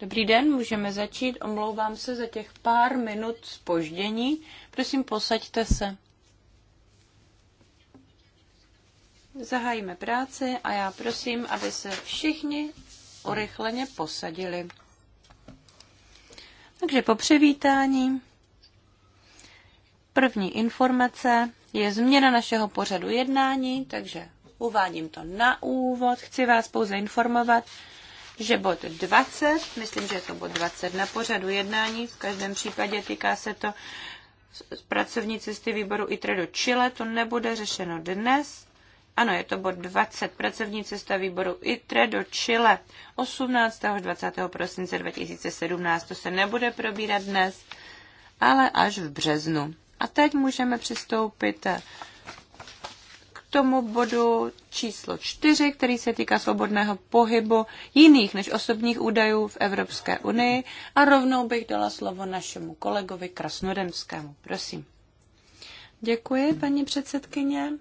Dobrý den, můžeme začít. Omlouvám se za těch pár minut spoždění. Prosím, posaďte se. Zahájíme práci a já prosím, aby se všichni urychleně posadili. Takže po přivítání první informace je změna našeho pořadu jednání, takže uvádím to na úvod. Chci vás pouze informovat, že bod 20, myslím, že je to bod 20 na pořadu jednání, v každém případě týká se to z pracovní cesty výboru ITRE do Chile, to nebude řešeno dnes. Ano, je to bod 20, pracovní cesta výboru ITRE do Chile 18. až 20. prosince 2017, to se nebude probírat dnes, ale až v březnu. A teď můžeme přistoupit tomu bodu číslo čtyři, který se týká svobodného pohybu jiných než osobních údajů v Evropské unii a rovnou bych dala slovo našemu kolegovi Krasnodemskému. Prosím. Děkuji, paní předsedkyně.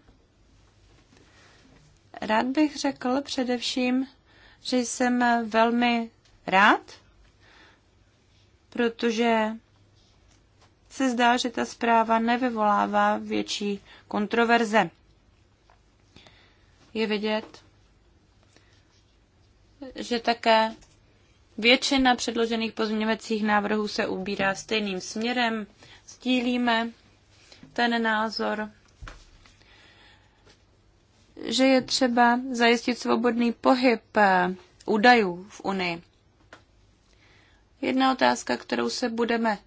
Rád bych řekl především, že jsem velmi rád, protože se zdá, že ta zpráva nevyvolává větší kontroverze je vidět, že také většina předložených pozměňovacích návrhů se ubírá stejným směrem. Sdílíme ten názor, že je třeba zajistit svobodný pohyb eh, údajů v Unii. Jedna otázka, kterou se budeme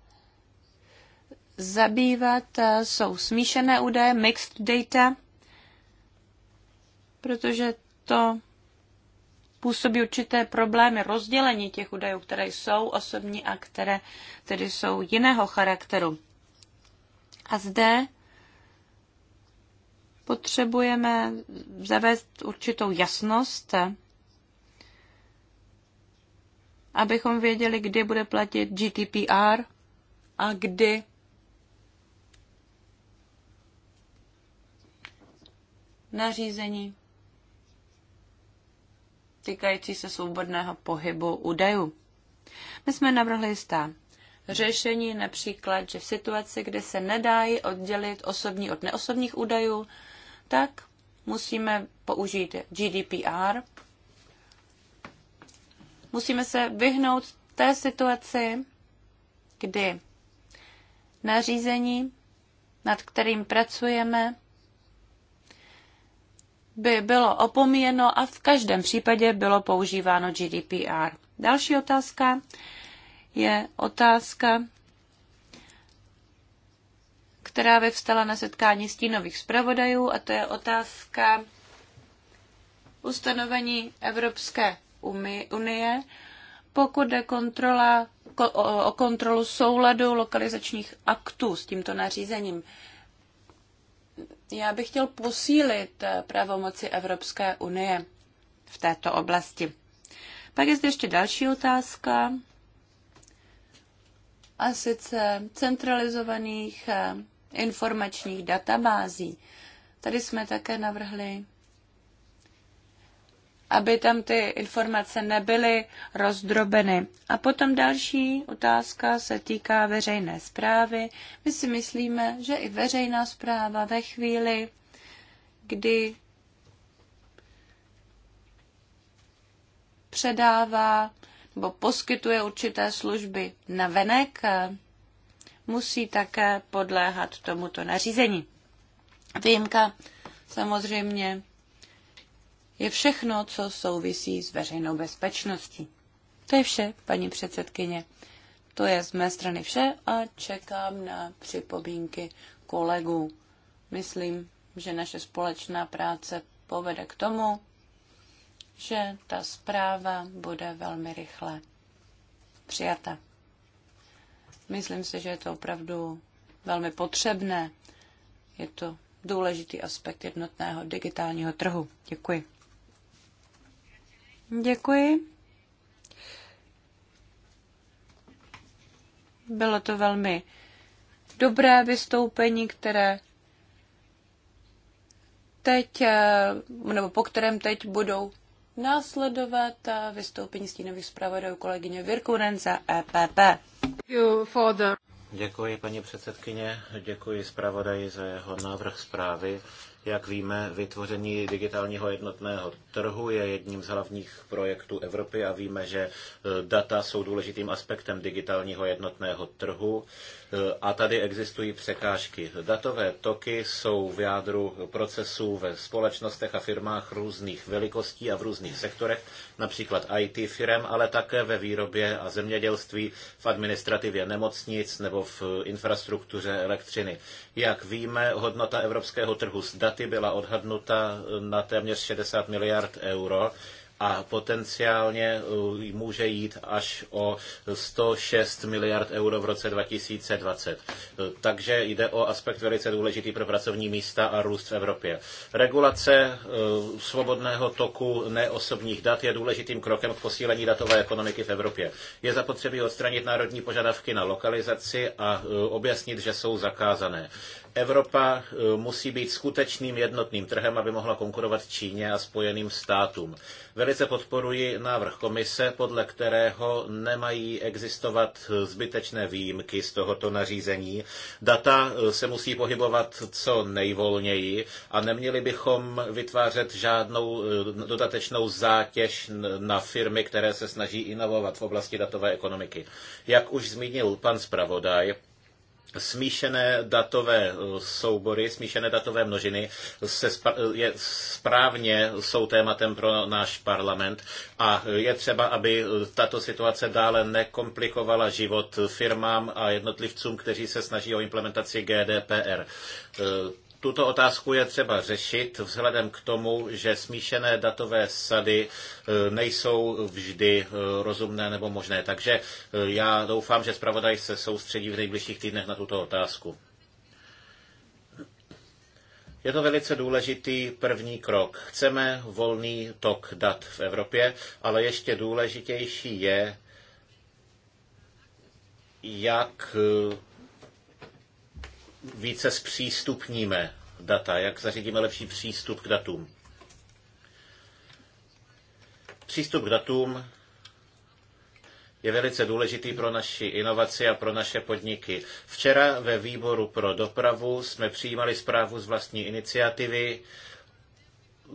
zabývat, eh, jsou smíšené údaje, mixed data protože to působí určité problémy rozdělení těch údajů, které jsou osobní a které tedy jsou jiného charakteru. A zde potřebujeme zavést určitou jasnost, abychom věděli, kdy bude platit GDPR a kdy nařízení týkající se svobodného pohybu údajů. My jsme navrhli jistá řešení, například, že v situaci, kdy se nedají oddělit osobní od neosobních údajů, tak musíme použít GDPR. Musíme se vyhnout té situaci, kdy nařízení, nad kterým pracujeme, by bylo opomíjeno a v každém případě bylo používáno GDPR. Další otázka je otázka, která vyvstala na setkání stínových zpravodajů, a to je otázka ustanovení Evropské unie, pokud jde kontrola, o kontrolu souladu lokalizačních aktů s tímto nařízením. Já bych chtěl posílit eh, pravomoci Evropské unie v této oblasti. Pak je zde ještě další otázka, a sice centralizovaných eh, informačních databází. Tady jsme také navrhli aby tam ty informace nebyly rozdrobeny. A potom další otázka se týká veřejné zprávy. My si myslíme, že i veřejná zpráva ve chvíli, kdy předává nebo poskytuje určité služby na venek, musí také podléhat tomuto nařízení. Výjimka samozřejmě je všechno, co souvisí s veřejnou bezpečností. To je vše, paní předsedkyně. To je z mé strany vše a čekám na připomínky kolegů. Myslím, že naše společná práce povede k tomu, že ta zpráva bude velmi rychle přijata. Myslím si, že je to opravdu velmi potřebné. Je to důležitý aspekt jednotného digitálního trhu. Děkuji. Děkuji. Bylo to velmi dobré vystoupení, které teď, eh, nebo po kterém teď budou následovat eh, vystoupení stínových zpravodajů kolegyně Virkunen za EPP. Děkuji, paní předsedkyně, děkuji zpravodaji za jeho návrh zprávy. Jak víme, vytvoření digitálního jednotného trhu je jedním z hlavních projektů Evropy a víme, že e, data jsou důležitým aspektem digitálního jednotného trhu e, a tady existují překážky. Datové toky jsou v jádru procesů ve společnostech a firmách různých velikostí a v různých sektorech, například IT firm, ale také ve výrobě a zemědělství, v administrativě nemocnic nebo v infrastruktuře elektřiny. Jak víme, hodnota evropského trhu s daty ztráty byla odhadnuta eh, na téměř 60 miliard euro a potenciálně eh, může jít až o 106 miliard euro v roce 2020. Eh, takže jde o aspekt velice důležitý pro pracovní místa a růst v Evropě. Regulace svobodného toku neosobních dat je důležitým krokem k posílení datové ekonomiky v Evropě. Je zapotřebí odstranit národní požadavky na lokalizaci a objasnit, že jsou zakázané. Evropa eh, musí být skutečným jednotným trhem, aby mohla konkurovat Číně a Spojeným státům. Velice podporuji návrh komise, podle kterého nemají existovat eh, zbytečné výjimky z tohoto nařízení. Data eh, se musí pohybovat co nejvolněji a neměli bychom vytvářet žádnou dodatečnou zátěž na firmy, které se snaží inovovat v oblasti datové ekonomiky. Jak už zmínil pan zpravodaj, smíšené datové eh, soubory, smíšené datové množiny se eh, je správně jsou tématem pro náš parlament a je třeba, aby eh, tato situace dále nekomplikovala život firmám a jednotlivcům, kteří se snaží o implementaci GDPR tuto otázku je třeba řešit vzhledem k tomu, že smíšené datové sady e, nejsou vždy e, rozumné nebo možné. Takže e, já doufám, že zpravodaj se soustředí v nejbližších týdnech na tuto otázku. Je to velice důležitý první krok. Chceme volný tok dat v Evropě, ale ještě důležitější je, jak více zpřístupníme data, jak zařídíme lepší přístup k datům. Přístup k datům je velice důležitý pro naši inovaci a pro naše podniky. Včera ve výboru pro dopravu jsme přijímali zprávu z vlastní iniciativy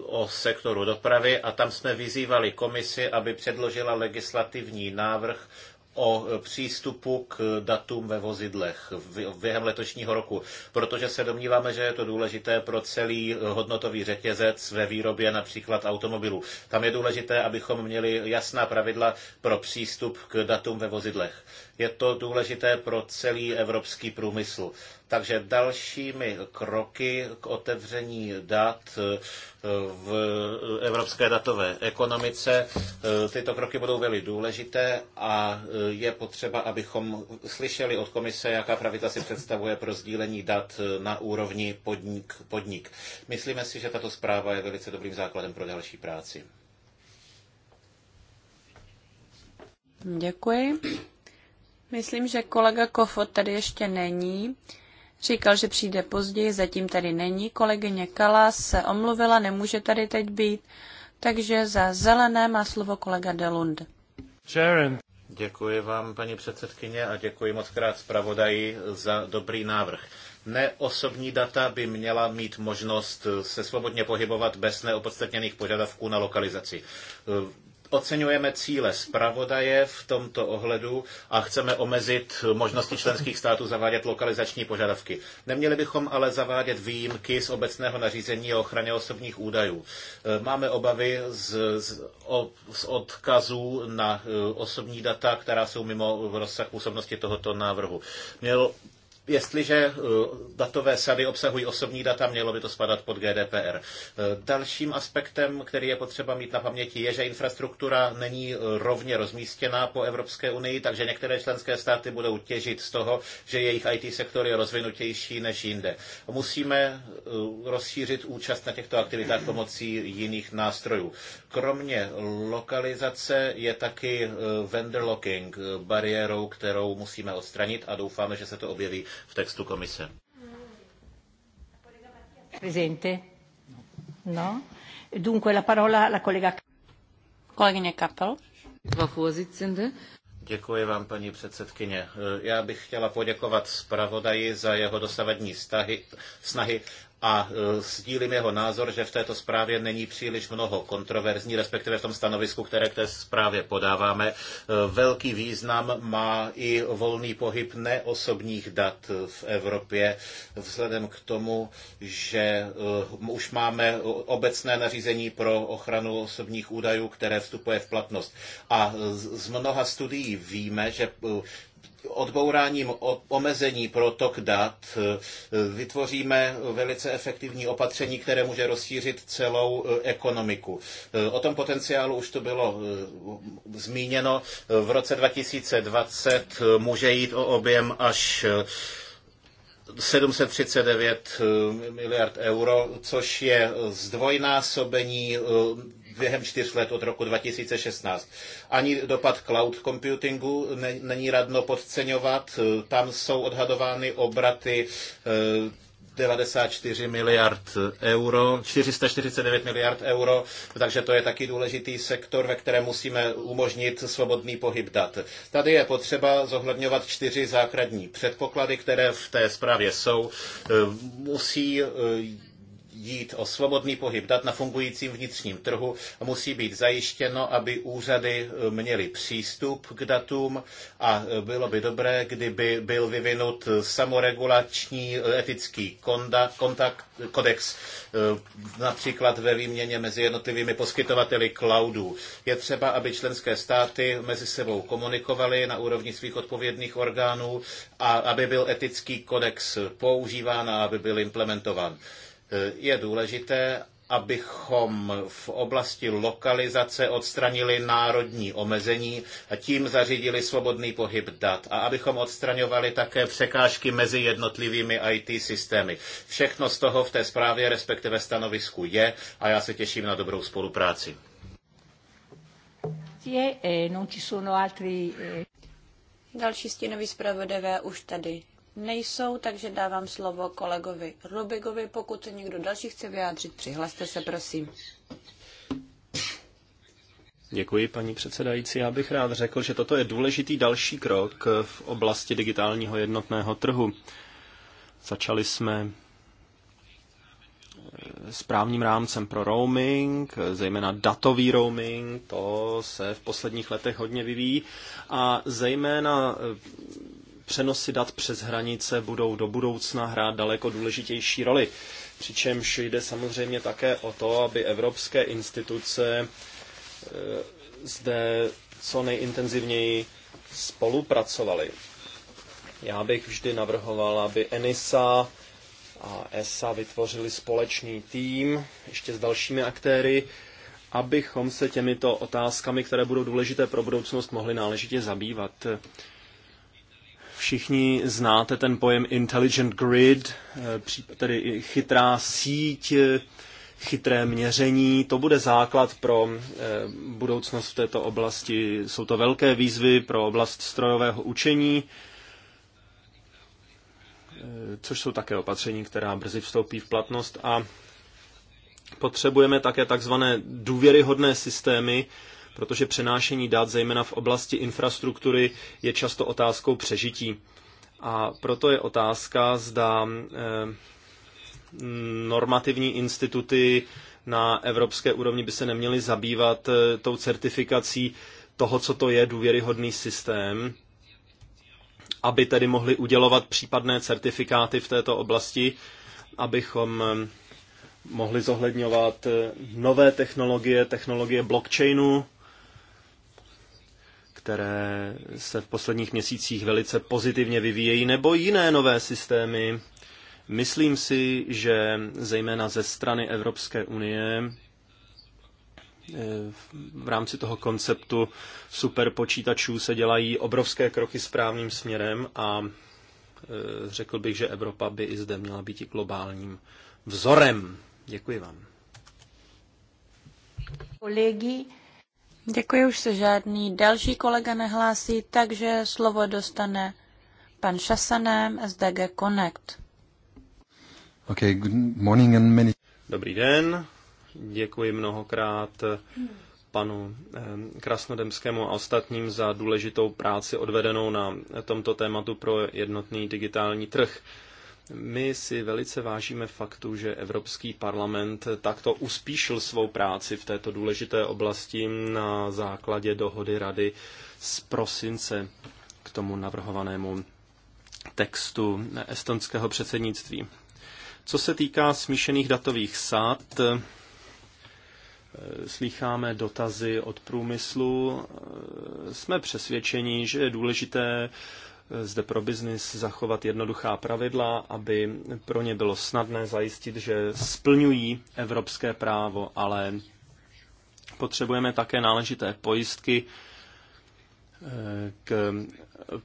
o sektoru dopravy a tam jsme vyzývali komisi, aby předložila legislativní návrh o e, přístupu k datům ve vozidlech během letošního roku, protože se domníváme, že je to důležité pro celý e, hodnotový řetězec ve výrobě například automobilů. Tam je důležité, abychom měli jasná pravidla pro přístup k datům ve vozidlech. Je to důležité pro celý evropský průmysl. Takže dalšími kroky k otevření dat eh, v evropské datové ekonomice. Eh, tyto kroky budou velmi důležité a eh, je potřeba, abychom slyšeli od komise, jaká pravidla si představuje pro sdílení dat na úrovni podnik. podnik. Myslíme si, že tato zpráva je velice dobrým základem pro další práci. Děkuji. Myslím, že kolega Kofot tady ještě není, Říkal, že přijde později, zatím tady není. Kolegyně Kala se omluvila, nemůže tady teď být. Takže za zelené má slovo kolega Delund. Sharon. Děkuji vám, paní předsedkyně, a děkuji moc krát zpravodaji za dobrý návrh. Neosobní data by měla mít možnost se svobodně pohybovat bez neopodstatněných požadavků na lokalizaci. Oceňujeme cíle zpravodaje v tomto ohledu a chceme omezit možnosti členských států zavádět lokalizační požadavky. Neměli bychom ale zavádět výjimky z obecného nařízení o ochraně osobních údajů. E, máme obavy z, z, z odkazů na e, osobní data, která jsou mimo rozsah působnosti tohoto návrhu. Měl, Jestliže eh, datové sady obsahují osobní data, mělo by to spadat pod GDPR. Eh, dalším aspektem, který je potřeba mít na paměti, je, že infrastruktura není eh, rovně rozmístěná po Evropské unii, takže některé členské státy budou těžit z toho, že jejich IT sektor je rozvinutější než jinde. Musíme rozšířit účast na těchto aktivitách pomocí jiných nástrojů. Kromě lokalizace je taky vendor locking bariérou, kterou musíme odstranit a doufáme, že se to objeví v textu komise. Prezente. No. Dunque la parola la kolega. Kolegyně Kapel. Děkuji vám, paní předsedkyně. E, já bych chtěla poděkovat zpravodaji za jeho dosavadní snahy a e, sdílím jeho názor, že v této zprávě není příliš mnoho kontroverzní, respektive v tom stanovisku, které k té zprávě podáváme. E, velký význam má i volný pohyb neosobních dat v Evropě, vzhledem k tomu, že e, už máme obecné nařízení pro ochranu osobních údajů, které vstupuje v platnost. A z mnoha studií víme, že odbouráním omezení pro tok dat eh, vytvoříme velice efektivní opatření, které může rozšířit celou eh, ekonomiku. Eh, o tom potenciálu už to bylo zmíněno. V roce 2020 může jít o objem až 739 miliard euro, což je zdvojnásobení během čtyř let od roku 2016. Ani dopad cloud computingu není radno podceňovat. Tam jsou odhadovány obraty 94 eh, miliard euro, 449 miliard euro, takže to je taky důležitý sektor, ve kterém musíme umožnit svobodný pohyb dat. Tady je potřeba zohledňovat čtyři základní předpoklady, které v té zprávě jsou. Eh, musí eh, jít o svobodný pohyb dat na fungujícím vnitřním trhu, musí být zajištěno, aby úřady eh, měly přístup k datům a eh, bylo by dobré, kdyby byl vyvinut eh, samoregulační etický konda, kontakt, kodex, například ve výměně mezi jednotlivými poskytovateli cloudů. Je třeba, aby členské státy mezi sebou komunikovaly na úrovni svých odpovědných orgánů a aby byl etický kodex používán a aby byl implementován. Eh, je důležité, abychom v oblasti lokalizace odstranili národní omezení a tím zařídili svobodný pohyb dat a abychom odstraňovali také překážky mezi jednotlivými IT systémy. Všechno z toho v té zprávě, respektive stanovisku je a já se těším na dobrou spolupráci. Eh, eh. Další stěnový zpravodajové už tady nejsou, takže dávám slovo kolegovi Rubigovi. Pokud se někdo další chce vyjádřit, přihlaste se, prosím. Děkuji, paní předsedající. Já bych rád řekl, že toto je důležitý další krok v oblasti digitálního jednotného trhu. Začali jsme eh, s právním rámcem pro roaming, eh, zejména datový roaming, to se v posledních letech hodně vyvíjí a zejména eh, přenosy dat přes hranice budou do budoucna hrát daleko důležitější roli. Přičemž jde samozřejmě také o to, aby evropské instituce e, zde co nejintenzivněji spolupracovaly. Já bych vždy navrhoval, aby ENISA a ESA vytvořili společný tým ještě s dalšími aktéry, abychom se těmito otázkami, které budou důležité pro budoucnost, mohli náležitě zabývat. Všichni znáte ten pojem intelligent grid, eh, tedy chytrá síť, chytré měření. To bude základ pro eh, budoucnost v této oblasti. Jsou to velké výzvy pro oblast strojového učení, eh, což jsou také opatření, která brzy vstoupí v platnost. A potřebujeme také takzvané důvěryhodné systémy, protože přenášení dat, zejména v oblasti infrastruktury, je často otázkou přežití. A proto je otázka, zda eh, normativní instituty na evropské úrovni by se neměly zabývat eh, tou certifikací toho, co to je důvěryhodný systém, aby tedy mohli udělovat případné certifikáty v této oblasti, abychom eh, mohli zohledňovat nové technologie, technologie blockchainu, které se v posledních měsících velice pozitivně vyvíjejí, nebo jiné nové systémy. Myslím si, že zejména ze strany Evropské unie eh, v rámci toho konceptu superpočítačů se dělají obrovské kroky správným směrem a eh, řekl bych, že Evropa by i zde měla být i globálním vzorem. Děkuji vám. Kolegy, Děkuji, už se žádný další kolega nehlásí, takže slovo dostane pan Šasanem SDG Connect. Okay, good morning and many... Dobrý den, děkuji mnohokrát eh, panu eh, Krasnodemskému a ostatním za důležitou práci odvedenou na tomto tématu pro jednotný digitální trh. My si velice vážíme faktu, že Evropský parlament takto uspíšil svou práci v této důležité oblasti na základě dohody rady z prosince k tomu navrhovanému textu estonského předsednictví. Co se týká smíšených datových sád, eh, slycháme dotazy od průmyslu. Eh, jsme přesvědčeni, že je důležité zde pro biznis zachovat jednoduchá pravidla, aby pro ně bylo snadné zajistit, že splňují evropské právo, ale potřebujeme také náležité pojistky eh, k,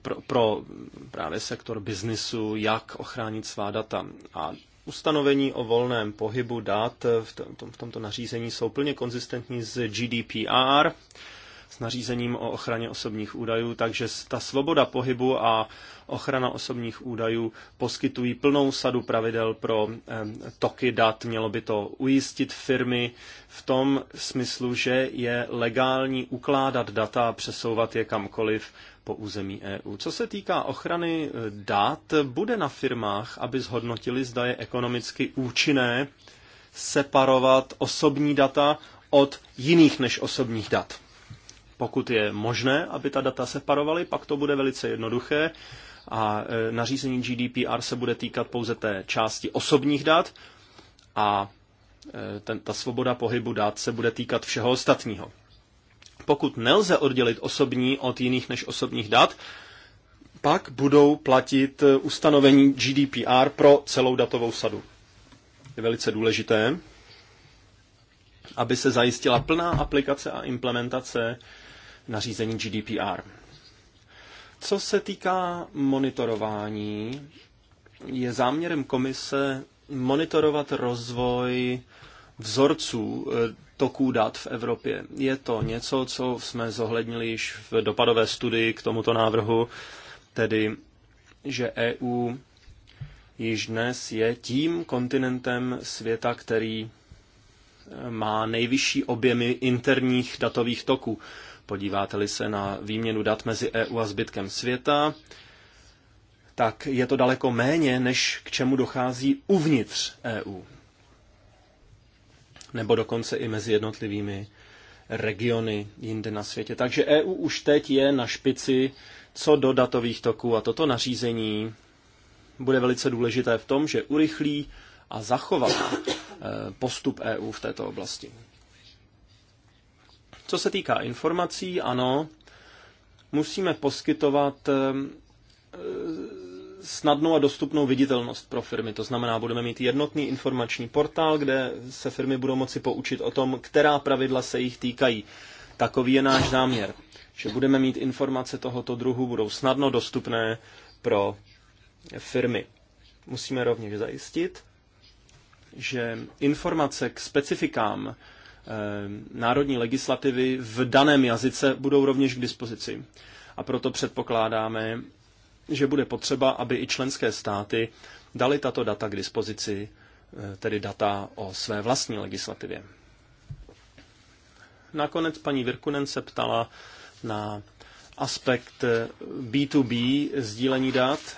pro, pro právě sektor biznisu, jak ochránit svá data. A ustanovení o volném pohybu dat v, tom, v tomto nařízení jsou plně konzistentní s GDPR, s nařízením o ochraně osobních údajů, takže ta svoboda pohybu a ochrana osobních údajů poskytují plnou sadu pravidel pro toky dat. Mělo by to ujistit firmy v tom smyslu, že je legální ukládat data a přesouvat je kamkoliv po území EU. Co se týká ochrany e, dat, bude na firmách, aby zhodnotili, zda je ekonomicky účinné separovat osobní data od jiných než osobních dat. Pokud je možné, aby ta data separovaly, pak to bude velice jednoduché a e, nařízení GDPR se bude týkat pouze té části osobních dat a e, ten, ta svoboda pohybu dat se bude týkat všeho ostatního. Pokud nelze oddělit osobní od jiných než osobních dat, pak budou platit e, ustanovení GDPR pro celou datovou sadu. Je velice důležité, aby se zajistila plná aplikace a implementace nařízení GDPR. Co se týká monitorování, je záměrem komise monitorovat rozvoj vzorců eh, toků dat v Evropě. Je to něco, co jsme zohlednili již v dopadové studii k tomuto návrhu, tedy že EU již dnes je tím kontinentem světa, který eh, má nejvyšší objemy interních datových toků. Podíváte-li se na výměnu dat mezi EU a zbytkem světa, tak je to daleko méně, než k čemu dochází uvnitř EU. Nebo dokonce i mezi jednotlivými regiony jinde na světě. Takže EU už teď je na špici co do datových toků a toto nařízení bude velice důležité v tom, že urychlí a zachová eh, postup EU v této oblasti. Co se týká informací, ano, musíme poskytovat eh, eh, snadnou a dostupnou viditelnost pro firmy. To znamená, budeme mít jednotný informační portál, kde se firmy budou moci poučit o tom, která pravidla se jich týkají. Takový je náš záměr, že budeme mít informace tohoto druhu, budou snadno dostupné pro firmy. Musíme rovněž zajistit, že informace k specifikám Eh, národní legislativy v daném jazyce budou rovněž k dispozici. A proto předpokládáme, že bude potřeba, aby i členské státy dali tato data k dispozici, eh, tedy data o své vlastní legislativě. Nakonec paní Virkunen se ptala na aspekt B2B eh, sdílení dat,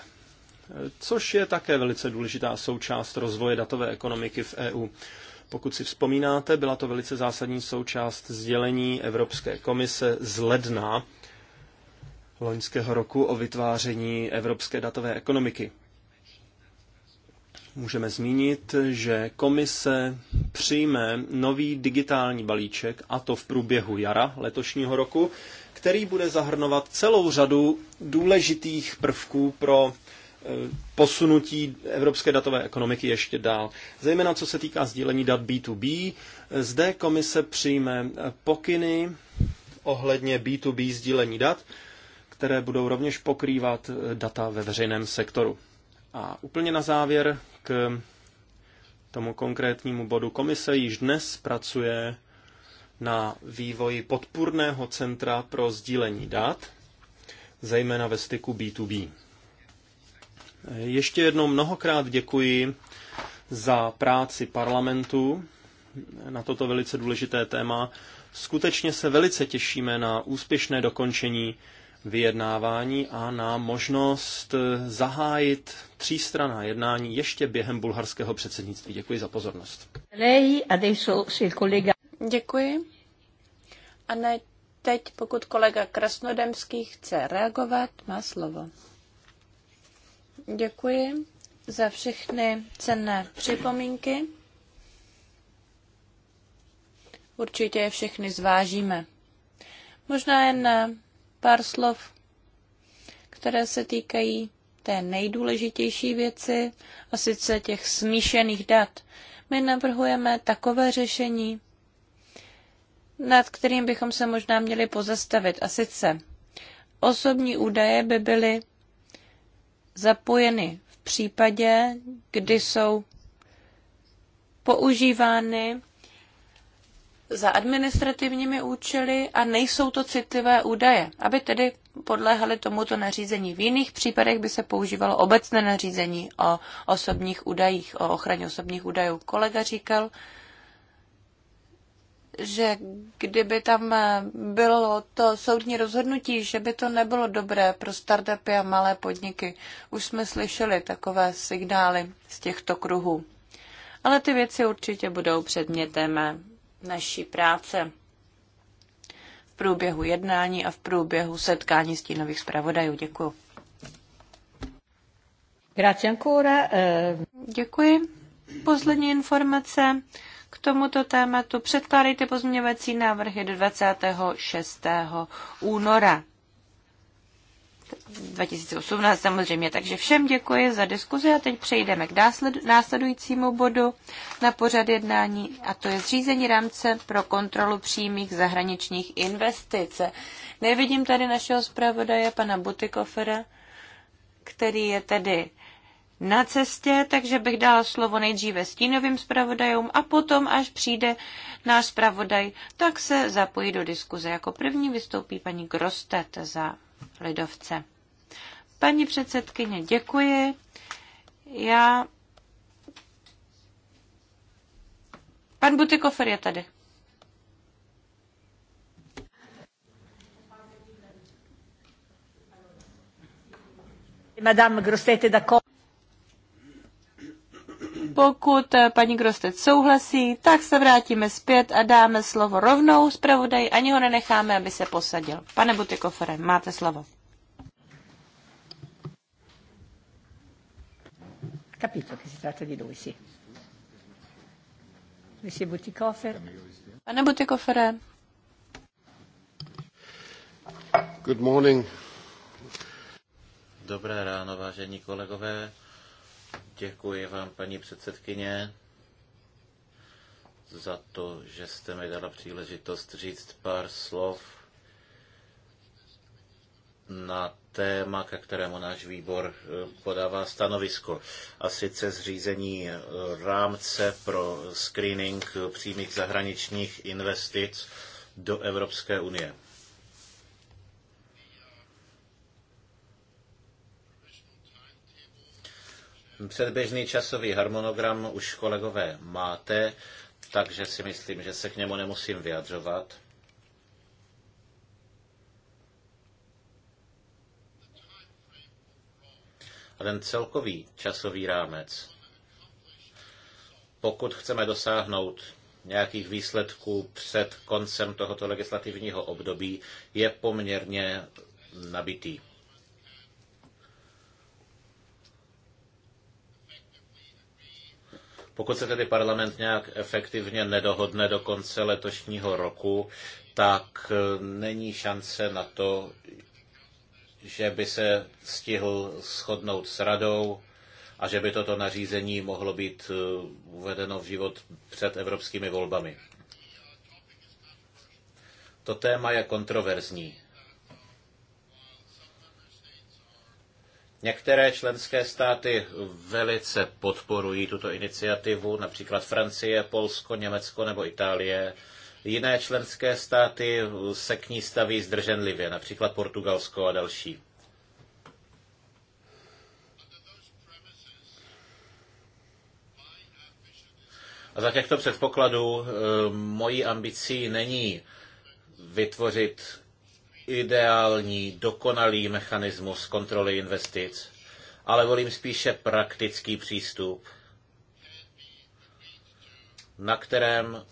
což je také velice důležitá součást rozvoje datové ekonomiky v EU. Pokud si vzpomínáte, byla to velice zásadní součást sdělení Evropské komise z ledna loňského roku o vytváření evropské datové ekonomiky. Můžeme zmínit, že komise přijme nový digitální balíček, a to v průběhu jara letošního roku, který bude zahrnovat celou řadu důležitých prvků pro posunutí evropské datové ekonomiky ještě dál. Zejména co se týká sdílení dat B2B, zde komise přijme pokyny ohledně B2B sdílení dat, které budou rovněž pokrývat data ve veřejném sektoru. A úplně na závěr k tomu konkrétnímu bodu. Komise již dnes pracuje na vývoji podpůrného centra pro sdílení dat, zejména ve styku B2B. Ještě jednou mnohokrát děkuji za práci parlamentu na toto velice důležité téma. Skutečně se velice těšíme na úspěšné dokončení vyjednávání a na možnost zahájit třístraná jednání ještě během bulharského předsednictví. Děkuji za pozornost. Děkuji. A ne teď, pokud kolega Krasnodemský chce reagovat, má slovo. Děkuji za všechny cenné připomínky. Určitě je všechny zvážíme. Možná jen pár slov, které se týkají té nejdůležitější věci, a sice těch smíšených dat. My navrhujeme takové řešení, nad kterým bychom se možná měli pozastavit. A sice osobní údaje by byly zapojeny v případě, kdy jsou používány za administrativními účely a nejsou to citlivé údaje, aby tedy podléhaly tomuto nařízení. V jiných případech by se používalo obecné nařízení o osobních údajích, o ochraně osobních údajů. Kolega říkal, že kdyby tam eh, bylo to soudní rozhodnutí, že by to nebylo dobré pro startupy a malé podniky. Už jsme slyšeli takové signály z těchto kruhů. Ale ty věci určitě budou předmětem eh, naší práce v průběhu jednání a v průběhu setkání stínových zpravodajů. Děkuji. Grazie ancora. Eh. Děkuji. Poslední informace k tomuto tématu. Předkládejte pozměňovací návrhy do 26. února 2018 samozřejmě. Takže všem děkuji za diskuzi a teď přejdeme k následujícímu bodu na pořad jednání a to je zřízení rámce pro kontrolu přímých zahraničních investic. Nevidím tady našeho zpravodaje, pana Butikofera, který je tedy na cestě, takže bych dala slovo nejdříve stínovým zpravodajům a potom, až přijde náš zpravodaj, tak se zapojí do diskuze. Jako první vystoupí paní Grostet za Lidovce. Paní předsedkyně, děkuji. Já... Pan Butikofer je tady. Madame Grostet, d'accord. Pokud eh, paní Grostec souhlasí, tak se vrátíme zpět a dáme slovo rovnou zpravodaji, ani ho nenecháme, aby se posadil. Pane Butikofere, máte slovo. Capito che si tratta di lui, Pane Butikofere. Good morning. Dobré ráno, vážení kolegové. Děkuji vám, paní předsedkyně, za to, že jste mi dala příležitost říct pár slov na téma, ke kterému náš výbor eh, podává stanovisko. A sice zřízení eh, rámce pro screening eh, přímých zahraničních investic do Evropské unie. Předběžný časový harmonogram už kolegové máte, takže si myslím, že se k němu nemusím vyjadřovat. A ten celkový časový rámec, pokud chceme dosáhnout nějakých výsledků před koncem tohoto legislativního období, je poměrně nabitý. Pokud se tedy parlament nějak efektivně nedohodne do konce letošního roku, tak eh, není šance na to, že by se stihl shodnout s radou a že by toto nařízení mohlo být eh, uvedeno v život před evropskými volbami. To téma je kontroverzní. Některé členské státy velice podporují tuto iniciativu, například Francie, Polsko, Německo nebo Itálie. Jiné členské státy se k ní staví zdrženlivě, například Portugalsko a další. A za těchto předpokladů eh, mojí ambicí není vytvořit ideální, dokonalý mechanismus kontroly investic, ale volím spíše praktický přístup, na kterém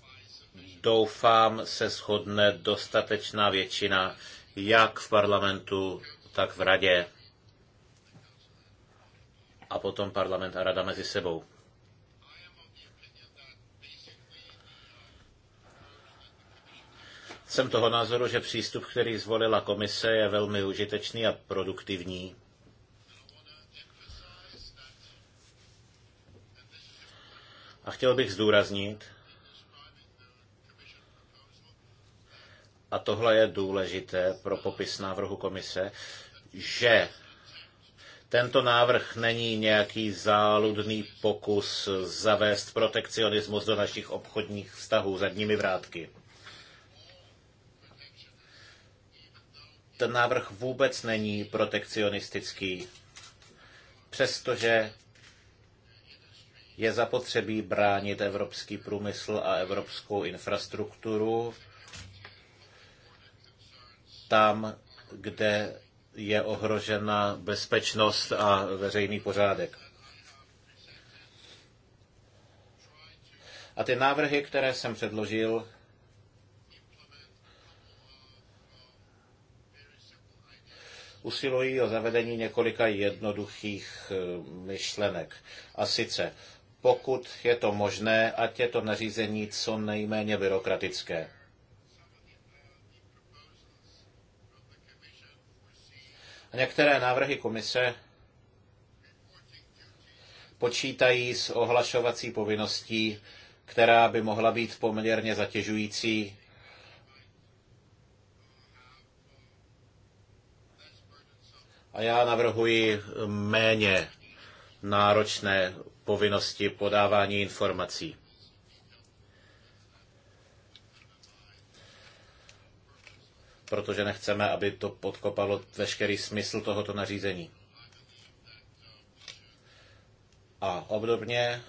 doufám se shodne dostatečná většina jak v parlamentu, tak v radě a potom parlament a rada mezi sebou. Jsem toho názoru, že přístup, který zvolila komise, je velmi užitečný a produktivní. A chtěl bych zdůraznit, a tohle je důležité pro popis návrhu komise, že tento návrh není nějaký záludný pokus zavést protekcionismus do našich obchodních vztahů zadními vrátky. ten návrh vůbec není protekcionistický, přestože je zapotřebí bránit evropský průmysl a evropskou infrastrukturu tam, kde je ohrožena bezpečnost a veřejný pořádek. A ty návrhy, které jsem předložil, usilují o zavedení několika jednoduchých eh, myšlenek. A sice, pokud je to možné, ať je to nařízení co nejméně byrokratické. A některé návrhy komise počítají s ohlašovací povinností, která by mohla být poměrně zatěžující A já navrhuji méně náročné povinnosti podávání informací. protože nechceme, aby to podkopalo veškerý smysl tohoto nařízení. A obdobně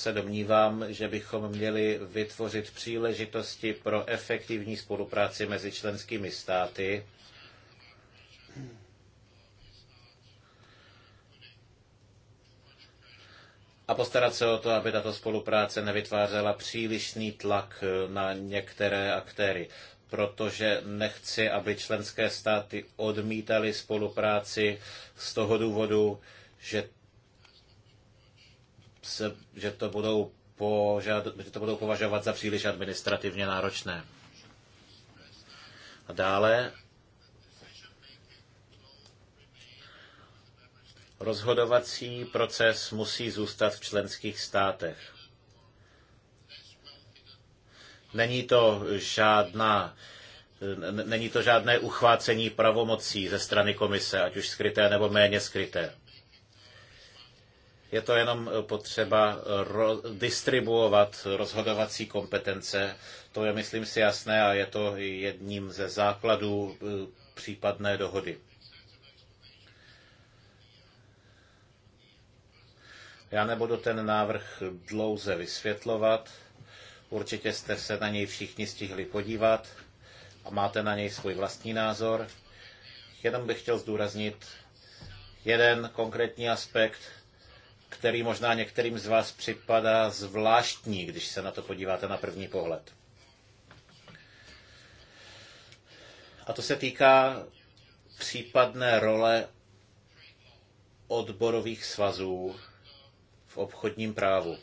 se domnívám, že bychom měli vytvořit příležitosti pro efektivní spolupráci mezi členskými státy. A postarat se o to, aby tato spolupráce nevytvářela přílišný tlak na některé aktéry, protože nechci, aby členské státy odmítaly spolupráci z toho důvodu, že se, že to budou požad, že to budou považovat za příliš administrativně náročné. A dále rozhodovací proces musí zůstat v členských státech. Není to žádná Není to žádné uchvácení pravomocí ze strany komise, ať už skryté nebo méně skryté. Je to jenom eh, potřeba eh, distribuovat rozhodovací kompetence. To je, myslím si, jasné a je to jedním ze základů eh, případné dohody. Já nebudu ten návrh dlouze vysvětlovat. Určitě jste se na něj všichni stihli podívat a máte na něj svůj vlastní názor. Jenom bych chtěl zdůraznit jeden konkrétní aspekt, který možná některým z vás připadá zvláštní, když se na to podíváte na první pohled. A to se týká případné role odborových svazů v obchodním právu.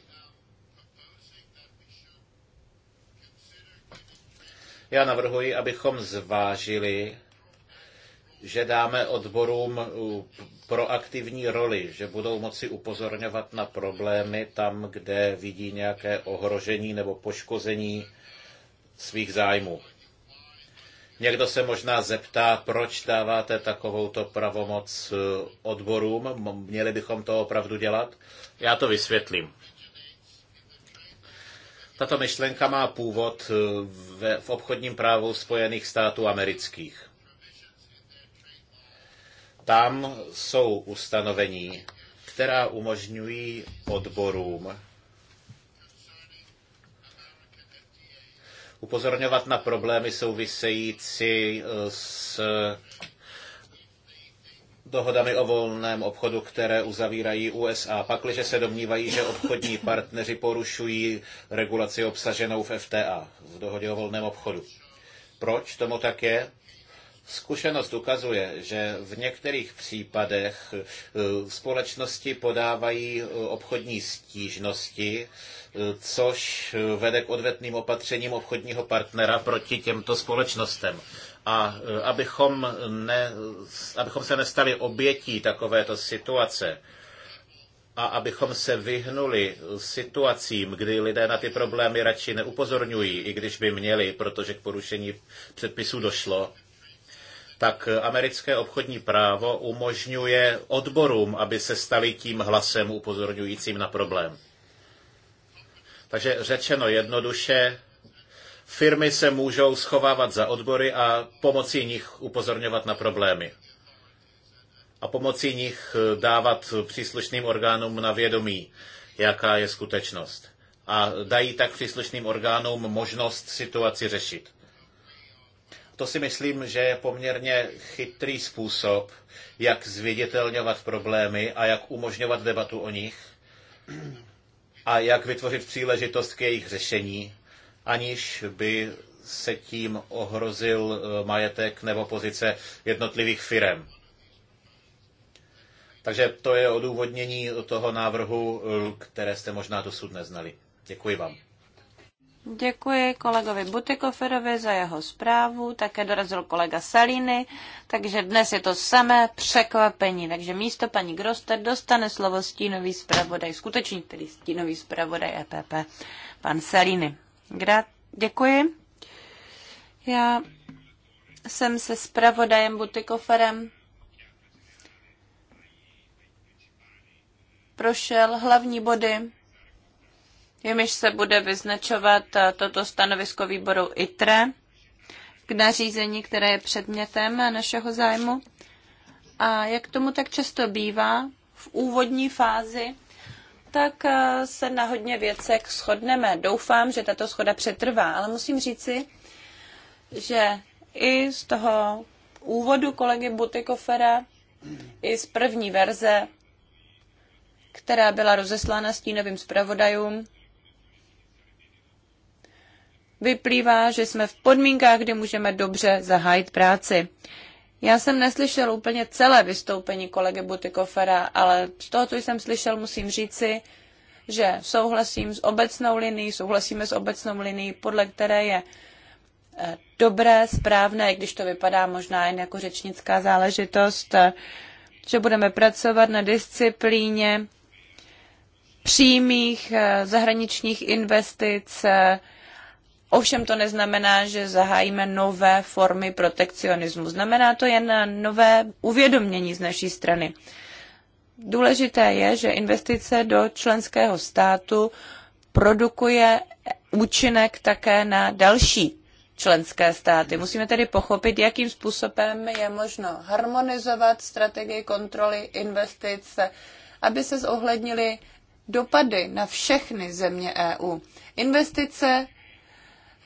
Já navrhuji, abychom zvážili, že dáme odborům proaktivní roli, že budou moci upozorňovat na problémy tam, kde vidí nějaké ohrožení nebo poškození svých zájmů. Někdo se možná zeptá, proč dáváte takovouto pravomoc eh, odborům, měli bychom to opravdu dělat? Já to vysvětlím. Tato myšlenka má původ eh, v obchodním právu Spojených států amerických. Tam jsou ustanovení, která umožňují odborům upozorňovat na problémy související eh, s dohodami o volném obchodu, které uzavírají USA, pakliže se domnívají, že obchodní partneři porušují regulaci obsaženou v FTA, v dohodě o volném obchodu. Proč tomu tak je? Zkušenost ukazuje, že v některých případech eh, společnosti podávají eh, obchodní stížnosti, eh, což vede k odvetným opatřením obchodního partnera proti těmto společnostem. A abychom, ne, abychom se nestali obětí takovéto situace, a abychom se vyhnuli situacím, kdy lidé na ty problémy radši neupozorňují, i když by měli, protože k porušení předpisů došlo, tak americké obchodní právo umožňuje odborům, aby se stali tím hlasem upozorňujícím na problém. Takže řečeno jednoduše, firmy se můžou schovávat za odbory a pomocí nich upozorňovat na problémy. A pomocí nich eh, dávat příslušným orgánům na vědomí, jaká je skutečnost. A dají tak příslušným orgánům možnost situaci řešit. To si myslím, že je poměrně chytrý způsob, jak zviditelňovat problémy a jak umožňovat debatu o nich a jak vytvořit příležitost k jejich řešení, aniž by se tím ohrozil eh, majetek nebo pozice jednotlivých firem. Takže to je odůvodnění toho návrhu, eh, které jste možná dosud neznali. Děkuji vám. Děkuji kolegovi Butikoferovi za jeho zprávu, také dorazil kolega Saliny, takže dnes je to samé překvapení. Takže místo paní Groster dostane slovo stínový zpravodaj, skutečný tedy stínový zpravodaj EPP, pan Saliny. Gra- děkuji. Já jsem se zpravodajem Butikoferem prošel hlavní body jimiž se bude vyznačovat eh, toto stanovisko výboru ITRE k nařízení, které je předmětem našeho zájmu. A jak tomu tak často bývá, v úvodní fázi tak eh, se na hodně věcek shodneme. Doufám, že tato schoda přetrvá, ale musím říci, že i z toho úvodu kolegy Butikofera, i z první verze, která byla rozeslána stínovým zpravodajům, vyplývá, že jsme v podmínkách, kdy můžeme dobře zahájit práci. Já jsem neslyšel úplně celé vystoupení kolegy Butikofera, ale z toho, co jsem slyšel, musím říci, že souhlasím s obecnou linií, souhlasíme s obecnou linií, podle které je eh, dobré, správné, i když to vypadá možná jen jako řečnická záležitost, eh, že budeme pracovat na disciplíně přímých eh, zahraničních investic, Ovšem to neznamená, že zahájíme nové formy protekcionismu. Znamená to jen nové uvědomění z naší strany. Důležité je, že investice do členského státu produkuje účinek také na další členské státy. Musíme tedy pochopit, jakým způsobem je možno harmonizovat strategii kontroly investice, aby se zohlednily dopady na všechny země EU. Investice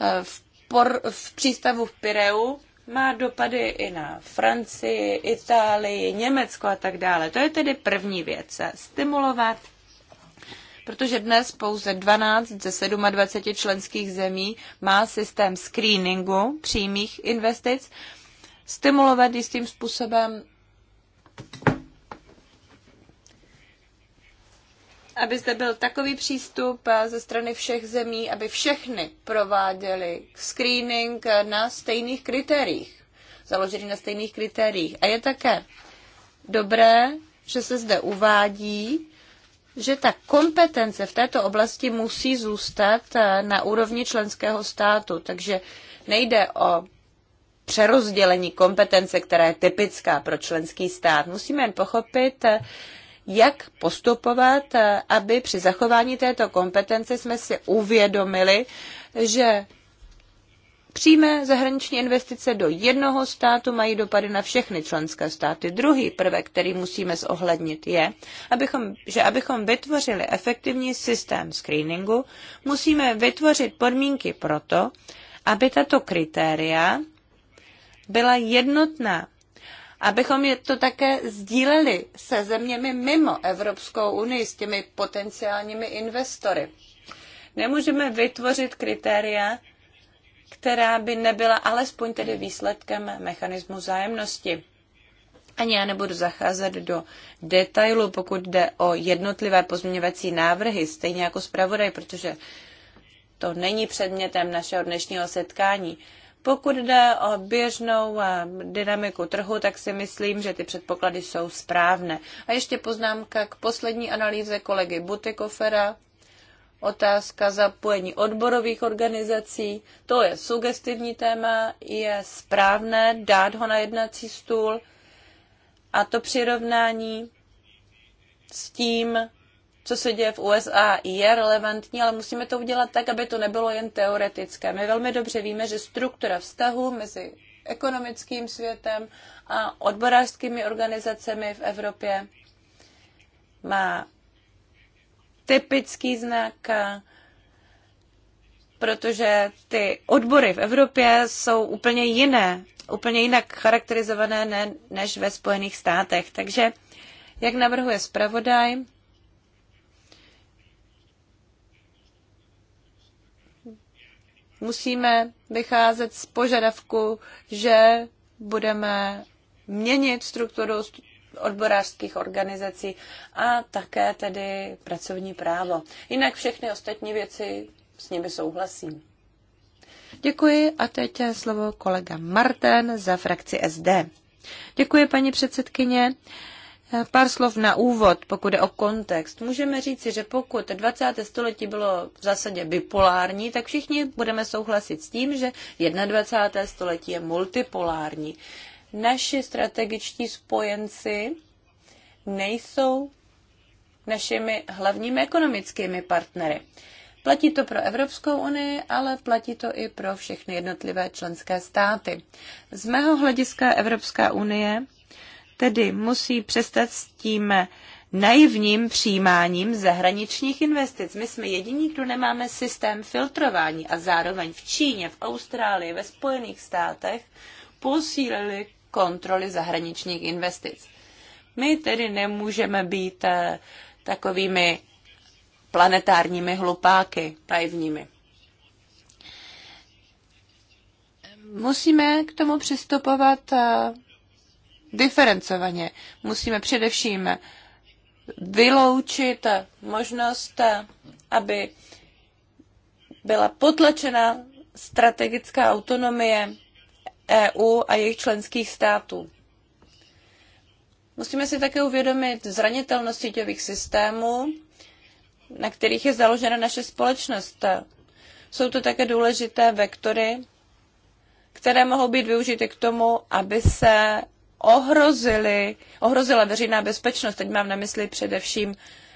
Eh, v, por, v přístavu v Pireu má dopady i na Francii, Itálii, Německo a tak dále. To je tedy první věc. Eh, stimulovat protože dnes pouze 12 ze 27 členských zemí má systém screeningu přímých investic, stimulovat jistým způsobem aby zde byl takový přístup eh, ze strany všech zemí, aby všechny prováděly screening eh, na stejných kritériích, založený na stejných kritériích. A je také dobré, že se zde uvádí, že ta kompetence v této oblasti musí zůstat eh, na úrovni členského státu, takže nejde o přerozdělení kompetence, která je typická pro členský stát. Musíme jen pochopit, jak postupovat, eh, aby při zachování této kompetence jsme si uvědomili, že Přímé zahraniční investice do jednoho státu mají dopady na všechny členské státy. Druhý prvek, který musíme zohlednit, je, abychom, že abychom vytvořili efektivní systém screeningu, musíme vytvořit podmínky pro to, aby tato kritéria byla jednotná abychom je to také sdíleli se zeměmi mimo Evropskou unii, s těmi potenciálními investory. Nemůžeme vytvořit kritéria, která by nebyla alespoň tedy výsledkem mechanismu zájemnosti. Ani já nebudu zacházet do detailu, pokud jde o jednotlivé pozměňovací návrhy, stejně jako zpravodaj, protože to není předmětem našeho dnešního setkání. Pokud jde o běžnou eh, dynamiku trhu, tak si myslím, že ty předpoklady jsou správné. A ještě poznámka k poslední analýze kolegy Butikofera. Otázka zapojení odborových organizací. To je sugestivní téma, je správné dát ho na jednací stůl. A to přirovnání s tím, co se děje v USA, je relevantní, ale musíme to udělat tak, aby to nebylo jen teoretické. My velmi dobře víme, že struktura vztahu mezi ekonomickým světem a odborářskými organizacemi v Evropě má typický znak, protože ty odbory v Evropě jsou úplně jiné, úplně jinak charakterizované ne, než ve Spojených státech. Takže, jak navrhuje zpravodaj, musíme vycházet z požadavku, že budeme měnit strukturu odborářských organizací a také tedy pracovní právo. Jinak všechny ostatní věci s nimi souhlasím. Děkuji a teď slovo kolega Martin za frakci SD. Děkuji, paní předsedkyně. Pár slov na úvod, pokud je o kontext. Můžeme říci, že pokud 20. století bylo v zásadě bipolární, tak všichni budeme souhlasit s tím, že 21. století je multipolární. Naši strategičtí spojenci nejsou našimi hlavními ekonomickými partnery. Platí to pro Evropskou unii, ale platí to i pro všechny jednotlivé členské státy. Z mého hlediska Evropská unie tedy musí přestat s tím naivním přijímáním zahraničních investic. My jsme jediní, kdo nemáme systém filtrování a zároveň v Číně, v Austrálii, ve Spojených státech posílili kontroly zahraničních investic. My tedy nemůžeme být eh, takovými planetárními hlupáky, naivními. Musíme k tomu přistupovat eh, diferencovaně. Musíme především vyloučit možnost, aby byla potlačena strategická autonomie EU a jejich členských států. Musíme si také uvědomit zranitelnost síťových systémů, na kterých je založena naše společnost. Jsou to také důležité vektory, které mohou být využity k tomu, aby se ohrozili, ohrozila veřejná bezpečnost. Teď mám na mysli především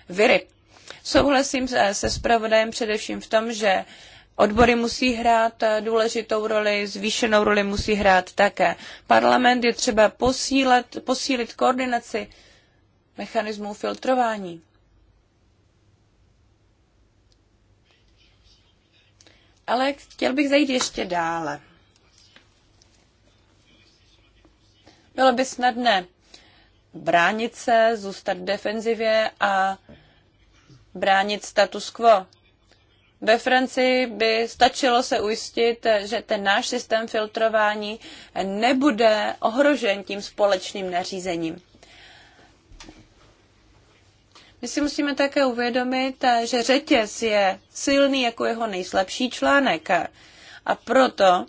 viry. Souhlasím se zpravodajem především v tom, že Odbory musí hrát eh, důležitou roli, zvýšenou roli musí hrát také. Parlament je třeba posílet, posílit koordinaci mechanismů filtrování. Ale chtěl bych zajít ještě dále. Bylo by snadné bránit se, zůstat defenzivě a bránit status quo. Ve Francii by stačilo se ujistit, že ten náš systém filtrování nebude ohrožen tím společným nařízením. My si musíme také uvědomit, že řetěz je silný jako jeho nejslabší článek. A proto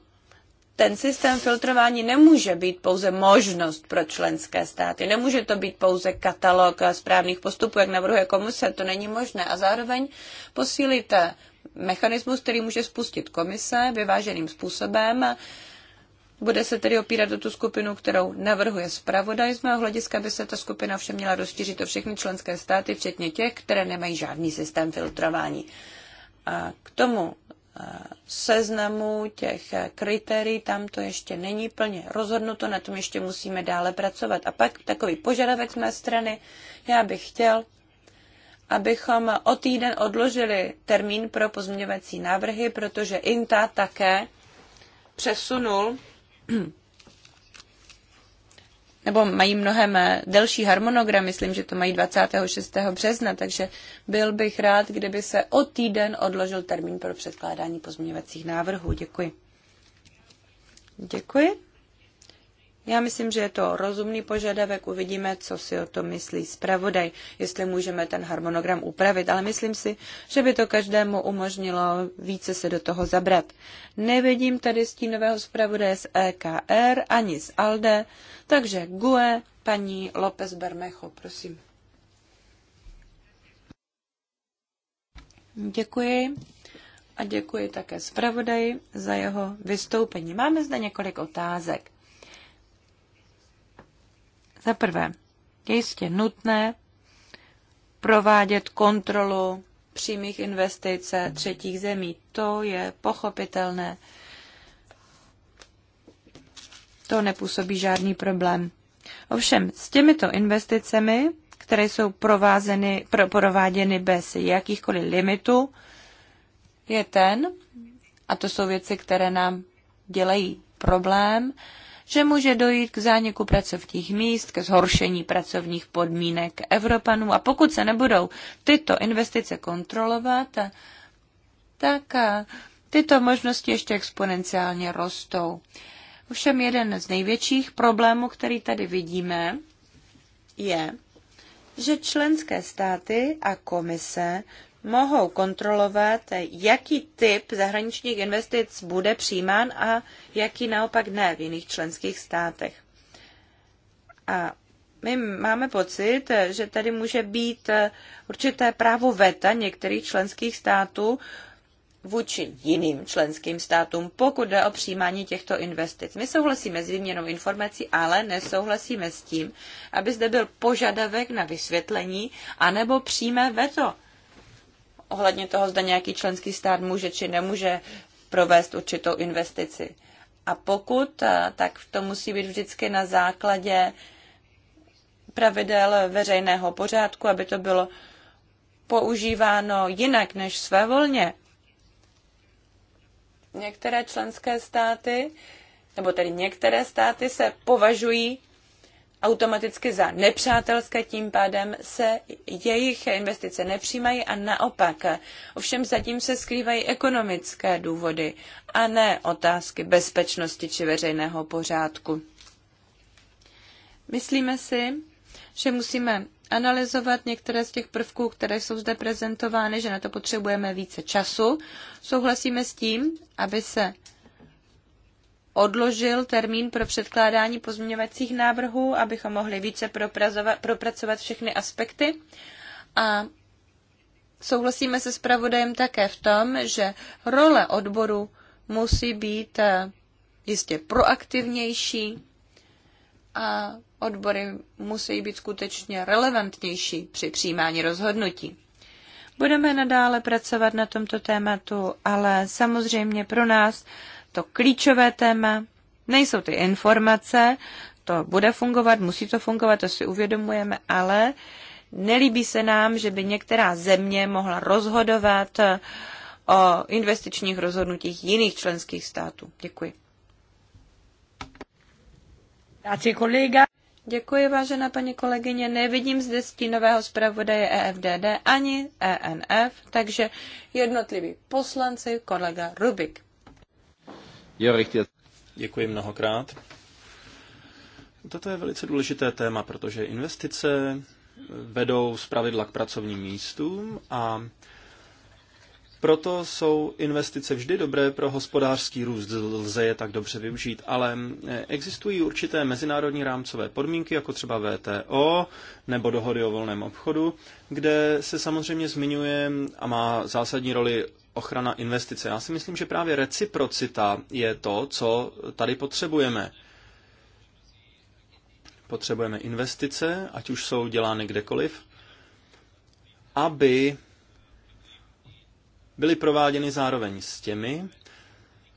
ten systém filtrování nemůže být pouze možnost pro členské státy. Nemůže to být pouze katalog správných postupů, jak navrhuje komise, to není možné. A zároveň posílit mechanismus, který může spustit komise vyváženým způsobem. Bude se tedy opírat o tu skupinu, kterou navrhuje zpravodaj. Z mého hlediska by se ta skupina všem měla rozšířit o všechny členské státy, včetně těch, které nemají žádný systém filtrování. A k tomu seznamu těch kritérií, tam to ještě není plně rozhodnuto, na tom ještě musíme dále pracovat. A pak takový požadavek z mé strany, já bych chtěl, abychom o týden odložili termín pro pozměňovací návrhy, protože INTA také přesunul nebo mají mnohem delší harmonogram, myslím, že to mají 26. března, takže byl bych rád, kdyby se o týden odložil termín pro předkládání pozměňovacích návrhů. Děkuji. Děkuji. Já myslím, že je to rozumný požadavek, uvidíme, co si o tom myslí zpravodaj, jestli můžeme ten harmonogram upravit, ale myslím si, že by to každému umožnilo více se do toho zabrat. Nevidím tady stínového zpravodaje z EKR ani z ALDE, takže GUE, paní López Bermecho, prosím. Děkuji a děkuji také zpravodaji za jeho vystoupení. Máme zde několik otázek. Za prvé, je jistě nutné provádět kontrolu přímých investic třetích zemí. To je pochopitelné. To nepůsobí žádný problém. Ovšem, s těmito investicemi, které jsou provázeny, pro, prováděny bez jakýchkoliv limitů, je ten, a to jsou věci, které nám dělají problém, že může dojít k zániku pracovních míst, k zhoršení pracovních podmínek Evropanů. A pokud se nebudou tyto investice kontrolovat, tak tyto možnosti ještě exponenciálně rostou. Ovšem jeden z největších problémů, který tady vidíme, je, že členské státy a komise mohou kontrolovat, jaký typ zahraničních investic bude přijímán a jaký naopak ne v jiných členských státech. A my máme pocit, že tady může být určité právo veta některých členských států vůči jiným členským státům, pokud jde o přijímání těchto investic. My souhlasíme s výměnou informací, ale nesouhlasíme s tím, aby zde byl požadavek na vysvětlení anebo přímé veto ohledně toho, zda nějaký členský stát může či nemůže provést určitou investici. A pokud, eh, tak to musí být vždycky na základě pravidel veřejného pořádku, aby to bylo používáno jinak než volně. Některé členské státy, nebo tedy některé státy se považují automaticky za nepřátelské, tím pádem se jejich investice nepřijímají a naopak. Ovšem zatím se skrývají ekonomické důvody a ne otázky bezpečnosti či veřejného pořádku. Myslíme si, že musíme analyzovat některé z těch prvků, které jsou zde prezentovány, že na to potřebujeme více času. Souhlasíme s tím, aby se odložil termín pro předkládání pozměňovacích návrhů, abychom mohli více propracovat všechny aspekty. A souhlasíme se pravodajem také v tom, že role odboru musí být eh, jistě proaktivnější a odbory musí být skutečně relevantnější při přijímání rozhodnutí. Budeme nadále pracovat na tomto tématu, ale samozřejmě pro nás to klíčové téma nejsou ty informace, to bude fungovat, musí to fungovat, to si uvědomujeme, ale nelíbí se nám, že by některá země mohla rozhodovat o investičních rozhodnutích jiných členských států. Děkuji. kolega. Děkuji, vážená paní kolegyně. Nevidím zde stínového zpravodaje EFDD ani ENF, takže jednotliví poslanci, kolega Rubik. Děkuji mnohokrát. Toto je velice důležité téma, protože investice vedou pravidla k pracovním místům a proto jsou investice vždy dobré pro hospodářský růst, lze je tak dobře využít, ale existují určité mezinárodní rámcové podmínky, jako třeba VTO nebo dohody o volném obchodu, kde se samozřejmě zmiňuje a má zásadní roli ochrana investice. Já si myslím, že právě reciprocita je to, co tady potřebujeme. Potřebujeme investice, ať už jsou dělány kdekoliv, aby byly prováděny zároveň s těmi,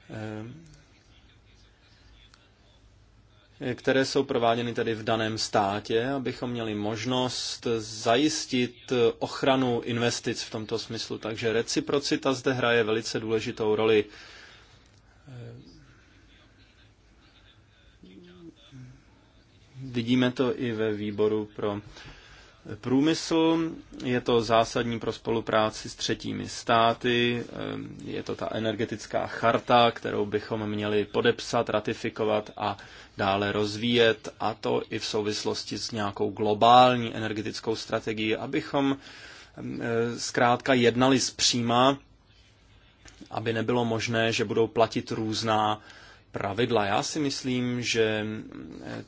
eh, které jsou prováděny tedy v daném státě, abychom měli možnost zajistit ochranu investic v tomto smyslu. Takže reciprocita zde hraje velice důležitou roli. Vidíme to i ve výboru pro průmysl, je to zásadní pro spolupráci s třetími státy, ehm, je to ta energetická charta, kterou bychom měli podepsat, ratifikovat a dále rozvíjet, a to i v souvislosti s nějakou globální energetickou strategií, abychom ehm, e, zkrátka jednali zpříma, aby nebylo možné, že budou platit různá pravidla. Já si myslím, že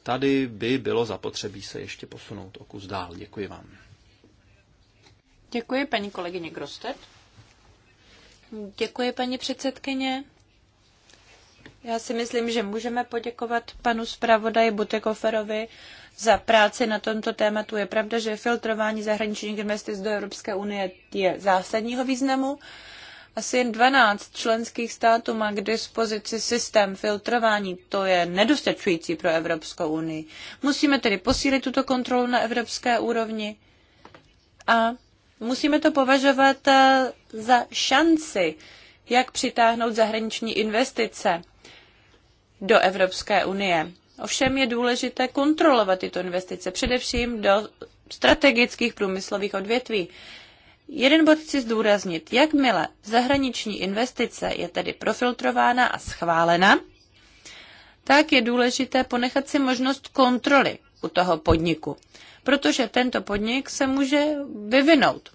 tady by bylo zapotřebí se ještě posunout o kus dál. Děkuji vám. Děkuji paní kolegyně Grostet. Děkuji paní předsedkyně. Já si myslím, že můžeme poděkovat panu zpravodaji Butekoferovi za práci na tomto tématu. Je pravda, že filtrování zahraničních investic do Evropské unie je zásadního významu asi jen 12 členských států má k dispozici systém filtrování. To je nedostačující pro Evropskou unii. Musíme tedy posílit tuto kontrolu na evropské úrovni a musíme to považovat eh, za šanci, jak přitáhnout zahraniční investice do Evropské unie. Ovšem je důležité kontrolovat tyto investice, především do strategických průmyslových odvětví. Jeden bod chci zdůraznit. Jakmile zahraniční investice je tedy profiltrována a schválena, tak je důležité ponechat si možnost kontroly u toho podniku, protože tento podnik se může vyvinout.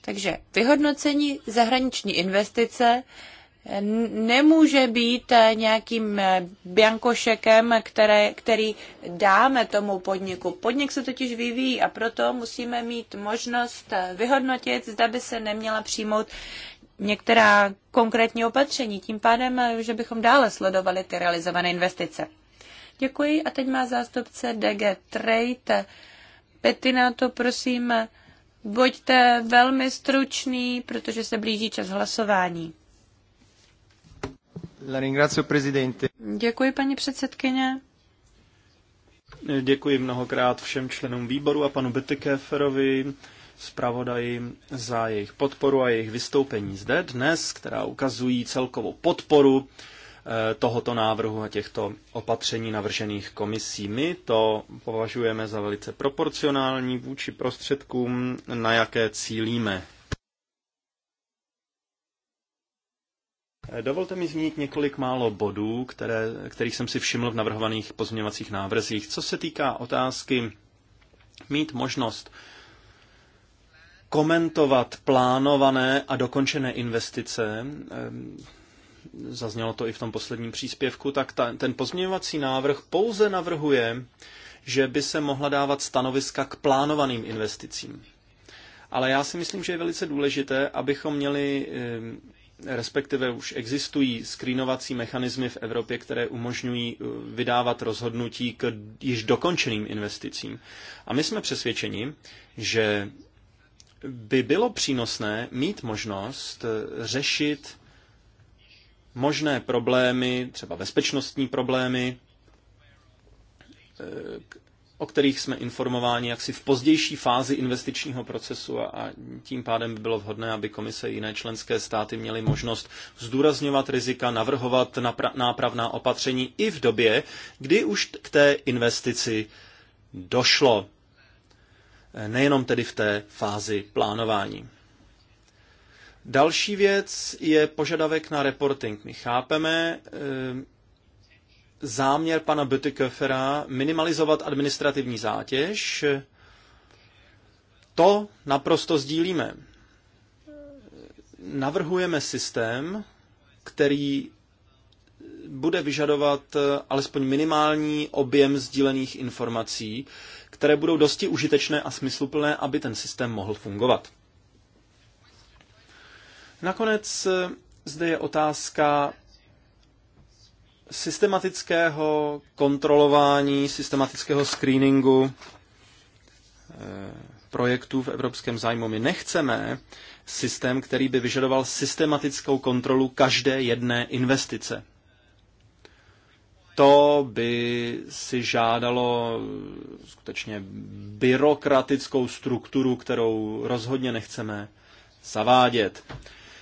Takže vyhodnocení zahraniční investice nemůže být nějakým biankošekem, které, který dáme tomu podniku. Podnik se totiž vyvíjí a proto musíme mít možnost vyhodnotit, zda by se neměla přijmout některá konkrétní opatření, tím pádem, že bychom dále sledovali ty realizované investice. Děkuji a teď má zástupce DG Trade. Petina, to prosím, buďte velmi stručný, protože se blíží čas hlasování. Děkuji, paní předsedkyně. Děkuji mnohokrát všem členům výboru a panu Betekeferovi, zpravodaji za jejich podporu a jejich vystoupení zde dnes, která ukazují celkovou podporu eh, tohoto návrhu a těchto opatření navržených komisí. My to považujeme za velice proporcionální vůči prostředkům, na jaké cílíme. Dovolte mi zmínit několik málo bodů, které, kterých jsem si všiml v navrhovaných pozměňovacích návrzích. Co se týká otázky mít možnost komentovat plánované a dokončené investice, ehm, zaznělo to i v tom posledním příspěvku, tak ta, ten pozměňovací návrh pouze navrhuje, že by se mohla dávat stanoviska k plánovaným investicím. Ale já si myslím, že je velice důležité, abychom měli ehm, respektive už existují skrýnovací mechanismy v Evropě, které umožňují eh, vydávat rozhodnutí k již dokončeným investicím. A my jsme přesvědčeni, že by bylo přínosné mít možnost eh, řešit možné problémy, třeba bezpečnostní problémy, eh, o kterých jsme informováni jaksi v pozdější fázi investičního procesu a, a tím pádem by bylo vhodné, aby komise i jiné členské státy měly možnost zdůrazňovat rizika, navrhovat napra- nápravná opatření i v době, kdy už k té investici došlo. E, nejenom tedy v té fázi plánování. Další věc je požadavek na reporting. My chápeme, e záměr pana Bütikofera minimalizovat administrativní zátěž, to naprosto sdílíme. Navrhujeme systém, který bude vyžadovat eh, alespoň minimální objem sdílených informací, které budou dosti užitečné a smysluplné, aby ten systém mohl fungovat. Nakonec eh, zde je otázka systematického kontrolování, systematického screeningu eh, projektů v evropském zájmu. My nechceme systém, který by vyžadoval systematickou kontrolu každé jedné investice. To by si žádalo skutečně byrokratickou strukturu, kterou rozhodně nechceme zavádět.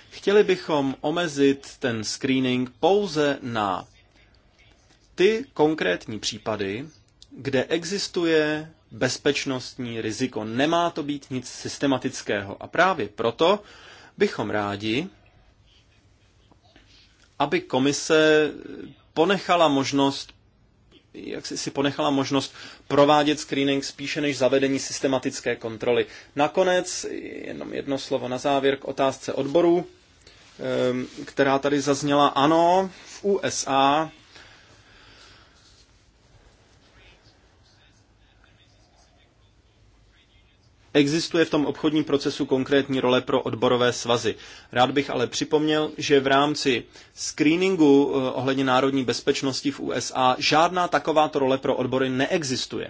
Chtěli bychom omezit ten screening pouze na ty konkrétní případy, kde existuje bezpečnostní riziko. Nemá to být nic systematického. A právě proto bychom rádi, aby komise ponechala možnost jak si ponechala možnost provádět screening spíše než zavedení systematické kontroly. Nakonec, jenom jedno slovo na závěr k otázce odborů, ehm, která tady zazněla. Ano, v USA Existuje v tom obchodním procesu konkrétní role pro odborové svazy. Rád bych ale připomněl, že v rámci screeningu eh, ohledně národní bezpečnosti v USA žádná takováto role pro odbory neexistuje.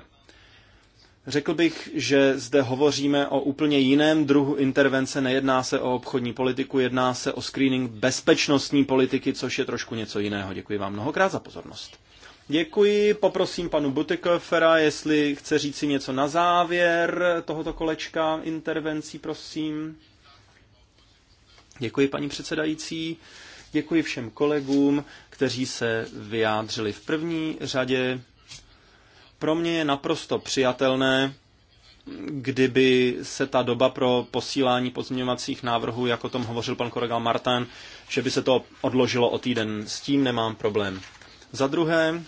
Řekl bych, že zde hovoříme o úplně jiném druhu intervence, nejedná se o obchodní politiku, jedná se o screening bezpečnostní politiky, což je trošku něco jiného. Děkuji vám mnohokrát za pozornost. Děkuji, poprosím panu Butikofera, jestli chce říct si něco na závěr tohoto kolečka intervencí, prosím. Děkuji, paní předsedající. Děkuji všem kolegům, kteří se vyjádřili v první řadě. Pro mě je naprosto přijatelné, kdyby se ta doba pro posílání pozměňovacích návrhů, jak o tom hovořil pan kolega Martin, že by se to odložilo o týden. S tím nemám problém. Za druhé,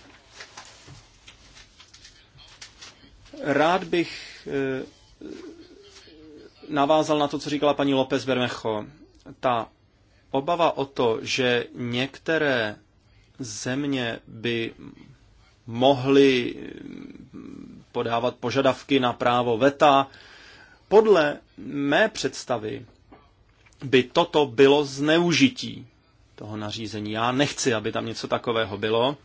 rád bych eh, navázal na to, co říkala paní López Bermecho. Ta obava o to, že některé země by mohly mm, podávat požadavky na právo VETA, podle mé představy by toto bylo zneužití toho nařízení. Já nechci, aby tam něco takového bylo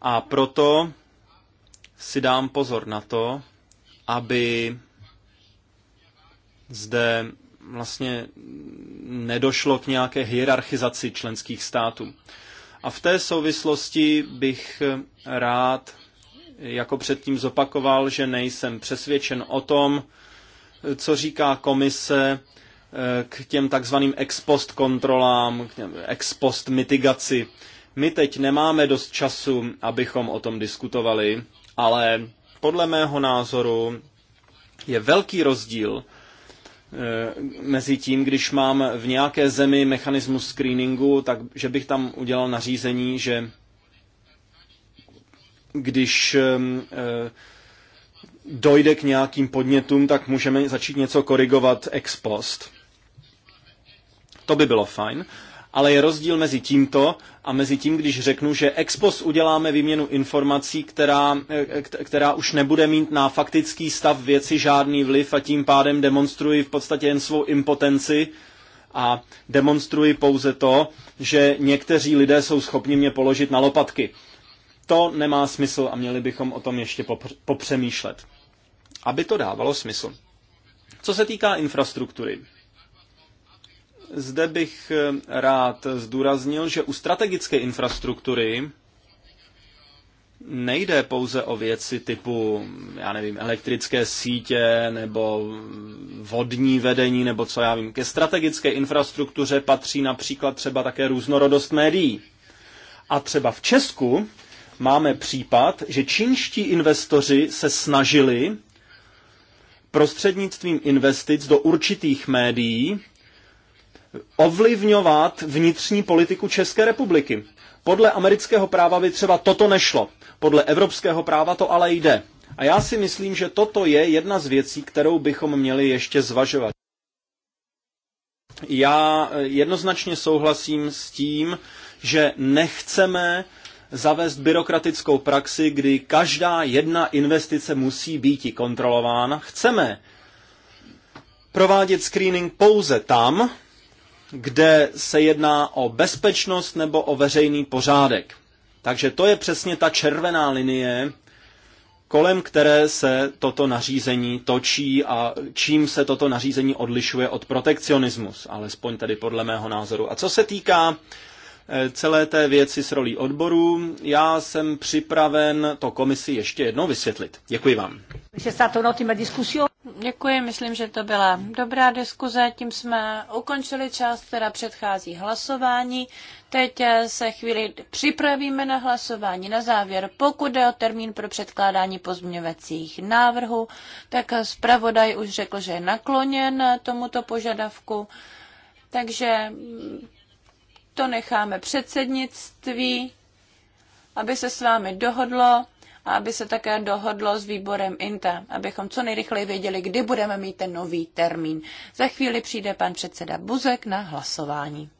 a proto si dám pozor na to, aby zde vlastně nedošlo k nějaké hierarchizaci členských států. A v té souvislosti bych rád jako předtím zopakoval, že nejsem přesvědčen o tom, co říká komise Eh, k těm takzvaným ex post kontrolám, k těm ex post mitigaci. My teď nemáme dost času, abychom o tom diskutovali, ale podle mého názoru je velký rozdíl eh, mezi tím, když mám v nějaké zemi mechanismus screeningu, takže bych tam udělal nařízení, že když ehm, eh, dojde k nějakým podnětům, tak můžeme začít něco korigovat ex post. To by bylo fajn. Ale je rozdíl mezi tímto a mezi tím, když řeknu, že ex post uděláme výměnu informací, která, eh, eh, která už nebude mít na faktický stav věci žádný vliv a tím pádem demonstruji v podstatě jen svou impotenci a demonstruji pouze to, že někteří lidé jsou schopni mě položit na lopatky. To nemá smysl a měli bychom o tom ještě popřemýšlet. Aby to dávalo smysl. Co se týká infrastruktury, zde bych eh, rád zdůraznil, že u strategické infrastruktury nejde pouze o věci typu, já nevím, elektrické sítě nebo vodní vedení nebo co já vím. Ke strategické infrastruktuře patří například třeba také různorodost médií. A třeba v Česku máme případ, že čínští investoři se snažili prostřednictvím investic do určitých médií ovlivňovat vnitřní politiku České republiky. Podle amerického práva by třeba toto nešlo. Podle evropského práva to ale jde. A já si myslím, že toto je jedna z věcí, kterou bychom měli ještě zvažovat. Já eh, jednoznačně souhlasím s tím, že nechceme zavést byrokratickou praxi, kdy každá jedna investice musí být kontrolována. Chceme provádět screening pouze tam, kde se jedná o bezpečnost nebo o veřejný pořádek. Takže to je přesně ta červená linie, kolem které se toto nařízení točí a čím se toto nařízení odlišuje od protekcionismus, alespoň tedy podle mého názoru. A co se týká celé té věci s rolí odborů. Já jsem připraven to komisi ještě jednou vysvětlit. Děkuji vám. Děkuji, myslím, že to byla dobrá diskuze. Tím jsme ukončili část, která předchází hlasování. Teď eh, se chvíli připravíme na hlasování. Na závěr, pokud jde o termín pro předkládání pozměňovacích návrhů, tak zpravodaj už řekl, že je nakloněn tomuto požadavku. Takže mm, to necháme předsednictví, aby se s vámi dohodlo a aby se také dohodlo s výborem INTA, abychom co nejrychleji věděli, kdy budeme mít ten nový termín. Za chvíli přijde pan předseda Buzek na hlasování.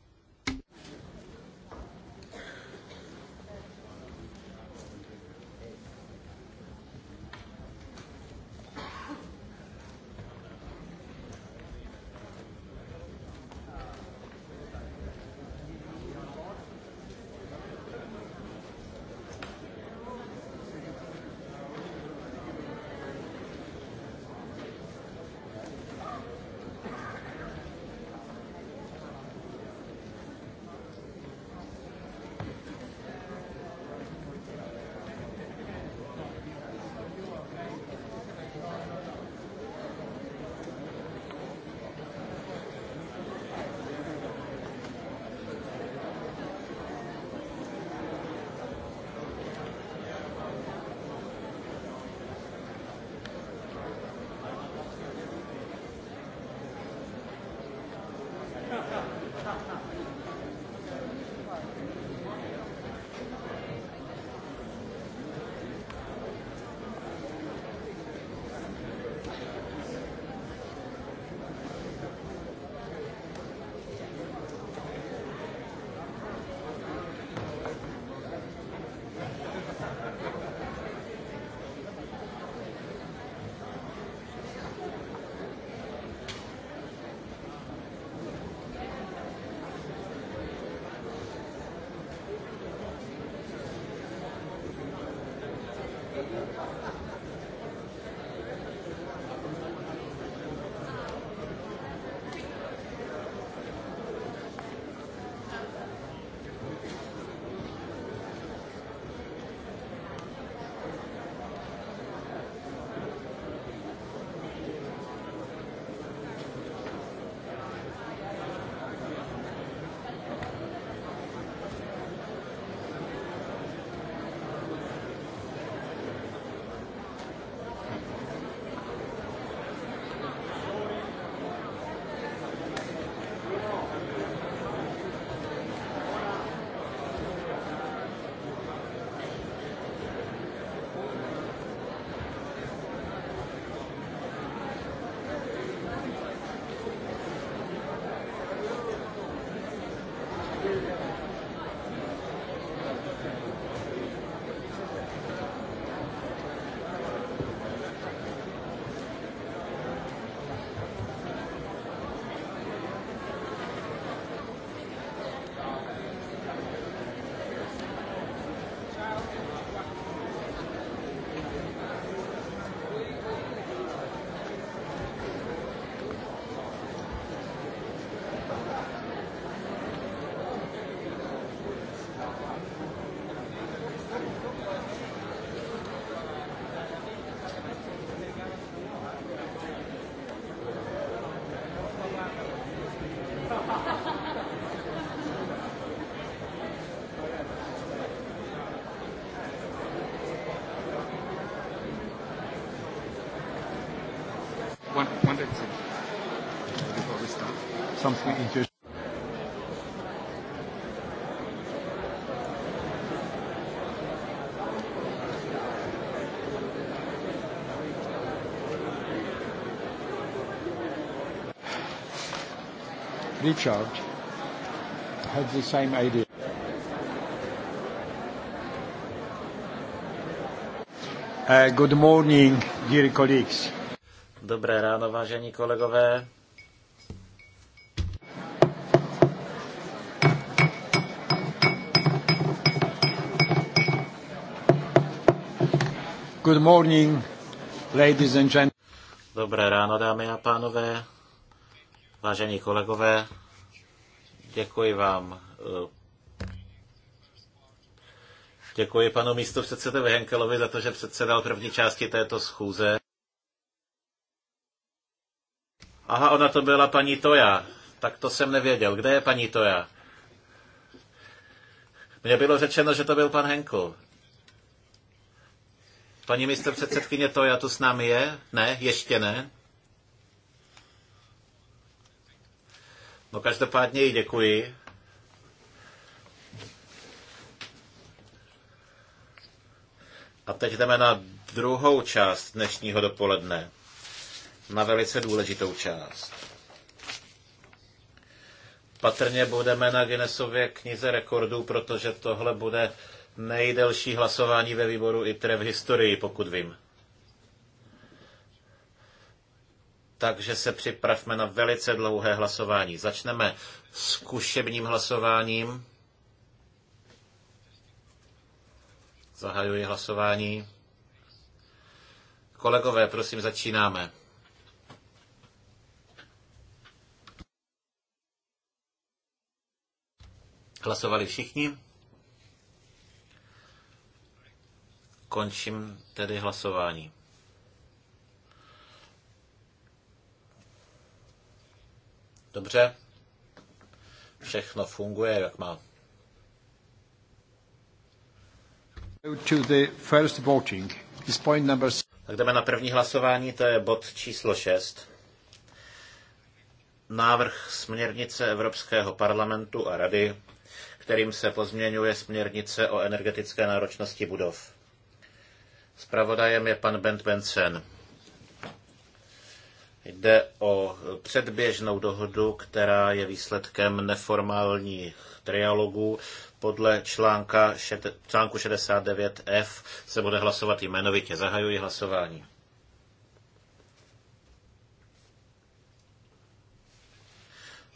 something interesting. Richard had the same idea. Uh, good morning, dear colleagues. Dobré ráno, vážení kolegové. Good morning, ladies and gentlemen. Dobré ráno, dámy a pánové, vážení kolegové, děkuji vám. Eh, děkuji panu místo předsedovi Henkelovi za to, že předsedal první části této schůze. Aha, ona to byla paní Toja. Tak to jsem nevěděl. Kde je paní Toja? Mně bylo řečeno, že to byl pan Henkel. Paní místo předsedkyně já tu s námi je? Ne, ještě ne. No každopádně jí děkuji. A teď jdeme na druhou část dnešního dopoledne. Na velice důležitou část. Patrně budeme na Guinnessově knize rekordů, protože tohle bude nejdelší hlasování ve výboru ITRE v historii, pokud vím. Takže se připravme na velice dlouhé hlasování. Začneme zkušebním hlasováním. Zahajuji hlasování. Kolegové, prosím, začínáme. Hlasovali všichni? Končím tedy hlasování. Dobře. Všechno funguje, jak má. To the first voting. This point number... Tak jdeme na první hlasování, to je bod číslo 6. Návrh směrnice Evropského parlamentu a rady, kterým se pozměňuje směrnice o energetické náročnosti budov. Spravodajem je pan Bent Bensen. Jde o předběžnou dohodu, která je výsledkem neformálních trialogů. Podle článka, článku 69F se bude hlasovat jmenovitě. Zahajuji hlasování.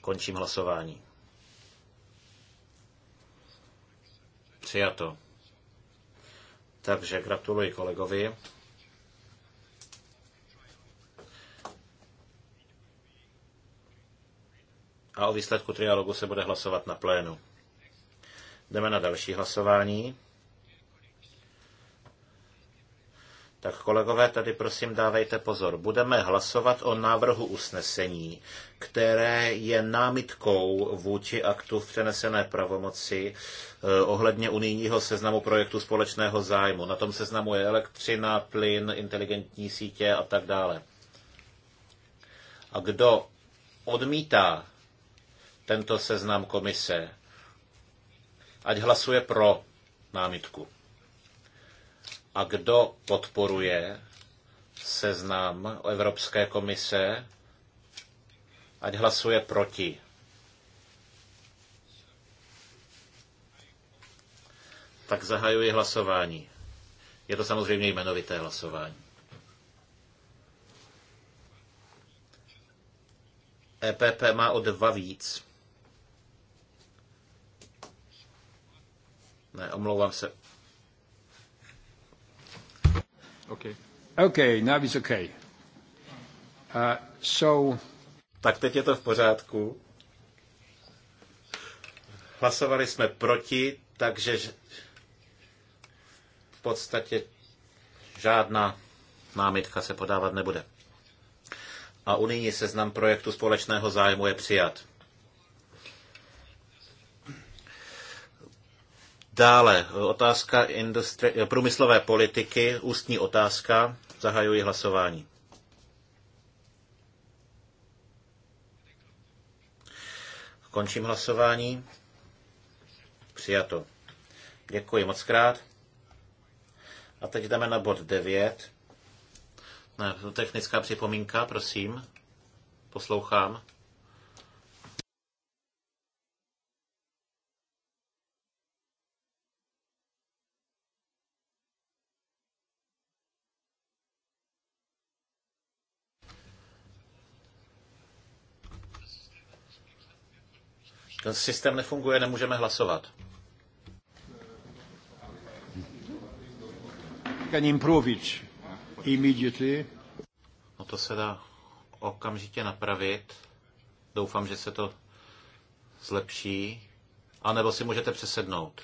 Končím hlasování. Přijato. Takže gratuluji kolegovi. A o výsledku trialogu se bude hlasovat na plénu. Jdeme na další hlasování. Tak kolegové, tady prosím dávejte pozor. Budeme hlasovat o návrhu usnesení, které je námitkou vůči aktu v přenesené pravomoci eh, ohledně unijního seznamu projektu společného zájmu. Na tom seznamu je elektřina, plyn, inteligentní sítě a tak dále. A kdo odmítá tento seznam komise, ať hlasuje pro námitku a kdo podporuje seznam Evropské komise, ať hlasuje proti. Tak zahajuji hlasování. Je to samozřejmě jmenovité hlasování. EPP má o dva víc. Ne, omlouvám se. Okay. Okay, now it's okay. Uh, so... Tak teď je to v pořádku. Hlasovali jsme proti, takže v podstatě žádná námitka se podávat nebude. A unijní seznam projektu společného zájmu je přijat. Dále otázka industri- průmyslové politiky, ústní otázka. Zahajuji hlasování. Končím hlasování. Přijato. Děkuji moc krát. A teď jdeme na bod 9. Ne, technická připomínka, prosím. Poslouchám. Systém nefunguje, nemůžeme hlasovat. Can improve it immediately. No to se dá okamžitě napravit. Doufám, že se to zlepší. A nebo si můžete přesednout.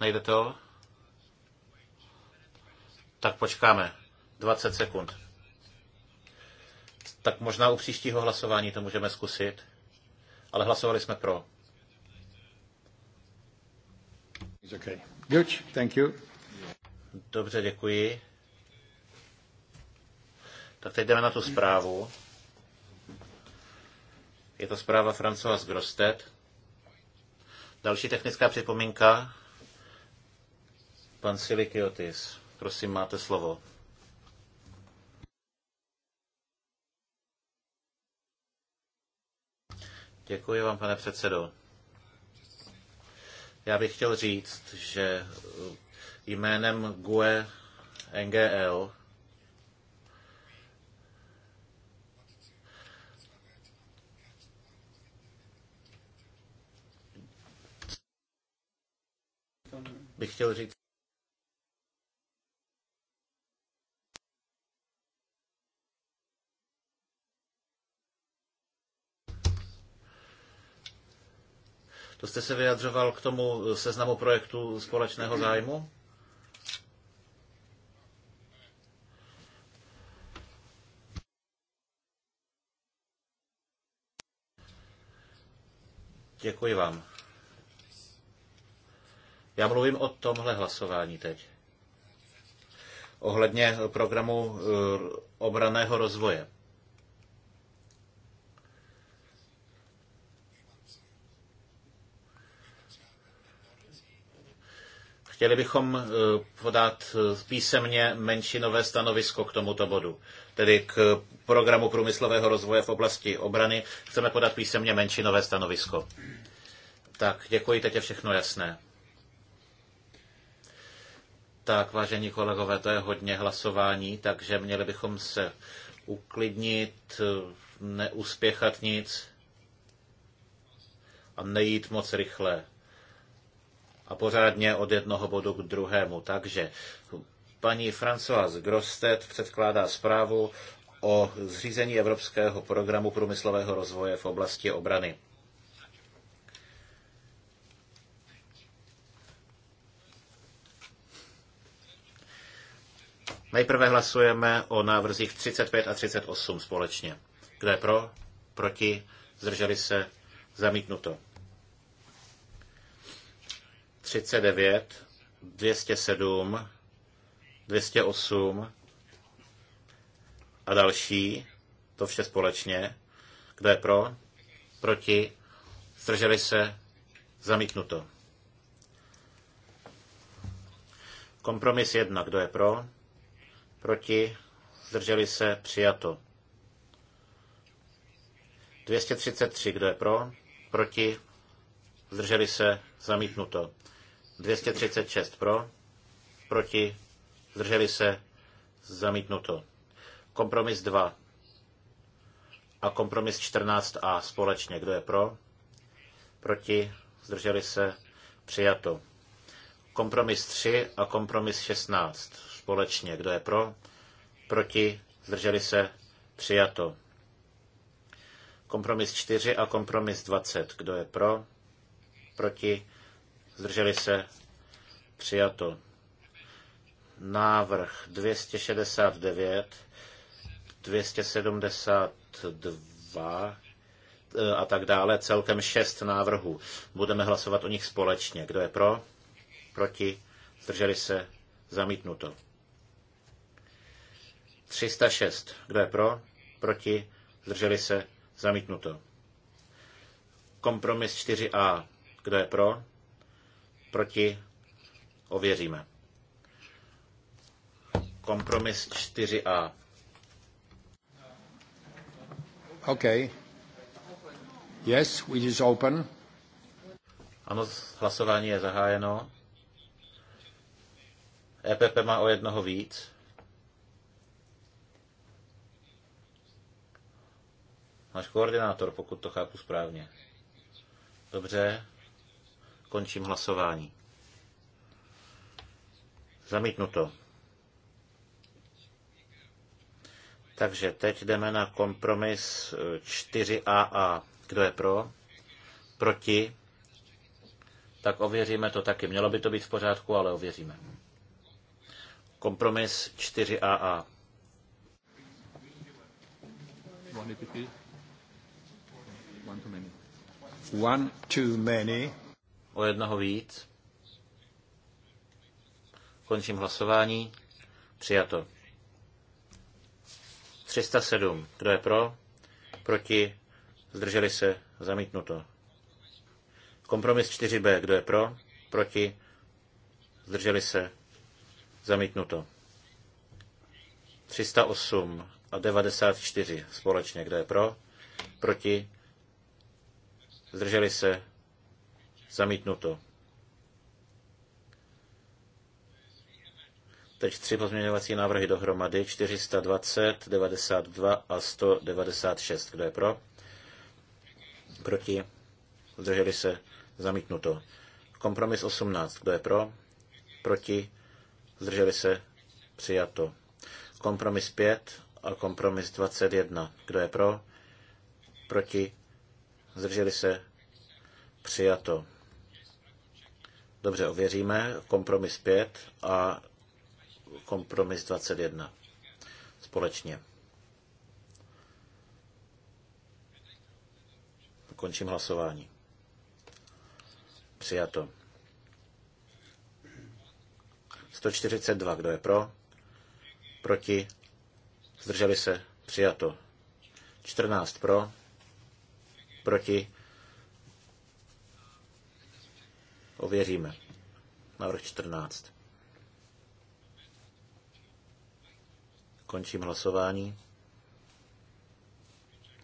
Nejde to? Tak počkáme. 20 sekund tak možná u příštího hlasování to můžeme zkusit. Ale hlasovali jsme pro. Dobře, děkuji. Tak teď jdeme na tu zprávu. Je to zpráva Francois Grostet. Další technická připomínka. Pan Silikiotis, prosím, máte slovo. Děkuji vám, pane předsedo. Já bych chtěl říct, že jménem GUE NGL bych chtěl říct, To jste se vyjadřoval k tomu eh, seznamu projektu společného zájmu? Děkuji vám. Já mluvím o tomhle hlasování teď. Ohledně programu eh, obraného rozvoje. Chtěli bychom eh, podat eh, písemně menšinové stanovisko k tomuto bodu, tedy k programu průmyslového rozvoje v oblasti obrany. Chceme podat písemně menšinové stanovisko. Tak, děkuji, teď je všechno jasné. Tak, vážení kolegové, to je hodně hlasování, takže měli bychom se uklidnit, eh, neuspěchat nic a nejít moc rychle a pořádně od jednoho bodu k druhému. Takže paní Françoise Grostet předkládá zprávu o zřízení Evropského programu průmyslového rozvoje v oblasti obrany. Nejprve hlasujeme o návrzích 35 a 38 společně. Kdo je pro? Proti? Zdrželi se? Zamítnuto. 39, 207, 208 a další, to vše společně. Kdo je pro? Proti? Zdrželi se? Zamítnuto. Kompromis 1. Kdo je pro? Proti? Zdrželi se? Přijato. 233. Kdo je pro? Proti? Zdrželi se? Zamítnuto. 236 pro, proti, zdrželi se, zamítnuto. Kompromis 2 a kompromis 14a společně. Kdo je pro? Proti, zdrželi se, přijato. Kompromis 3 a kompromis 16 společně. Kdo je pro? Proti, zdrželi se, přijato. Kompromis 4 a kompromis 20. Kdo je pro? Proti, zdrželi se, Přijato. Návrh 269, 272 eh, a tak dále, celkem šest návrhů. Budeme hlasovat o nich společně. Kdo je pro? Proti? Zdrželi se? Zamítnuto. 306. Kdo je pro? Proti? Zdrželi se? Zamítnuto. Kompromis 4a. Kdo je pro? Proti? Ověříme. Kompromis 4a. OK. Yes, which is open. Ano, hlasování je zahájeno. EPP má o jednoho víc. Náš koordinátor, pokud to chápu správně. Dobře, končím hlasování. Zamítnuto. Takže teď jdeme na kompromis 4AA. Eh, Kdo je pro? Proti? Tak ověříme to taky. Mělo by to být v pořádku, ale ověříme. Kompromis 4AA. One too many. One too many. O jednoho víc. Končím hlasování. Přijato. 307. Kdo je pro? Proti? Zdrželi se? Zamítnuto. Kompromis 4b. Kdo je pro? Proti? Zdrželi se? Zamítnuto. 308 a 94 společně. Kdo je pro? Proti? Zdrželi se? Zamítnuto. Teď tři pozměňovací návrhy dohromady 420, 92 a 196. Kdo je pro? Proti? Zdrželi se? Zamítnuto. Kompromis 18. Kdo je pro? Proti? Zdrželi se? Přijato. Kompromis 5 a kompromis 21. Kdo je pro? Proti? Zdrželi se? Přijato. Dobře, ověříme. Kompromis 5 a kompromis 21 společně. Končím hlasování. Přijato. 142, kdo je pro? Proti? Zdrželi se? Přijato. 14 pro? Proti? Ověříme. Návrh 14. Končím hlasování.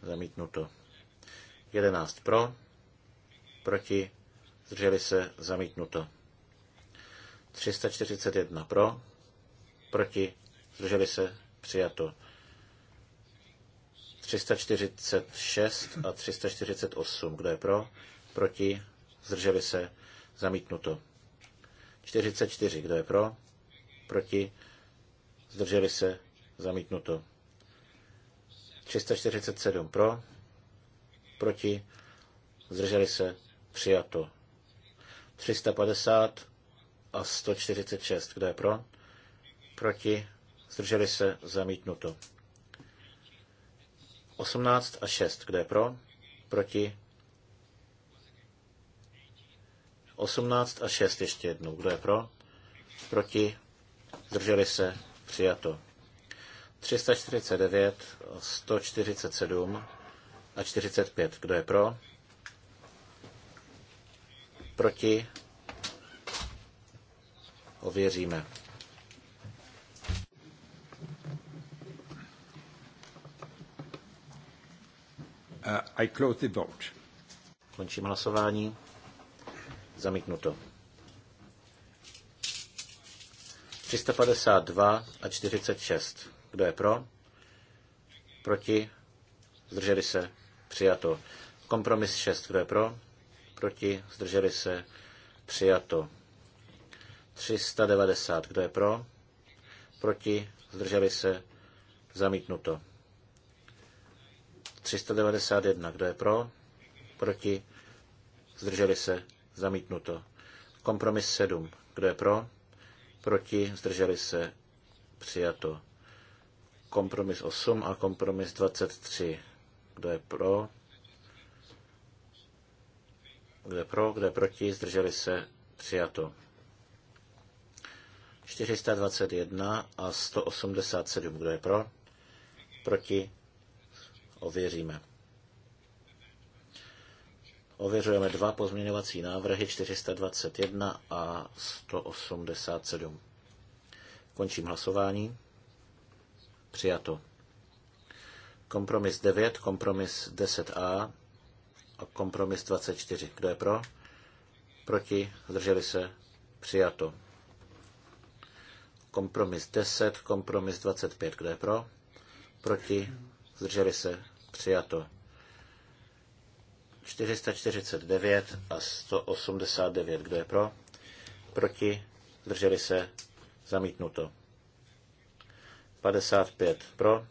Zamítnuto. 11 pro, proti, zdrželi se, zamítnuto. 341 pro, proti, zdrželi se, přijato. 346 a 348, kdo je pro, proti, zdrželi se, zamítnuto. 44, kdo je pro, proti, zdrželi se, Zamítnuto. 347 pro, proti, zdrželi se, přijato. 350 a 146, kdo je pro, proti, zdrželi se, zamítnuto. 18 a 6, kdo je pro, proti, 18 a 6 ještě jednou, kdo je pro, proti, zdrželi se, přijato. 349, 147 a 45. Kdo je pro? Proti? Ověříme. Uh, I close the vote. Končím hlasování. Zamítnuto. 352 a 46. Kdo je pro? Proti? Zdrželi se? Přijato. Kompromis 6. Kdo je pro? Proti? Zdrželi se? Přijato. 390. Kdo je pro? Proti? Zdrželi se? Zamítnuto. 391. Kdo je pro? Proti? Zdrželi se? Zamítnuto. Kompromis 7. Kdo je pro? Proti? Zdrželi se? Přijato kompromis 8 a kompromis 23. Kdo je pro? Kdo je pro? Kdo je proti? Zdrželi se? Přijato. 421 a 187. Kdo je pro? Proti? Ověříme. Ověřujeme dva pozměňovací návrhy 421 a 187. Končím hlasování. Přijato. Kompromis 9, kompromis 10a a kompromis 24. Kdo je pro? Proti? Zdrželi se? Přijato. Kompromis 10, kompromis 25. Kdo je pro? Proti? Zdrželi se? Přijato. 449 a 189. Kdo je pro? Proti? Zdrželi se? Zamítnuto. 55 pro,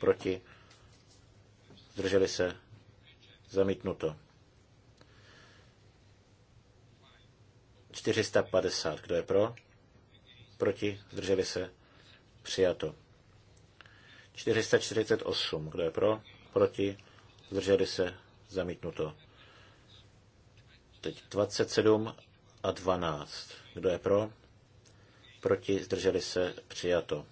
proti, zdrželi se, zamítnuto. 450, kdo je pro, proti, zdrželi se, přijato. 448, kdo je pro, proti, zdrželi se, zamítnuto. Teď 27 a 12, kdo je pro, proti, zdrželi se, přijato.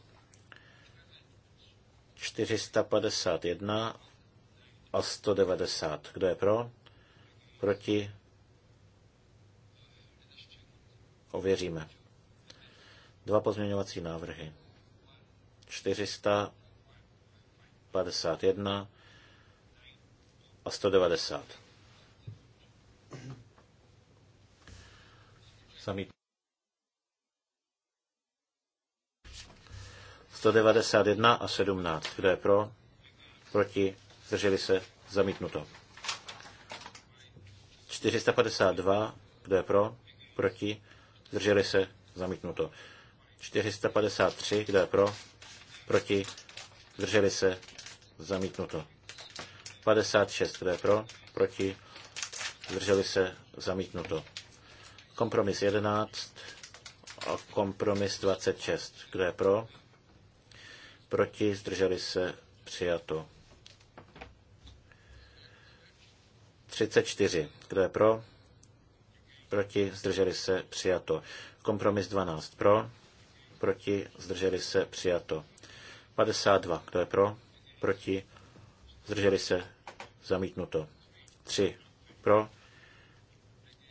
451 a 190. Kdo je pro? Proti? Ověříme. Dva pozměňovací návrhy. 451 a 190. Samý. 191 a 17. Kdo je pro? Proti? Zdrželi se? Zamítnuto. 452. Kdo je pro? Proti? Zdrželi se? Zamítnuto. 453. Kdo je pro? Proti? Zdrželi se? Zamítnuto. 56. Kdo je pro? Proti? Zdrželi se? Zamítnuto. Kompromis 11 a kompromis 26. Kdo je pro? proti, zdrželi se, přijato. 34. Kdo je pro? Proti, zdrželi se, přijato. Kompromis 12. Pro? Proti, zdrželi se, přijato. 52. Kdo je pro? Proti, zdrželi se, zamítnuto. 3. Pro?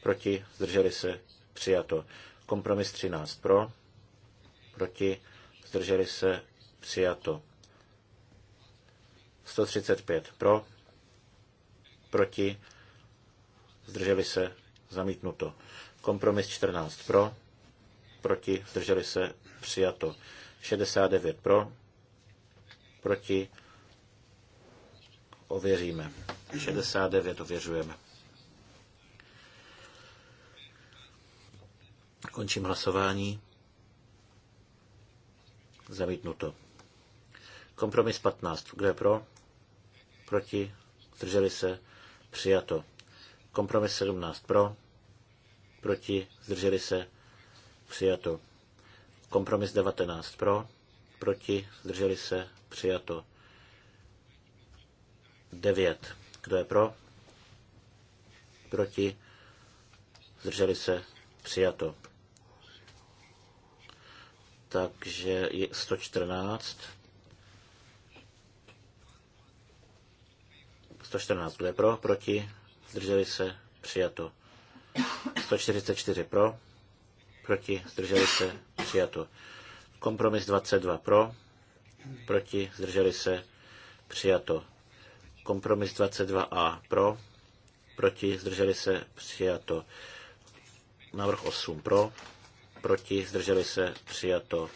Proti, zdrželi se, přijato. Kompromis 13. Pro? Proti, zdrželi se, Přijato. 135 pro, proti, zdrželi se, zamítnuto. Kompromis 14 pro, proti, zdrželi se, přijato. 69 pro, proti, ověříme. 69 ověřujeme. Končím hlasování. Zamítnuto. Kompromis 15. Kdo je pro? Proti? Zdrželi se? Přijato. Kompromis 17. Pro? Proti? Zdrželi se? Přijato. Kompromis 19. Pro? Proti? Zdrželi se? Přijato. 9. Kdo je pro? Proti? Zdrželi se? Přijato. Takže je 114 114, bude pro, proti, zdrželi se, přijato. 144 pro, proti, zdrželi se, přijato. Kompromis 22 pro, proti, zdrželi se, přijato. Kompromis 22a pro, proti, zdrželi se, přijato. Návrh 8 pro, proti, zdrželi se, přijato.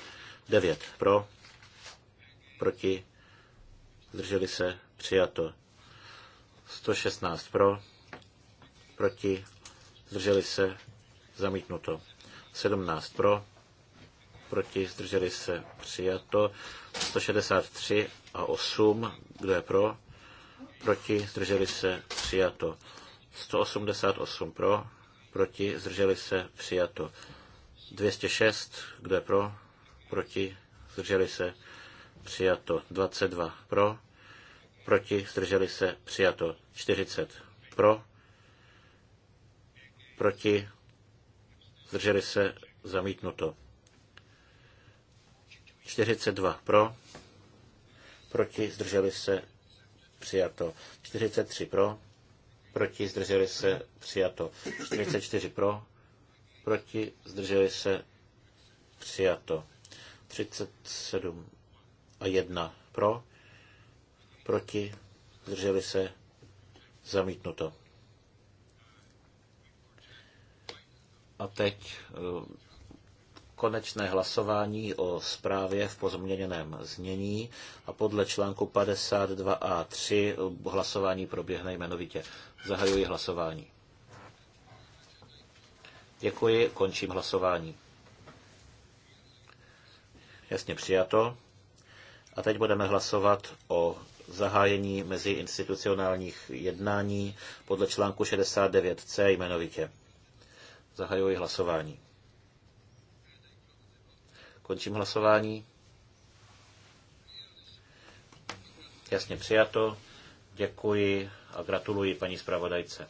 9 pro, proti, zdrželi se, přijato. 116 pro, proti, zdrželi se, zamítnuto. 17 pro, proti, zdrželi se, přijato. 163 a 8, kdo je pro, proti, zdrželi se, přijato. 188 pro, proti, zdrželi se, přijato. 206, kdo je pro, proti, zdrželi se, přijato. 22 pro, proti, zdrželi se, přijato. 40 pro, proti, zdrželi se, zamítnuto. 42 pro, proti, zdrželi se, přijato. 43 pro, proti, zdrželi se, přijato. 44 pro, proti, zdrželi se, přijato. 37 a 1 pro, proti, zdrželi se, zamítnuto. A teď eh, konečné hlasování o zprávě v pozměněném znění a podle článku 52a3 hlasování proběhne jmenovitě. Zahajuji hlasování. Děkuji, končím hlasování. Jasně přijato. A teď budeme hlasovat o zahájení meziinstitucionálních jednání podle článku 69c jmenovitě. Zahajuji hlasování. Končím hlasování. Jasně přijato. Děkuji a gratuluji paní zpravodajce.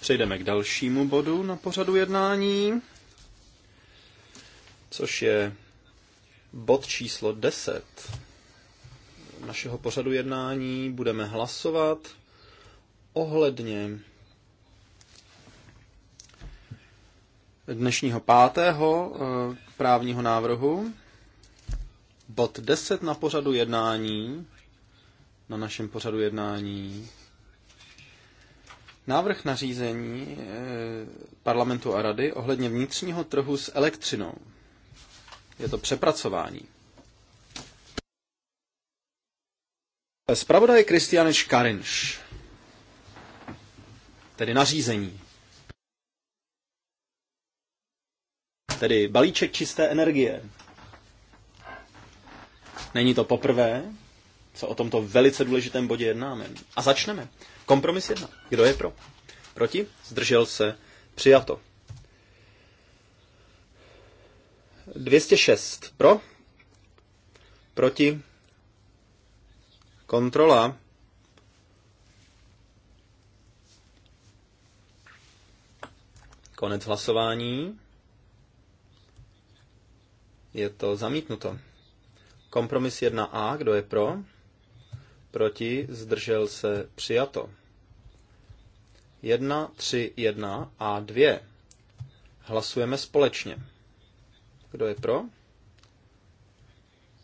Přejdeme k dalšímu bodu na pořadu jednání, což je bod číslo 10 našeho pořadu jednání budeme hlasovat ohledně dnešního pátého eh, právního návrhu. Bod 10 na pořadu jednání, na našem pořadu jednání, návrh nařízení eh, parlamentu a rady ohledně vnitřního trhu s elektřinou. Je to přepracování. Spravodaj Kristianeš Karinš, tedy nařízení, tedy balíček čisté energie. Není to poprvé, co o tomto velice důležitém bodě jednáme. A začneme. Kompromis jedna. Kdo je pro? Proti? Zdržel se. Přijato. 206. Pro? Proti? Kontrola Konec hlasování. Je to zamítnuto. Kompromis 1a, kdo je pro? Proti, zdržel se, přijato. 1, 3, 1 a 2. Hlasujeme společně. Kdo je pro?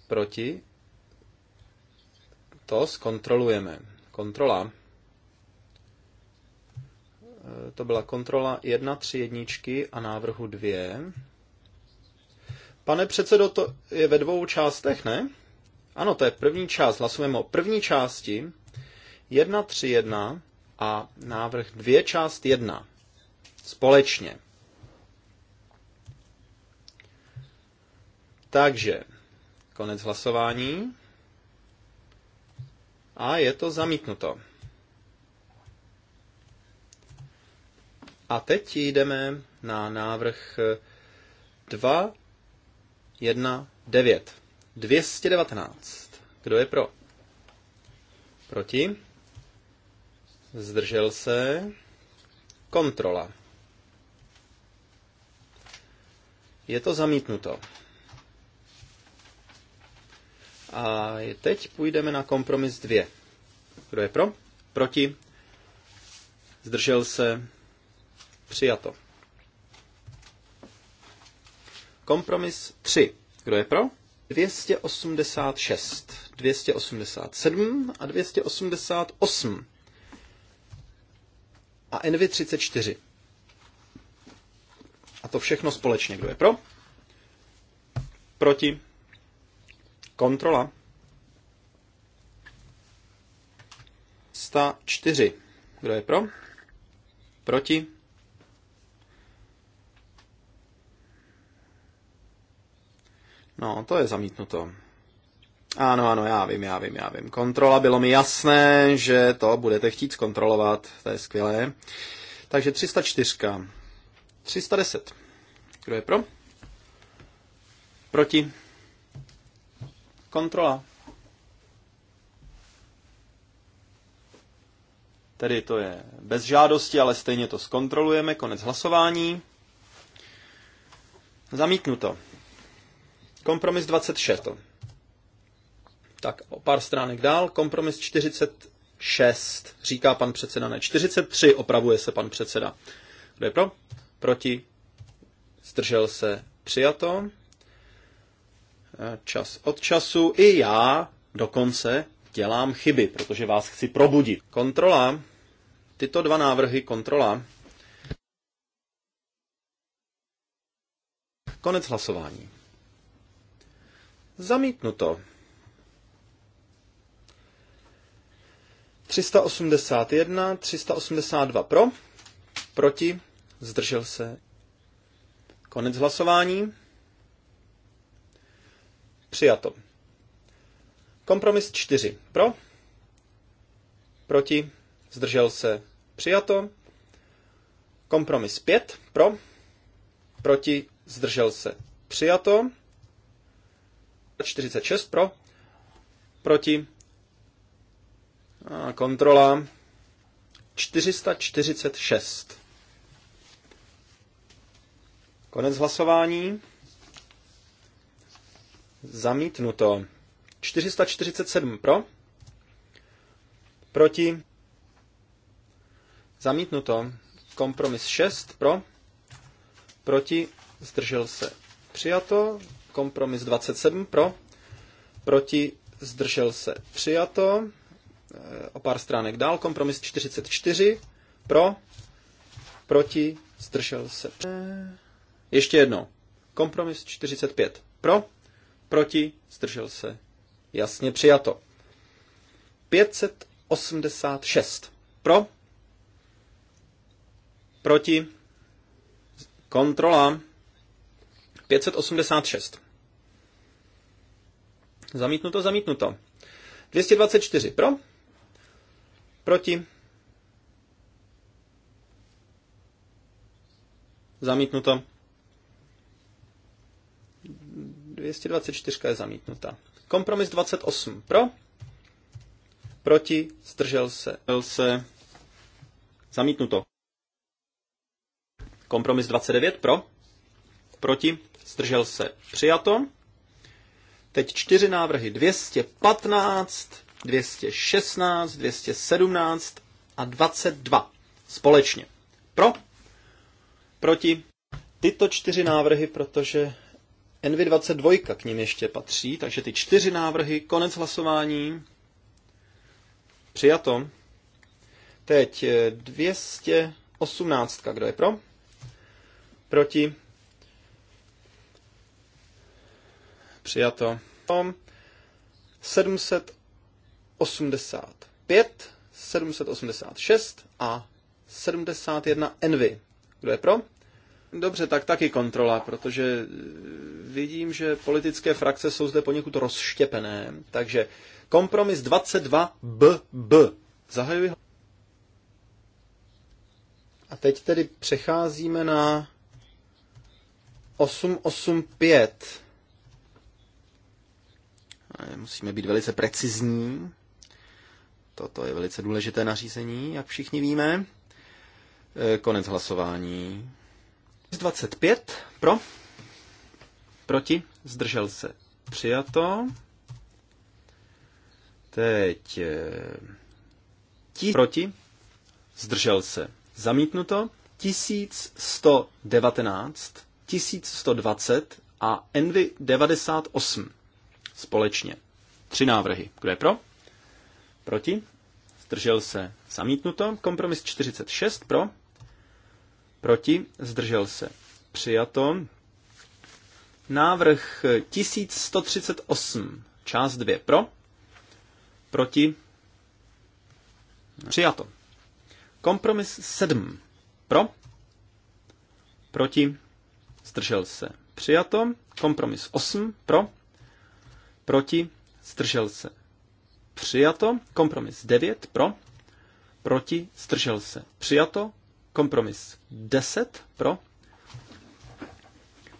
Proti, to zkontrolujeme. Kontrola. E, to byla kontrola 1, 3 jedničky a návrhu 2. Pane předsedo, to je ve dvou částech, ne? Ano, to je první část. Hlasujeme o první části 1, 3, 1 a návrh 2, část 1. Společně. Takže, konec hlasování. A je to zamítnuto. A teď jdeme na návrh 2, 1, 9. 219. Kdo je pro? Proti? Zdržel se? Kontrola. Je to zamítnuto. A teď půjdeme na kompromis 2. Kdo je pro? Proti? Zdržel se? Přijato. Kompromis 3. Kdo je pro? 286, 287 a 288 a NV34. A to všechno společně. Kdo je pro? Proti? Kontrola. 104. Kdo je pro? Proti? No, to je zamítnuto. Ano, ano, já vím, já vím, já vím. Kontrola, bylo mi jasné, že to budete chtít zkontrolovat, to je skvělé. Takže 304. 310. Kdo je pro? Proti? Kontrola. Tedy to je bez žádosti, ale stejně to zkontrolujeme. Konec hlasování. Zamítnuto. Kompromis 26. Tak o pár stránek dál. Kompromis 46, říká pan předseda. Ne, 43 opravuje se pan předseda. Kdo je pro? Proti? Zdržel se? Přijato čas od času. I já dokonce dělám chyby, protože vás chci probudit. Kontrola, tyto dva návrhy kontrola. Konec hlasování. Zamítnuto. 381, 382 pro, proti, zdržel se. Konec hlasování. Přijato. Kompromis 4. Pro? Proti? Zdržel se? Přijato. Kompromis 5. Pro? Proti? Zdržel se? Přijato. 46 pro? Proti? A kontrola. 446. Konec hlasování. Zamítnuto. 447 pro. Proti. Zamítnuto. Kompromis 6 pro. Proti. Zdržel se. Přijato. Kompromis 27 pro. Proti. Zdržel se. Přijato. E, o pár stránek dál. Kompromis 44 pro. Proti. Zdržel se. E, ještě jednou. Kompromis 45 pro Proti? Zdržel se. Jasně přijato. 586. Pro? Proti? Kontrola. 586. Zamítnuto, zamítnuto. 224 pro. Proti. Zamítnuto. 224 je zamítnuta. Kompromis 28 pro, proti, zdržel se, zdržel se, zamítnuto. Kompromis 29 pro, proti, zdržel se, přijato. Teď čtyři návrhy 215, 216, 217 a 22 společně. Pro, proti, tyto čtyři návrhy, protože NV22 k ním ještě patří, takže ty čtyři návrhy, konec hlasování, přijato. Teď 218, eh, kdo je pro? Proti? Přijato. 785, 786 a 71 Envy. Kdo je pro? Dobře, tak taky kontrola, protože eh, vidím, že politické frakce jsou zde poněkud rozštěpené. Takže kompromis 22BB. Zahajuji ho. A teď tedy přecházíme na 885. Musíme být velice precizní. Toto je velice důležité nařízení, jak všichni víme. Eh, konec hlasování. 25 pro, proti, zdržel se, přijato. Teď eh, ti proti, zdržel se, zamítnuto. 1119, 1120 a Envy 98 společně. Tři návrhy. Kdo je pro? Proti? Zdržel se zamítnuto. Kompromis 46 pro. Proti? Zdržel se. Přijato. Návrh 1138, část 2 pro. Proti? Přijato. Kompromis 7 pro. Proti? Zdržel se. Přijato. Kompromis 8 pro. Proti? Zdržel se. Přijato. Kompromis 9 pro. Proti? Zdržel se. Přijato. Kompromis 10 pro.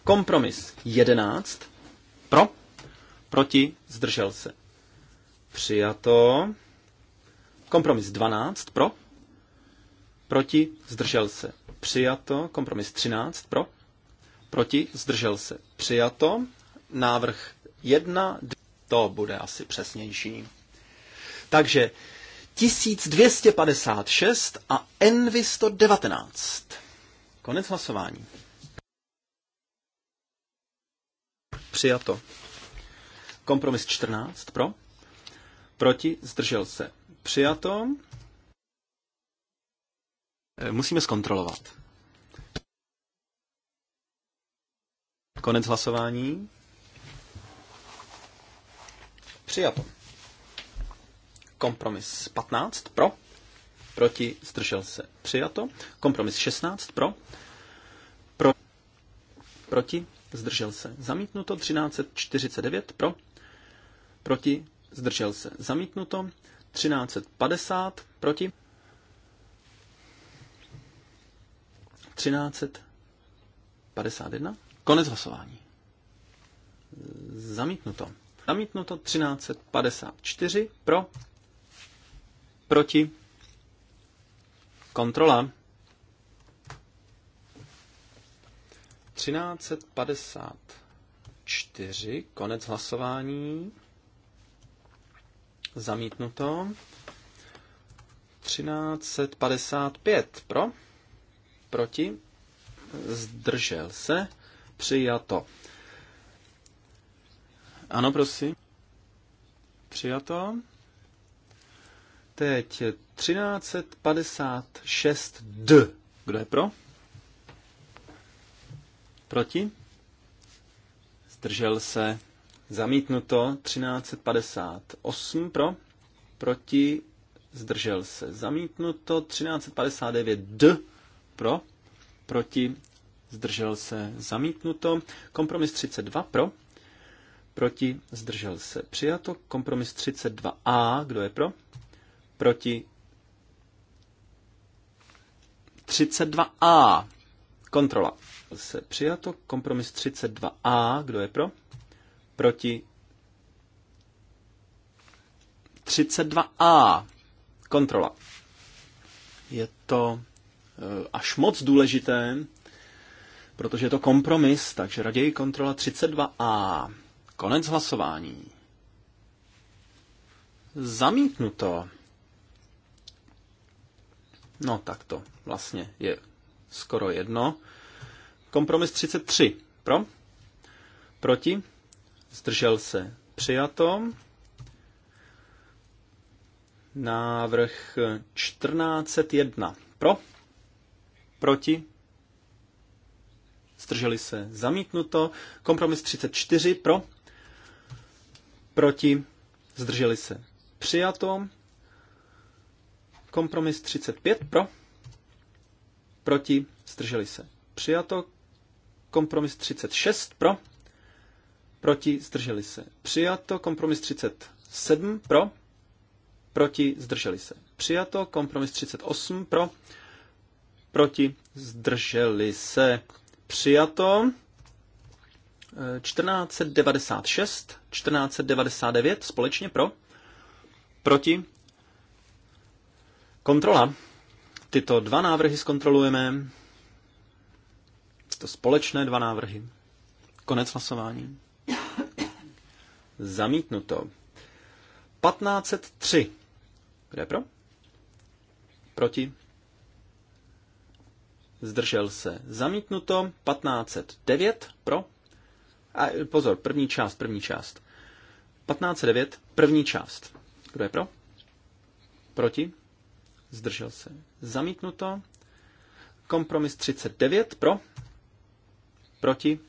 Kompromis 11 pro. Proti zdržel se. Přijato. Kompromis 12 pro. Proti zdržel se. Přijato. Kompromis 13 pro. Proti zdržel se. Přijato. Návrh 1, 2, to bude asi přesnější. Takže 1256 a Envy 119. Konec hlasování. Přijato. Kompromis 14 pro. Proti zdržel se. Přijato. E, musíme zkontrolovat. Konec hlasování. Přijato. Kompromis 15 pro, proti, zdržel se, přijato. Kompromis 16 pro, pro proti, zdržel se, zamítnuto. 1349 pro, proti, zdržel se, zamítnuto. 1350 proti. 1351. Konec hlasování. Zamítnuto. Zamítnuto 1354 pro, Proti? Kontrola? 1354, konec hlasování. Zamítnuto. 1355 pro, proti, zdržel se, přijato. Ano, prosím. Přijato. Teď 1356 D. Kdo je pro? Proti? Zdržel se. Zamítnuto 1358 pro. Proti? Zdržel se. Zamítnuto 1359 D pro. Proti? Zdržel se. Zamítnuto. Kompromis 32 pro. Proti? Zdržel se. Přijato. Kompromis 32A. Kdo je pro? proti 32A. Kontrola. Se přijato. Kompromis 32A. Kdo je pro? Proti 32A. Kontrola. Je to e, až moc důležité, protože je to kompromis, takže raději kontrola 32A. Konec hlasování. Zamítnuto. No tak to vlastně je skoro jedno. Kompromis 33. Pro? Proti? Zdržel se. Přijato. Návrh 1401. Pro? Proti? Zdrželi se. Zamítnuto. Kompromis 34. Pro? Proti? Zdrželi se. Přijato. Kompromis 35 pro, proti, zdrželi se. Přijato. Kompromis 36 pro, proti, zdrželi se. Přijato. Kompromis 37 pro, proti, zdrželi se. Přijato. Kompromis 38 pro, proti, zdrželi se. Přijato. 1496, 1499 společně pro, proti, Kontrola. Tyto dva návrhy zkontrolujeme. To společné dva návrhy. Konec hlasování. Zamítnuto. 1503. Kde je pro? Proti? Zdržel se. Zamítnuto. 1509. Pro? A pozor, první část, první část. 1509, první část. Kdo je pro? Proti? zdržel se zamítnuto. Kompromis 39 pro, proti,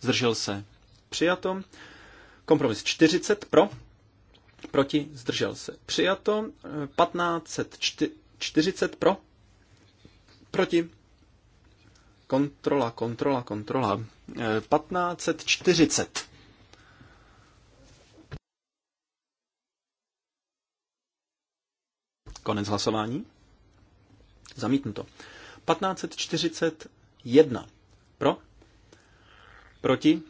zdržel se přijato. Kompromis 40 pro, proti, zdržel se přijato. 1540 pro, proti, kontrola, kontrola, kontrola. 1540. Eh, Konec hlasování. Zamítnuto. 1541. Pro? Proti?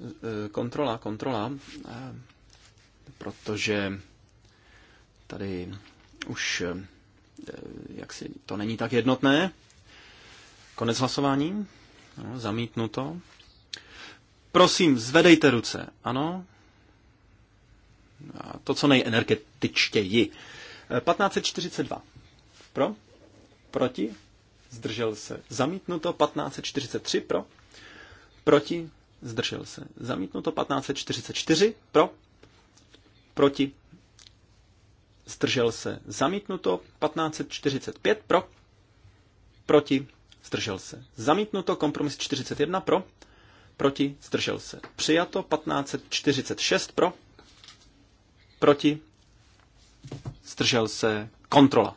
E, e, kontrola, kontrola. E, protože tady už jak si, to není tak jednotné. Konec hlasování. No, zamítnuto. Prosím, zvedejte ruce. Ano, to, co nejenergetičtěji. 1542. Eh, Pro? Proti? Zdržel se. Zamítnuto. 1543. Pro? Proti? Zdržel se. Zamítnuto. 1544. Pro? Proti? Zdržel se. Zamítnuto. 1545. Pro? Proti? Zdržel se. Zamítnuto. Kompromis 41. Pro? Proti? Zdržel se. Přijato. 1546. Pro? proti, zdržel se, kontrola.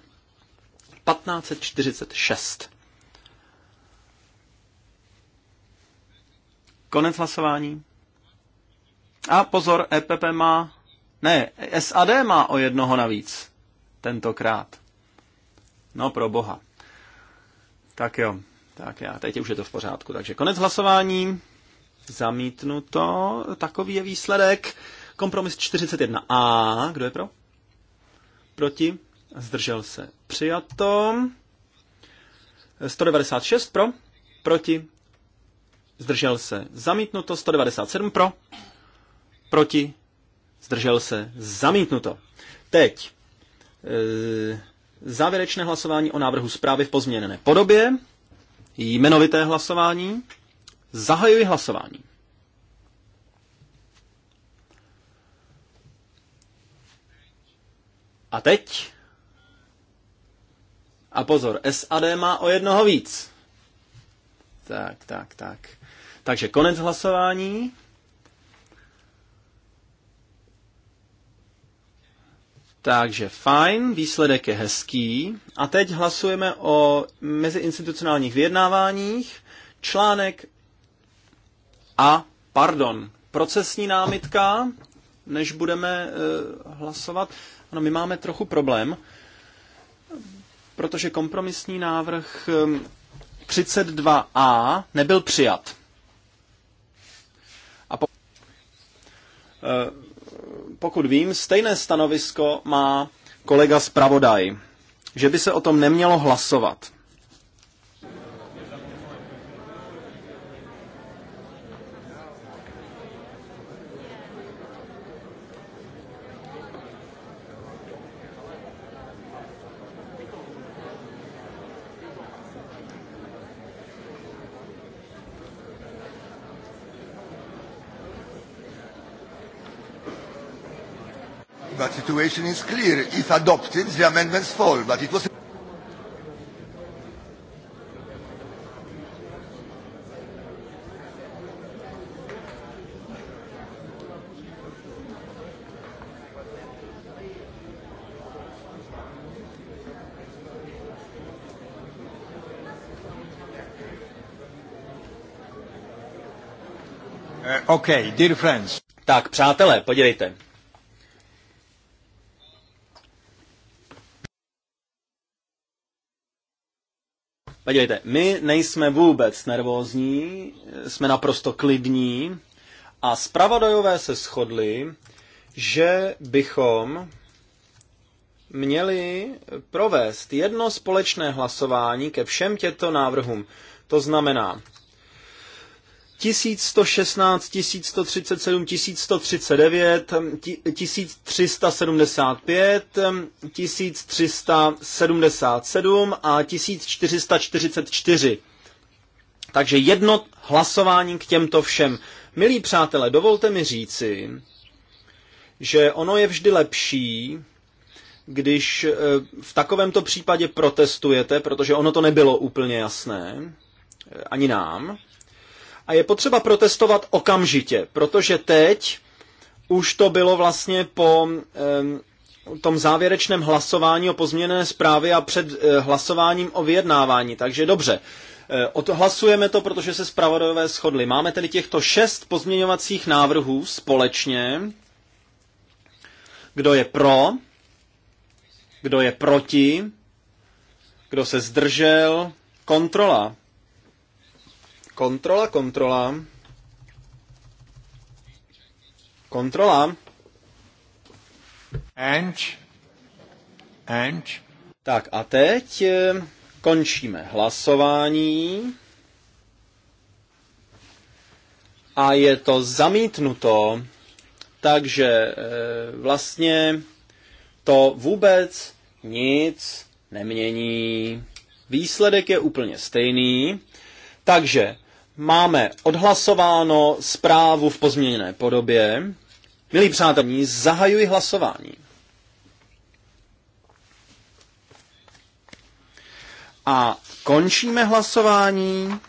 1546. Konec hlasování. A pozor, EPP má... Ne, SAD má o jednoho navíc. Tentokrát. No pro boha. Tak jo. Tak já, teď už je to v pořádku. Takže konec hlasování. Zamítnuto. Takový je výsledek. Kompromis 41a. Kdo je pro? Proti? Zdržel se. Přijato. 196 pro? Proti? Zdržel se. Zamítnuto. 197 pro? Proti? Zdržel se. Zamítnuto. Teď. Eh, závěrečné hlasování o návrhu zprávy v pozměněné podobě. Jmenovité hlasování. Zahajuji hlasování. A teď? A pozor, SAD má o jednoho víc. Tak, tak, tak. Takže konec hlasování. Takže fajn, výsledek je hezký. A teď hlasujeme o meziinstitucionálních vyjednáváních. Článek a, pardon, procesní námitka než budeme eh, hlasovat. Ano, my máme trochu problém, protože kompromisní návrh 32a eh, nebyl přijat. A po... Eh, pokud vím, stejné stanovisko má kolega zpravodaj, že by se o tom nemělo hlasovat. situation is clear. If adopted, the amendments fall, but it was... Eh, okay, dear friends. Tak, přátelé, podívejte. Podívejte, my nejsme vůbec nervózní, jsme naprosto klidní a zpravodajové se shodli, že bychom měli provést jedno společné hlasování ke všem těmto návrhům. To znamená, 1116, 1137, 1139, 1375, 1377 a 1444. Takže jedno hlasování k těmto všem. Milí přátelé, dovolte mi říci, že ono je vždy lepší, když e, v takovémto případě protestujete, protože ono to nebylo úplně jasné, e, ani nám, a je potřeba protestovat okamžitě, protože teď už to bylo vlastně po eh, tom závěrečném hlasování o pozměněné zprávě a před eh, hlasováním o vyjednávání. Takže dobře, eh, odhlasujeme to, protože se zpravodajové shodly. Máme tedy těchto šest pozměňovacích návrhů společně. Kdo je pro? Kdo je proti? Kdo se zdržel? Kontrola. Kontrola, kontrola. Kontrola. And. And. Tak a teď eh, končíme hlasování. A je to zamítnuto, takže eh, vlastně to vůbec nic nemění. Výsledek je úplně stejný. Takže Máme odhlasováno zprávu v pozměněné podobě. Milí přátelé, zahajuji hlasování. A končíme hlasování.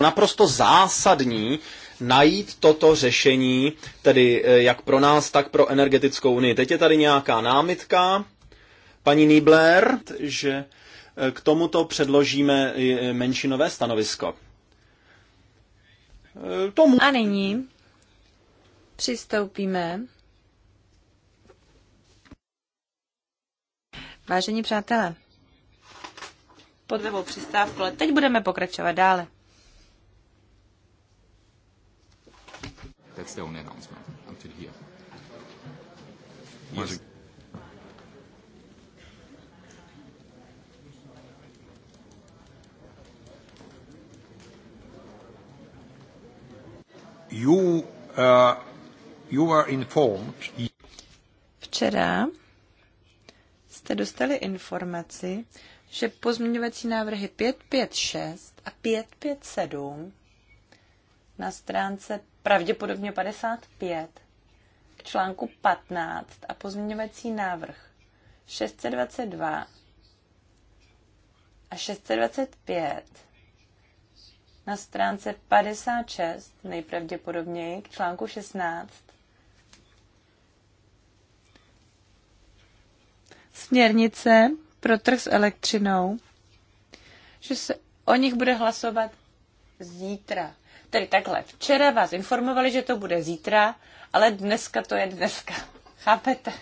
Naprosto zásadní najít toto řešení, tedy eh, jak pro nás, tak pro energetickou unii. Teď je tady nějaká námitka, paní Niebler, že eh, k tomuto předložíme eh, menšinové stanovisko. Eh, tomu. A nyní přistoupíme. Vážení přátelé, po dvou přistávku, ale teď budeme pokračovat dále. That's the only announcement until here. Yes. you, uh, you were informed. Včera jste dostali informaci, že pozměňovací návrhy 556 a 557 na stránce pravděpodobně 55 k článku 15 a pozměňovací návrh 622 a 625 na stránce 56, nejpravděpodobněji k článku 16. Směrnice pro trh s elektřinou, že se o nich bude hlasovat zítra. Tedy takhle, včera vás informovali, že to bude zítra, ale dneska to je dneska. Chápete?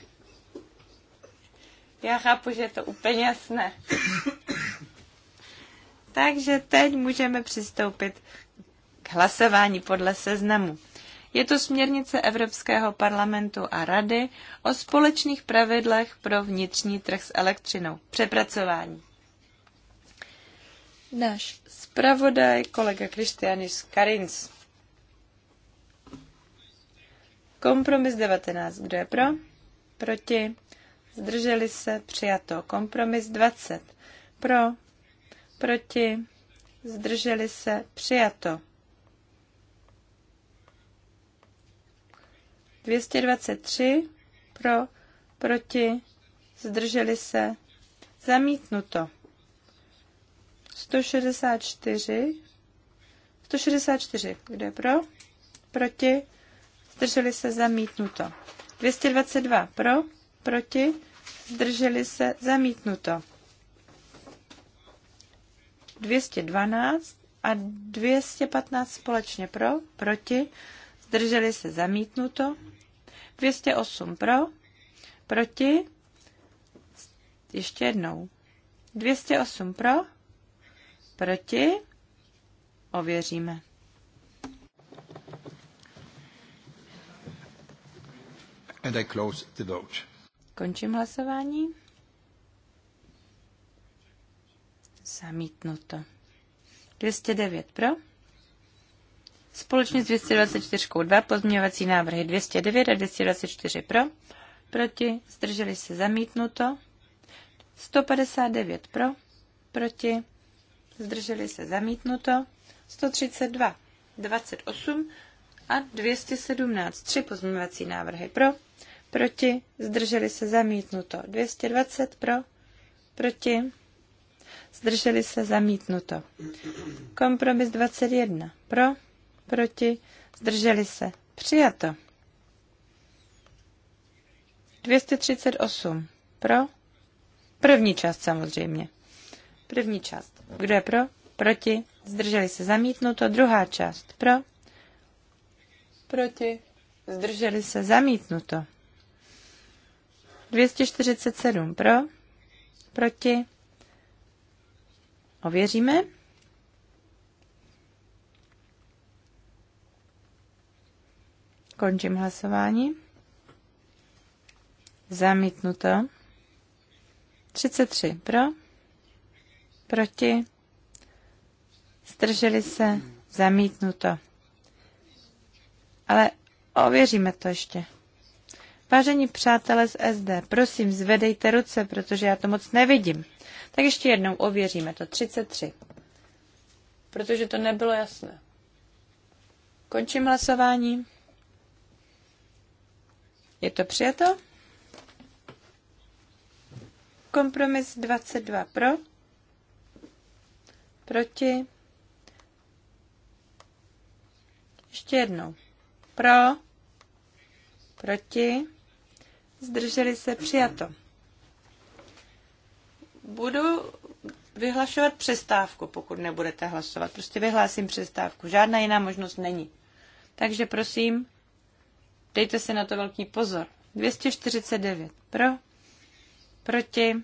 Já chápu, že je to úplně jasné. Takže teď můžeme přistoupit k hlasování podle seznamu. Je to směrnice Evropského parlamentu a Rady o společných pravidlech pro vnitřní trh s elektřinou. Přepracování. Náš zpravodaj, kolega Kristianis Karins. Kompromis 19. Kdo je pro? Proti? Zdrželi se? Přijato. Kompromis 20. Pro? proti, zdrželi se, přijato. 223 pro, proti, zdrželi se, zamítnuto. 164, 164, kdo je pro, proti, zdrželi se, zamítnuto. 222 pro, proti, zdrželi se, zamítnuto. 212 a 215 společně pro, proti, zdrželi se zamítnuto, 208 pro, proti, ještě jednou, 208 pro, proti, ověříme. And I close the vote. Končím hlasování. Zamítnuto. 209 pro. Společně s 224 dva pozměňovací návrhy 209 a 224 pro. Proti. Zdrželi se zamítnuto. 159 pro. Proti. Zdrželi se zamítnuto. 132, 28 a 217. Tři pozměňovací návrhy pro. Proti. Zdrželi se zamítnuto. 220 pro. Proti zdrželi se zamítnuto. Kompromis 21 pro, proti, zdrželi se přijato. 238 pro, první část samozřejmě. První část. Kdo je pro? Proti. Zdrželi se zamítnuto. Druhá část. Pro. Proti. Zdrželi se zamítnuto. 247 pro. Proti. Ověříme. Končím hlasování. Zamítnuto. 33 pro. Proti. Zdrželi se. Zamítnuto. Ale ověříme to ještě. Vážení přátelé z SD, prosím, zvedejte ruce, protože já to moc nevidím. Tak ještě jednou ověříme to. 33. Protože to nebylo jasné. Končím hlasování. Je to přijato? Kompromis 22 pro, proti, ještě jednou, pro, proti, zdrželi se přijato budu vyhlašovat přestávku, pokud nebudete hlasovat. Prostě vyhlásím přestávku. Žádná jiná možnost není. Takže prosím, dejte si na to velký pozor. 249 pro, proti,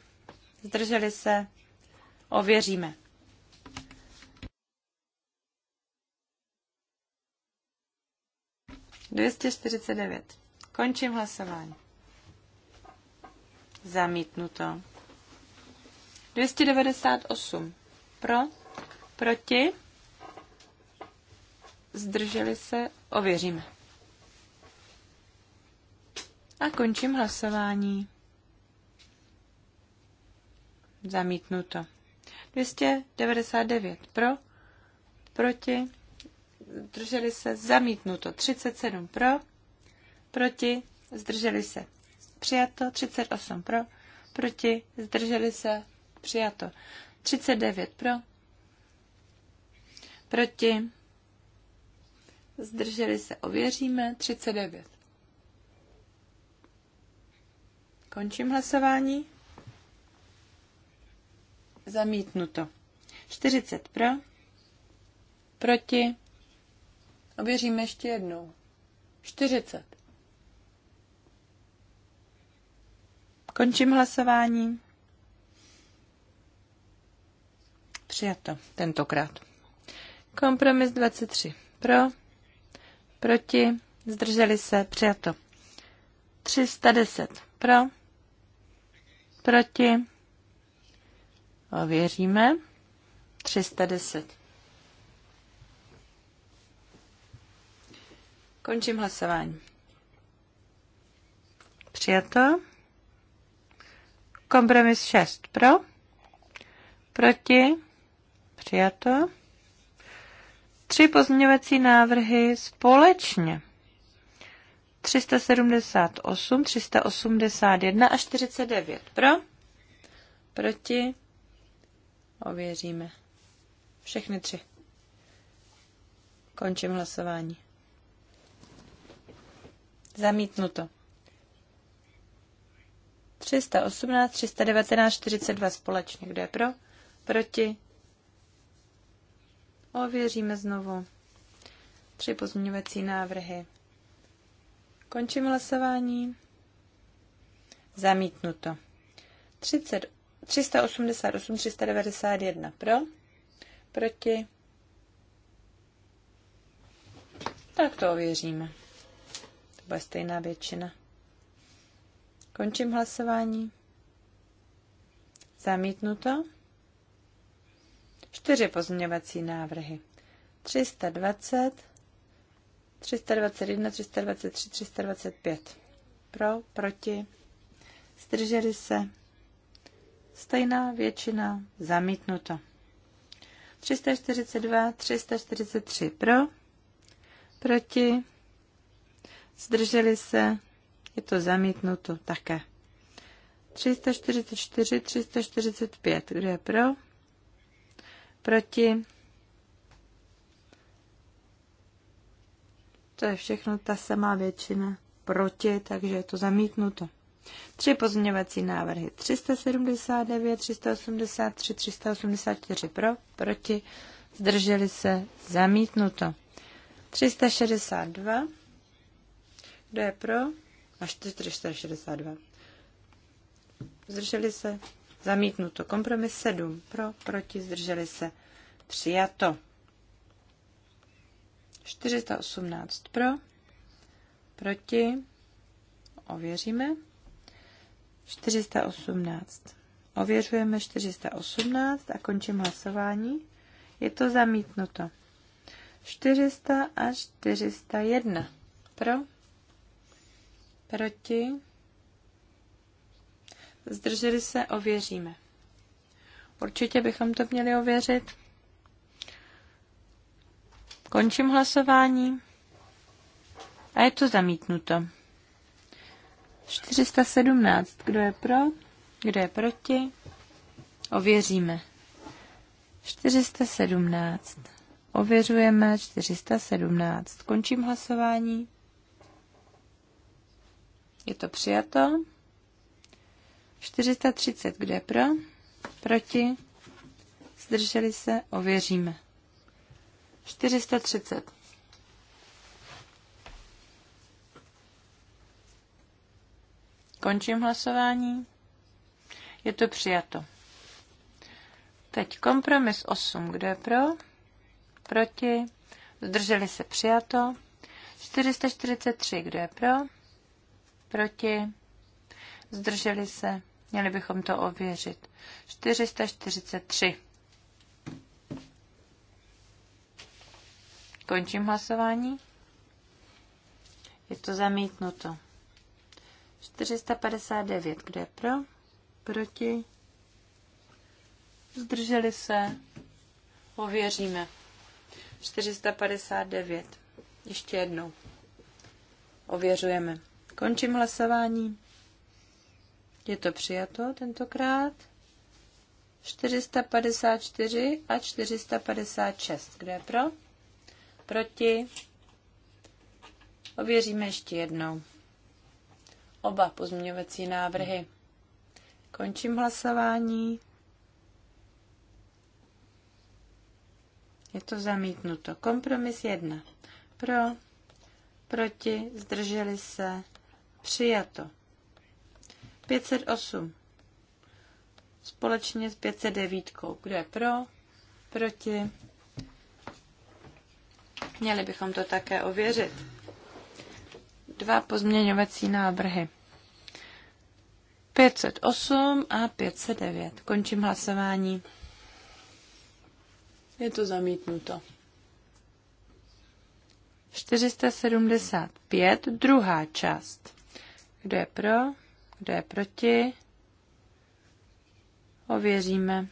zdrželi se, ověříme. Dvěstě čtyřicet devět. Končím hlasování. Zamítnuto. 298 pro, proti, zdrželi se, ověříme. A končím hlasování. Zamítnuto. 299 pro, proti, zdrželi se, zamítnuto. 37 pro, proti, zdrželi se, přijato. 38 pro, proti, zdrželi se, Přijato. 39 pro. Proti. Zdrželi se. Ověříme. 39. Končím hlasování. Zamítnuto. 40 pro. Proti. Ověříme ještě jednou. 40. Končím hlasování. Přijato tentokrát. Kompromis 23. Pro, proti, zdrželi se, přijato. 310. Pro, proti, ověříme. 310. Končím hlasování. Přijato. Kompromis 6 pro. Proti. Přijato. Tři pozměňovací návrhy společně. 378, 381 a 49. Pro? Proti? Ověříme. Všechny tři. Končím hlasování. Zamítnuto. 318, 319, 42 společně. Kdo je pro? Proti? Ověříme znovu. Tři pozměňovací návrhy. Končím hlasování. Zamítnuto. 30, 388, 391 pro, proti. Tak to ověříme. To bude stejná většina. Končím hlasování. Zamítnuto čtyři pozměňovací návrhy. 320, 321, 323, 325. Pro, proti, zdrželi se. Stejná většina, zamítnuto. 342, 343 pro, proti, zdrželi se, je to zamítnuto také. 344, 345, kdo je pro, proti. To je všechno ta samá většina proti, takže je to zamítnuto. Tři pozměňovací návrhy 379, 383, 384 pro, proti, zdrželi se, zamítnuto. 362, kdo je pro? A 462. Zdrželi se, Zamítnuto. Kompromis 7. Pro, proti, zdrželi se. Přijato. 418 pro, proti, ověříme. 418. Ověřujeme 418 a končím hlasování. Je to zamítnuto. 400 a 401. Pro, proti, zdrželi se, ověříme. Určitě bychom to měli ověřit. Končím hlasování a je to zamítnuto. 417. Kdo je pro? Kdo je proti? Ověříme. 417. Ověřujeme 417. Končím hlasování. Je to přijato. 430, kdo je pro? Proti? Zdrželi se? Ověříme. 430. Končím hlasování. Je to přijato. Teď kompromis 8. Kdo je pro? Proti? Zdrželi se přijato. 443. Kdo je pro? Proti? Zdrželi se Měli bychom to ověřit. 443. Končím hlasování. Je to zamítnuto. 459. Kdo je pro? Proti? Zdrželi se? Ověříme. 459. Ještě jednou. Ověřujeme. Končím hlasování. Je to přijato tentokrát. 454 a 456. Kdo je pro? Proti? Ověříme ještě jednou. Oba pozměňovací návrhy. Končím hlasování. Je to zamítnuto. Kompromis 1. Pro, proti, zdrželi se, přijato. 508. Společně s 509. Kdo je pro? Proti? Měli bychom to také ověřit. Dva pozměňovací návrhy. 508 a 509. Končím hlasování. Je to zamítnuto. 475, druhá část. Kdo je pro? Kdo je proti? Ověříme.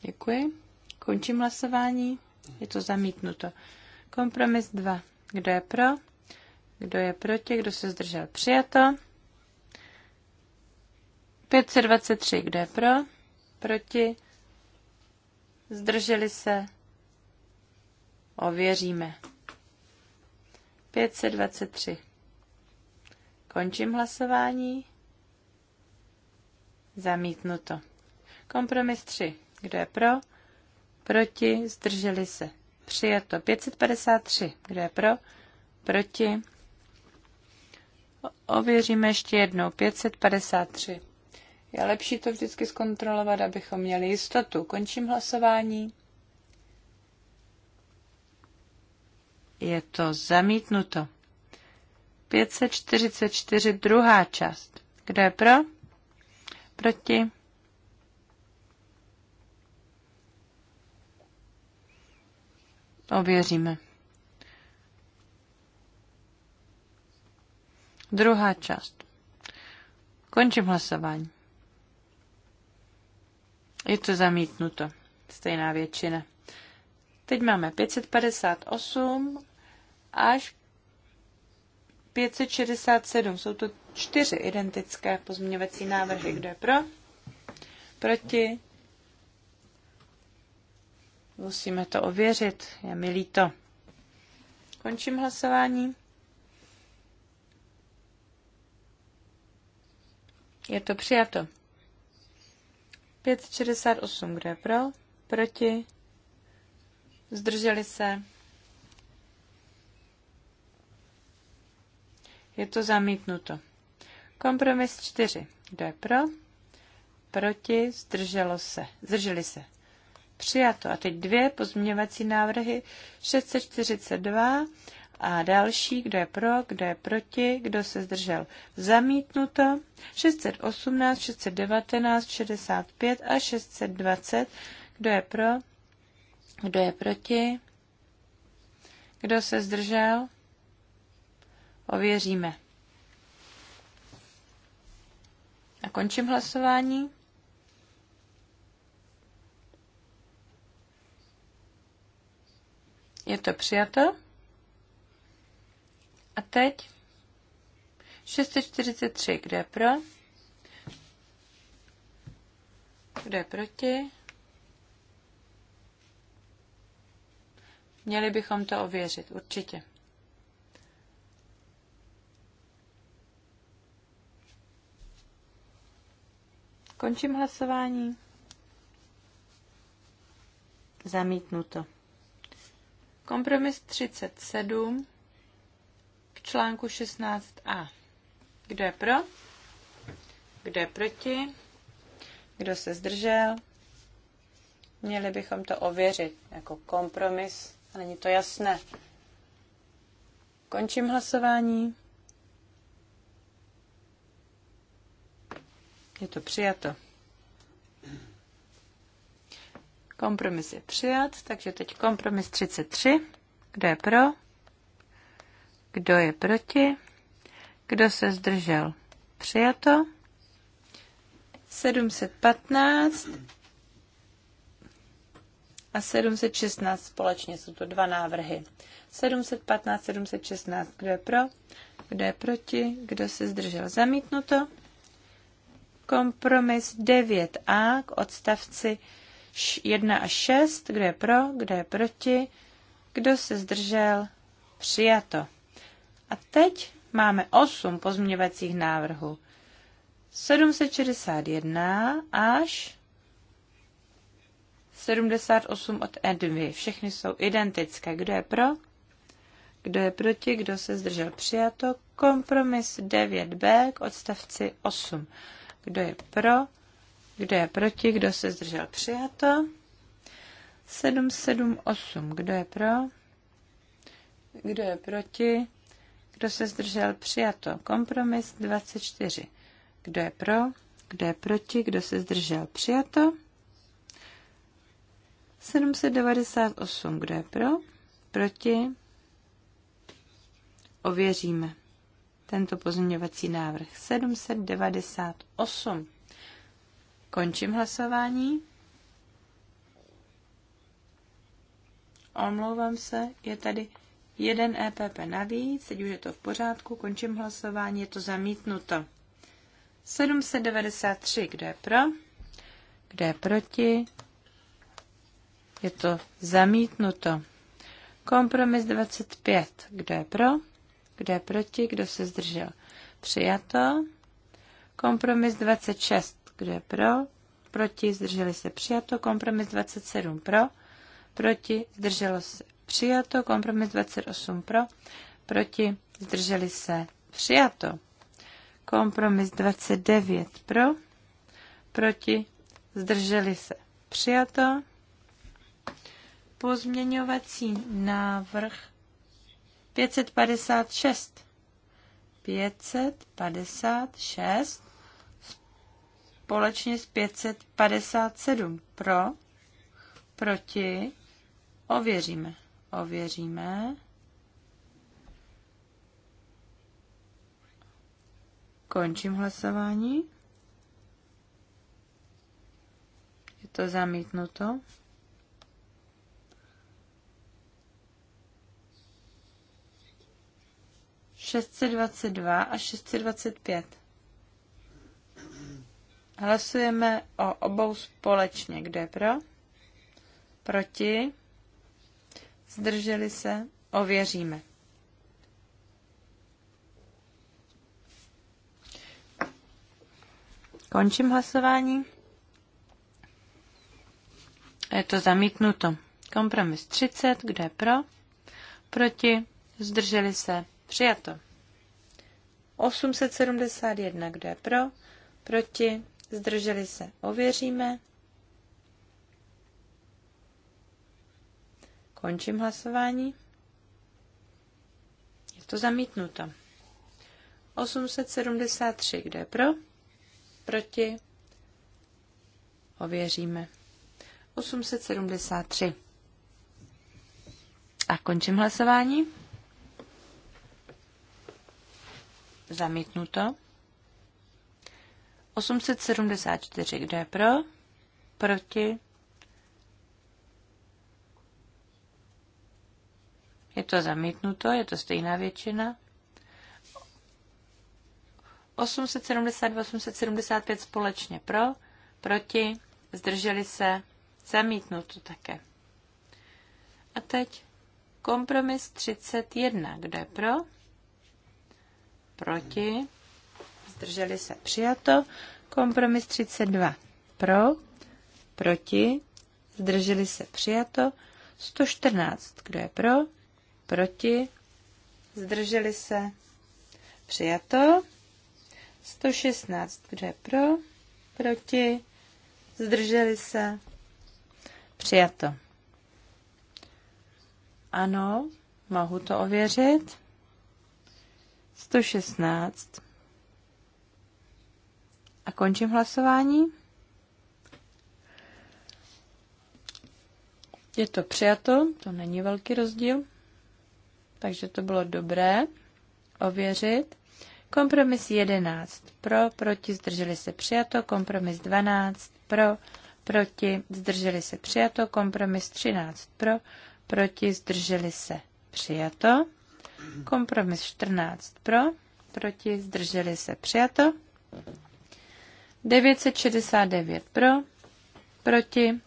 Děkuji. Končím hlasování. Je to zamítnuto. Kompromis 2. Kdo je pro? Kdo je proti? Kdo se zdržel? Přijato. 523. Kdo je pro? Proti? Zdrželi se? Ověříme. 523. Končím hlasování. Zamítnuto. Kompromis 3. Kdo je pro? Proti? Zdrželi se. Přijato. 553. Kdo je pro? Proti? Ověříme ještě jednou. 553. Je lepší to vždycky zkontrolovat, abychom měli jistotu. Končím hlasování. je to zamítnuto. 544 druhá část. Kdo je pro? Proti? Ověříme. Druhá část. Končím hlasování. Je to zamítnuto. Stejná většina. Teď máme 558 až 567. Jsou to čtyři identické pozměňovací návrhy. Kdo je pro? Proti? Musíme to ověřit. Je mi líto. Končím hlasování. Je to přijato. 568, kdo je pro? Proti? Zdrželi se? Je to zamítnuto. Kompromis 4. Kdo je pro? Proti? Zdrželo se. Zdrželi se. Přijato. A teď dvě pozměňovací návrhy 642 a další, kdo je pro, kdo je proti, kdo se zdržel. Zamítnuto 618, 619, 65 a 620, kdo je pro, kdo je proti? Kdo se zdržel? Ověříme. A končím hlasování. Je to přijato. A teď 643, kde je pro? Kdo je proti? Měli bychom to ověřit, určitě. Končím hlasování. Zamítnuto. Kompromis 37 k článku 16a. Kdo je pro? Kdo je proti? Kdo se zdržel? Měli bychom to ověřit jako kompromis a není to jasné. Končím hlasování. Je to přijato. Kompromis je přijat, takže teď kompromis 33. Kdo je pro? Kdo je proti? Kdo se zdržel? Přijato. 715 a 716 společně. Jsou to dva návrhy. 715, 716. Kdo je pro? Kdo je proti? Kdo se zdržel? Zamítnuto. Kompromis 9a k odstavci 1 a 6. Kdo je pro? Kdo je proti? Kdo se zdržel? Přijato. A teď máme 8 pozměňovacích návrhů. 761 až 78 od Edvy. Všechny jsou identické. Kdo je pro? Kdo je proti? Kdo se zdržel? Přijato. Kompromis 9b k odstavci 8. Kdo je pro? Kdo je proti? Kdo se zdržel? Přijato. 778. Kdo je pro? Kdo je proti? Kdo se zdržel? Přijato. Kompromis 24. Kdo je pro? Kdo je proti? Kdo se zdržel? Přijato. 798, kdo je pro? Proti? Ověříme tento pozměňovací návrh. 798. Končím hlasování. Omlouvám se, je tady jeden EPP navíc, teď už je to v pořádku, končím hlasování, je to zamítnuto. 793, kdo je pro, kdo je proti, je to zamítnuto. Kompromis 25. Kdo je pro? Kdo je proti? Kdo se zdržel? Přijato. Kompromis 26. Kdo je pro? Proti? Zdrželi se? Přijato. Kompromis 27. Pro? Proti? Zdrželo se? Přijato. Kompromis 28. Pro? Proti? Zdrželi se? Přijato. Kompromis 29. Pro? Proti? Zdrželi se? Přijato. Pozměňovací návrh 556. 556 společně s 557 pro, proti, ověříme, ověříme. Končím hlasování. Je to zamítnuto. 622 a 625. Hlasujeme o obou společně. Kdo je pro? Proti? Zdrželi se? Ověříme. Končím hlasování. Je to zamítnuto. Kompromis 30. Kdo je pro? Proti? Zdrželi se? Přijato. 871, kdo je pro, proti, zdrželi se, ověříme. Končím hlasování. Je to zamítnuto. 873, kdo je pro? Proti? Ověříme. 873. A končím hlasování. Zamítnuto. 874. Kdo je pro? Proti? Je to zamítnuto, je to stejná většina. 872, 875 společně pro, proti, zdrželi se, zamítnuto také. A teď kompromis 31. Kdo je pro? proti, zdrželi se přijato. Kompromis 32 pro, proti, zdrželi se přijato. 114, kdo je pro, proti, zdrželi se přijato. 116, kdo je pro, proti, zdrželi se přijato. Ano, mohu to ověřit. 116. A končím hlasování. Je to přijato, to není velký rozdíl, takže to bylo dobré ověřit. Kompromis 11 pro, proti, zdrželi se přijato, kompromis 12 pro, proti, zdrželi se přijato, kompromis 13 pro, proti, zdrželi se přijato. Kompromis 14 pro, proti, zdrželi se přijato. 969 pro, proti,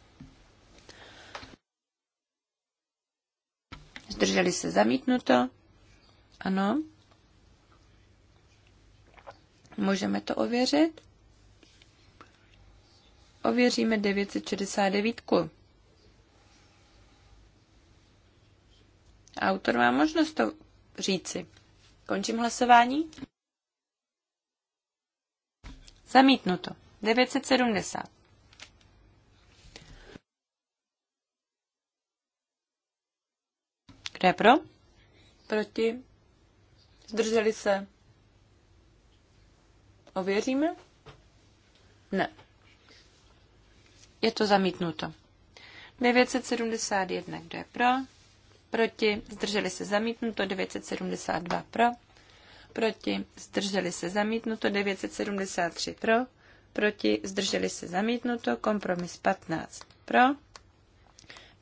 zdrželi se zamítnuto. Ano. Můžeme to ověřit. Ověříme 969. Autor má možnost to říci. Končím hlasování. Zamítnuto. 970. Kdo je pro? Proti? Zdrželi se? Ověříme? Ne. Je to zamítnuto. 971. Kdo je pro? proti, zdrželi se zamítnuto 972 pro, proti, zdrželi se zamítnuto 973 pro, proti, zdrželi se zamítnuto, kompromis 15 pro,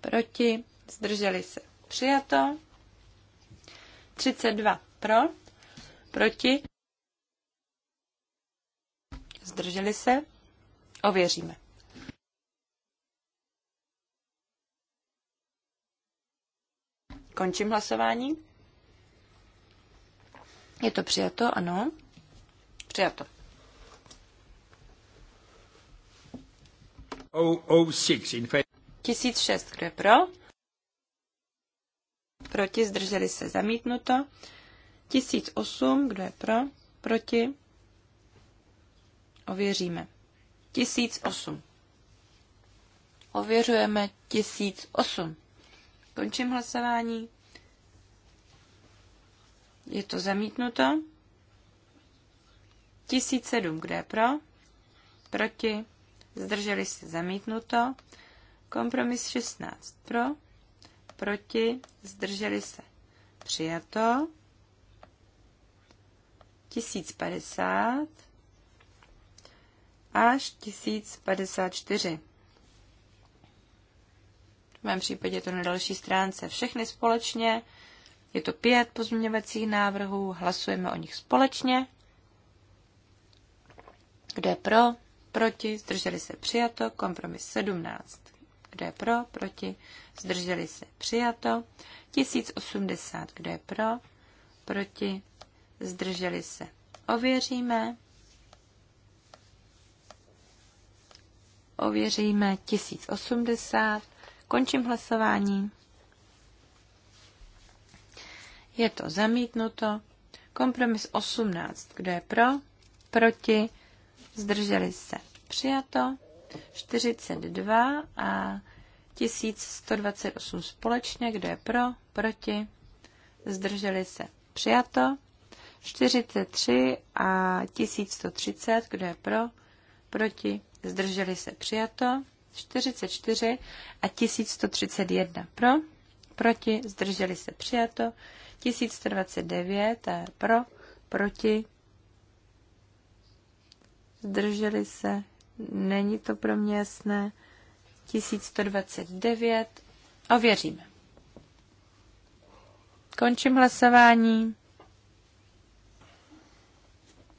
proti, zdrželi se přijato, 32 pro, proti, zdrželi se, ověříme. Končím hlasování. Je to přijato, ano. Přijato. 006 in 1006, kdo je pro? Proti, zdrželi se, zamítnuto. 1008, kdo je pro? Proti? Ověříme. 1008. Ověřujeme 1008. Končím hlasování. Je to zamítnuto. 1007, kde je pro? Proti. Zdrželi se zamítnuto. Kompromis 16 pro. Proti. Zdrželi se. Přijato. 1050 až 1054 mém případě je to na další stránce všechny společně. Je to pět pozměňovacích návrhů, hlasujeme o nich společně. kde je pro, proti, zdrželi se přijato, kompromis 17. kde je pro, proti, zdrželi se přijato, 1080. kde je pro, proti, zdrželi se. Ověříme. Ověříme 1080. Končím hlasování. Je to zamítnuto. Kompromis 18. Kdo je pro? Proti? Zdrželi se. Přijato. 42 a 1128 společně. Kdo je pro? Proti? Zdrželi se. Přijato. 43 a 1130. Kdo je pro? Proti? Zdrželi se. Přijato. 44 a 1131 pro, proti, zdrželi se přijato, 1129 a pro, proti, zdrželi se, není to pro mě jasné, 1129, ověříme. Končím hlasování.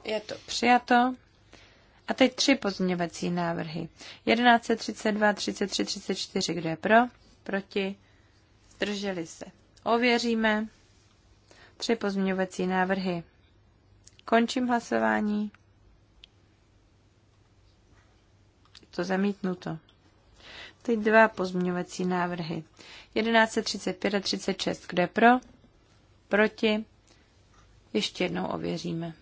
Je to přijato. A teď tři pozměňovací návrhy. 1132, 33, 34, kdo je pro? Proti? Zdrželi se. Ověříme. Tři pozměňovací návrhy. Končím hlasování. to zamítnuto. Teď dva pozměňovací návrhy. 1135 a 36. Kde pro? Proti? Ještě jednou ověříme.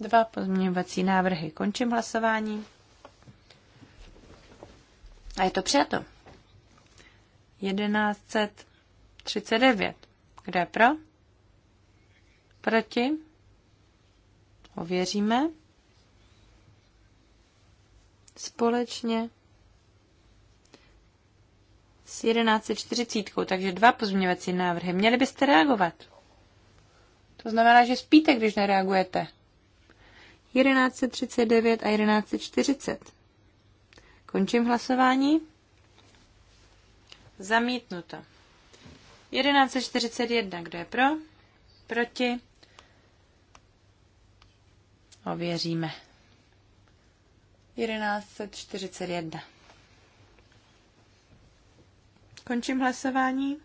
Dva pozměňovací návrhy. Končím hlasování. A je to přijato. 1139. Kdo je pro? Proti? Ověříme. Společně s 1140, takže dva pozměňovací návrhy. Měli byste reagovat. To znamená, že spíte, když nereagujete. 1139 a 1140. Končím hlasování. Zamítnuto. 1141, kdo je pro? Proti? Ověříme. 1141. Končím hlasování.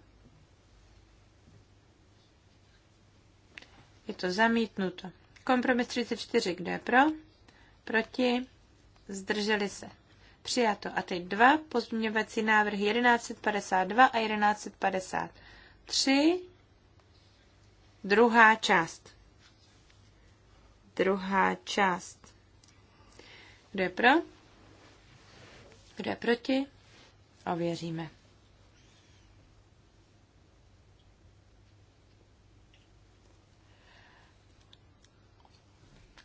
Je to zamítnuto. Kompromis 34, kdo je pro? Proti? Zdrželi se. Přijato. A teď dva pozměňovací návrhy 1152 a 1153. Druhá část. Druhá část. Kdo je pro? Kdo je proti? Ověříme.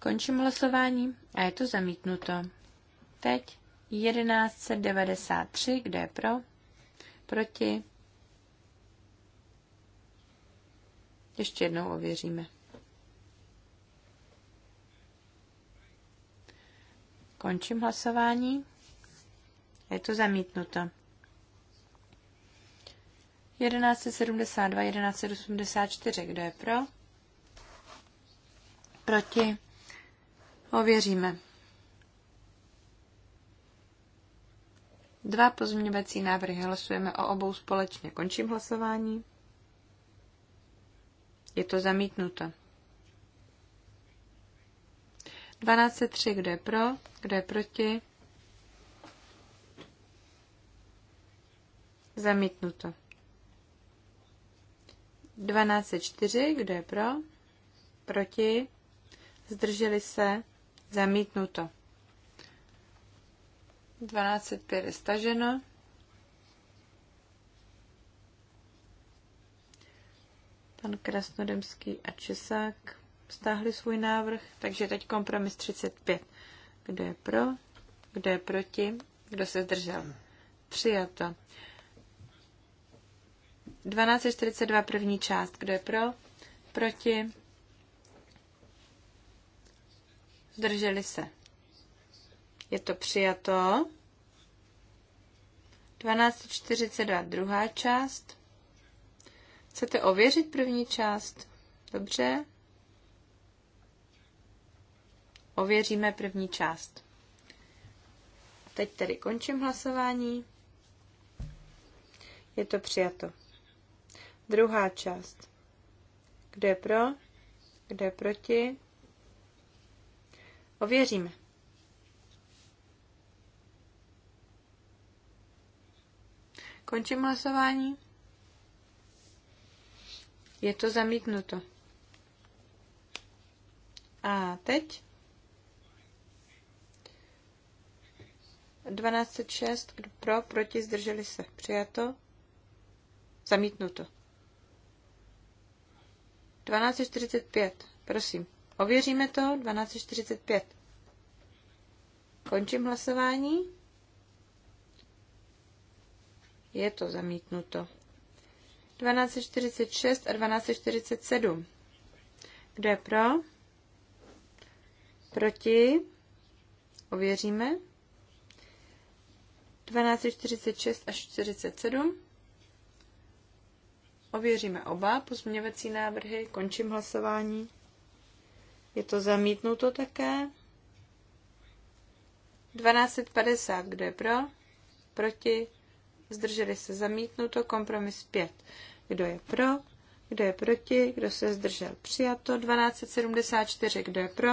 Končím hlasování a je to zamítnuto. Teď 1193, kde je pro, proti. Ještě jednou ověříme. Končím hlasování. Je to zamítnuto. 1172, 1184, kdo je pro? Proti? Ověříme. Dva pozměňovací návrhy hlasujeme o obou společně. Končím hlasování. Je to zamítnuto. 12.3. Kdo je pro? Kdo je proti? Zamítnuto. 12.4. Kdo je pro? Proti? Zdrželi se? Zamítnuto. 12.5 je staženo. Pan Krasnodemský a Česák stáhli svůj návrh, takže teď kompromis 35. Kdo je pro? Kdo je proti? Kdo se zdržel? Přijato. 12.42 první část. Kdo je pro? Proti? Zdrželi se. Je to přijato. 12.42, druhá část. Chcete ověřit první část? Dobře. Ověříme první část. Teď tedy končím hlasování. Je to přijato. Druhá část. Kdo je pro? Kdo je proti? Ověříme. Končím hlasování. Je to zamítnuto. A teď 1206 pro, proti, zdrželi se. Přijato. Zamítnuto. 1245. Prosím. Ověříme to. 12.45. Končím hlasování. Je to zamítnuto. 1246 a 1247. Kdo je pro? Proti? Ověříme. 1246 až 47. Ověříme oba pozměňovací návrhy. Končím hlasování. Je to zamítnuto také. 1250, kdo je pro? Proti? Zdrželi se zamítnuto. Kompromis 5. Kdo je pro? Kdo je proti? Kdo se zdržel? Přijato. 1274, kdo je pro?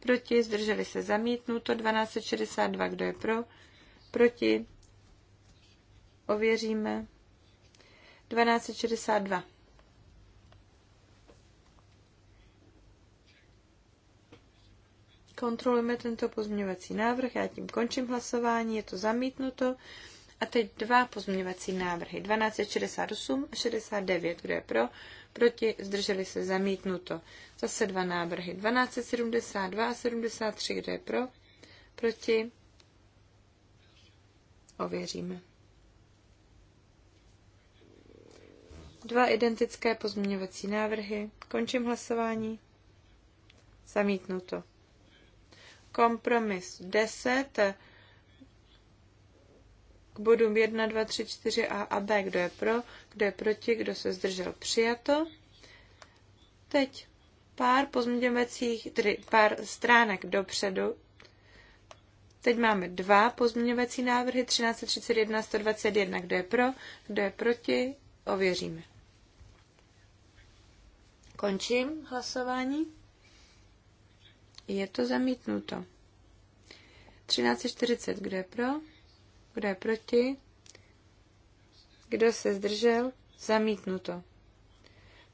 Proti? Zdrželi se zamítnuto. 1262, kdo je pro? Proti? Ověříme. 1262. Kontrolujeme tento pozměňovací návrh. Já tím končím hlasování. Je to zamítnuto. A teď dva pozměňovací návrhy. 1268 a 69. Kdo je pro? Proti? Zdrželi se zamítnuto. Zase dva návrhy. 1272 a 73. Kdo je pro? Proti? Ověříme. Dva identické pozměňovací návrhy. Končím hlasování. Zamítnuto. Kompromis 10 k bodům 1, 2, 3, 4 a, a B. Kdo je pro, kdo je proti, kdo se zdržel přijato. Teď pár pozměňovacích, tedy pár stránek dopředu. Teď máme dva pozměňovací návrhy, 1331 121. Kdo je pro, kdo je proti, ověříme. Končím hlasování. Je to zamítnuto. 1340, kdo je pro? Kdo je proti? Kdo se zdržel? Zamítnuto.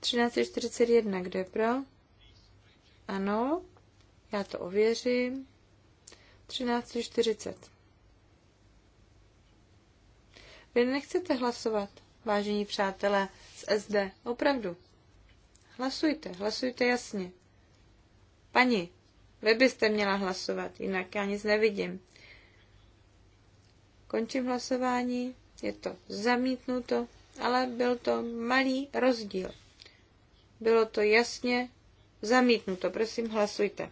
1341, kdo je pro? Ano, já to ověřím. 1340. Vy nechcete hlasovat, vážení přátelé z SD, opravdu. Hlasujte, hlasujte jasně. Pani, vy byste měla hlasovat, jinak já nic nevidím. Končím hlasování, je to zamítnuto, ale byl to malý rozdíl. Bylo to jasně zamítnuto, prosím hlasujte.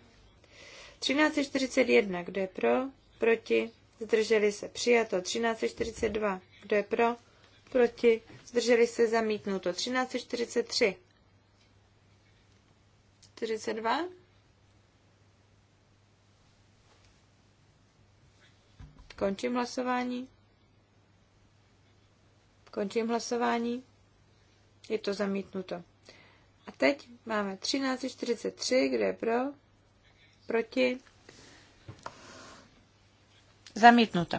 13.41, kdo je pro, proti, zdrželi se, přijato. 13.42, kdo je pro, proti, zdrželi se, zamítnuto. 13.43, 42, Končím hlasování. Končím hlasování. Je to zamítnuto. A teď máme 13.43, kde je pro, proti, zamítnuto.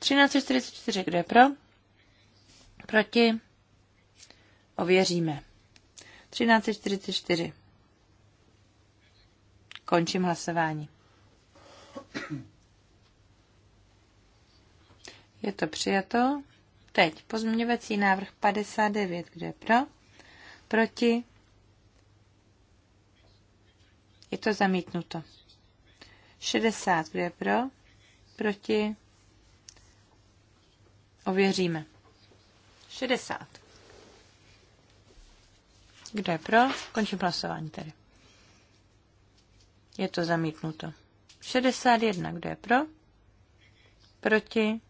13.44, kde je pro, proti, ověříme. 13.44. Končím hlasování. Je to přijato. Teď pozměňovací návrh 59, kde je pro, proti, je to zamítnuto. 60, kde je pro, proti, ověříme. 60. Kdo je pro? Končím hlasování tedy. Je to zamítnuto. 61. Kdo je pro? Proti?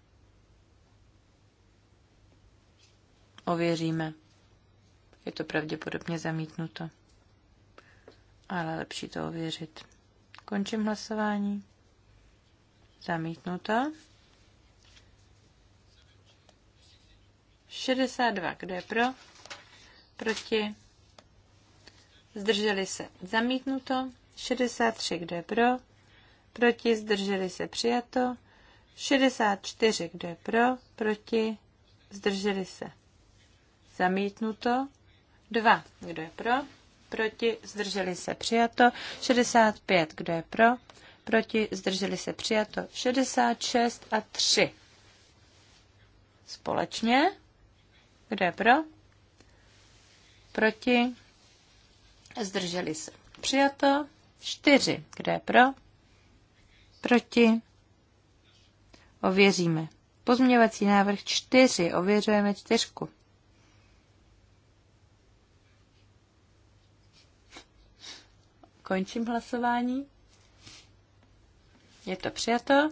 Ověříme. Je to pravděpodobně zamítnuto. Ale lepší to ověřit. Končím hlasování. Zamítnuto. 62. Kdo je pro? Proti? Zdrželi se. Zamítnuto. 63. Kdo je pro? Proti? Zdrželi se. Přijato. 64. Kdo je pro? Proti? Zdrželi se zamítnuto. 2. Kdo je pro? Proti, zdrželi se přijato. 65. Kdo je pro? Proti, zdrželi se přijato. 66 a 3. Společně. Kdo je pro? Proti, zdrželi se přijato. 4. Kdo je pro? Proti. Ověříme. Pozměňovací návrh 4. Ověřujeme čtyřku. Končím hlasování. Je to přijato.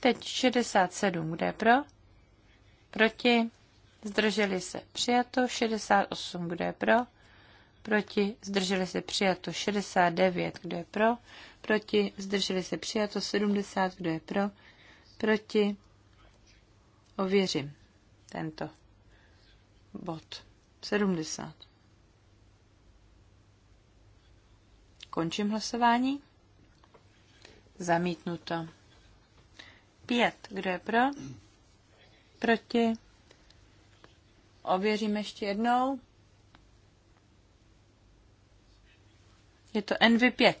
Teď 67. Kdo je pro? Proti? Zdrželi se přijato. 68. Kdo je pro? Proti? Zdrželi se přijato. 69. Kdo je pro? Proti? Zdrželi se přijato. 70. Kdo je pro? Proti? Ověřím tento bod. 70. Končím hlasování. Zamítnuto. Pět. Kdo je pro? Proti? Ověřím ještě jednou. Je to NV5.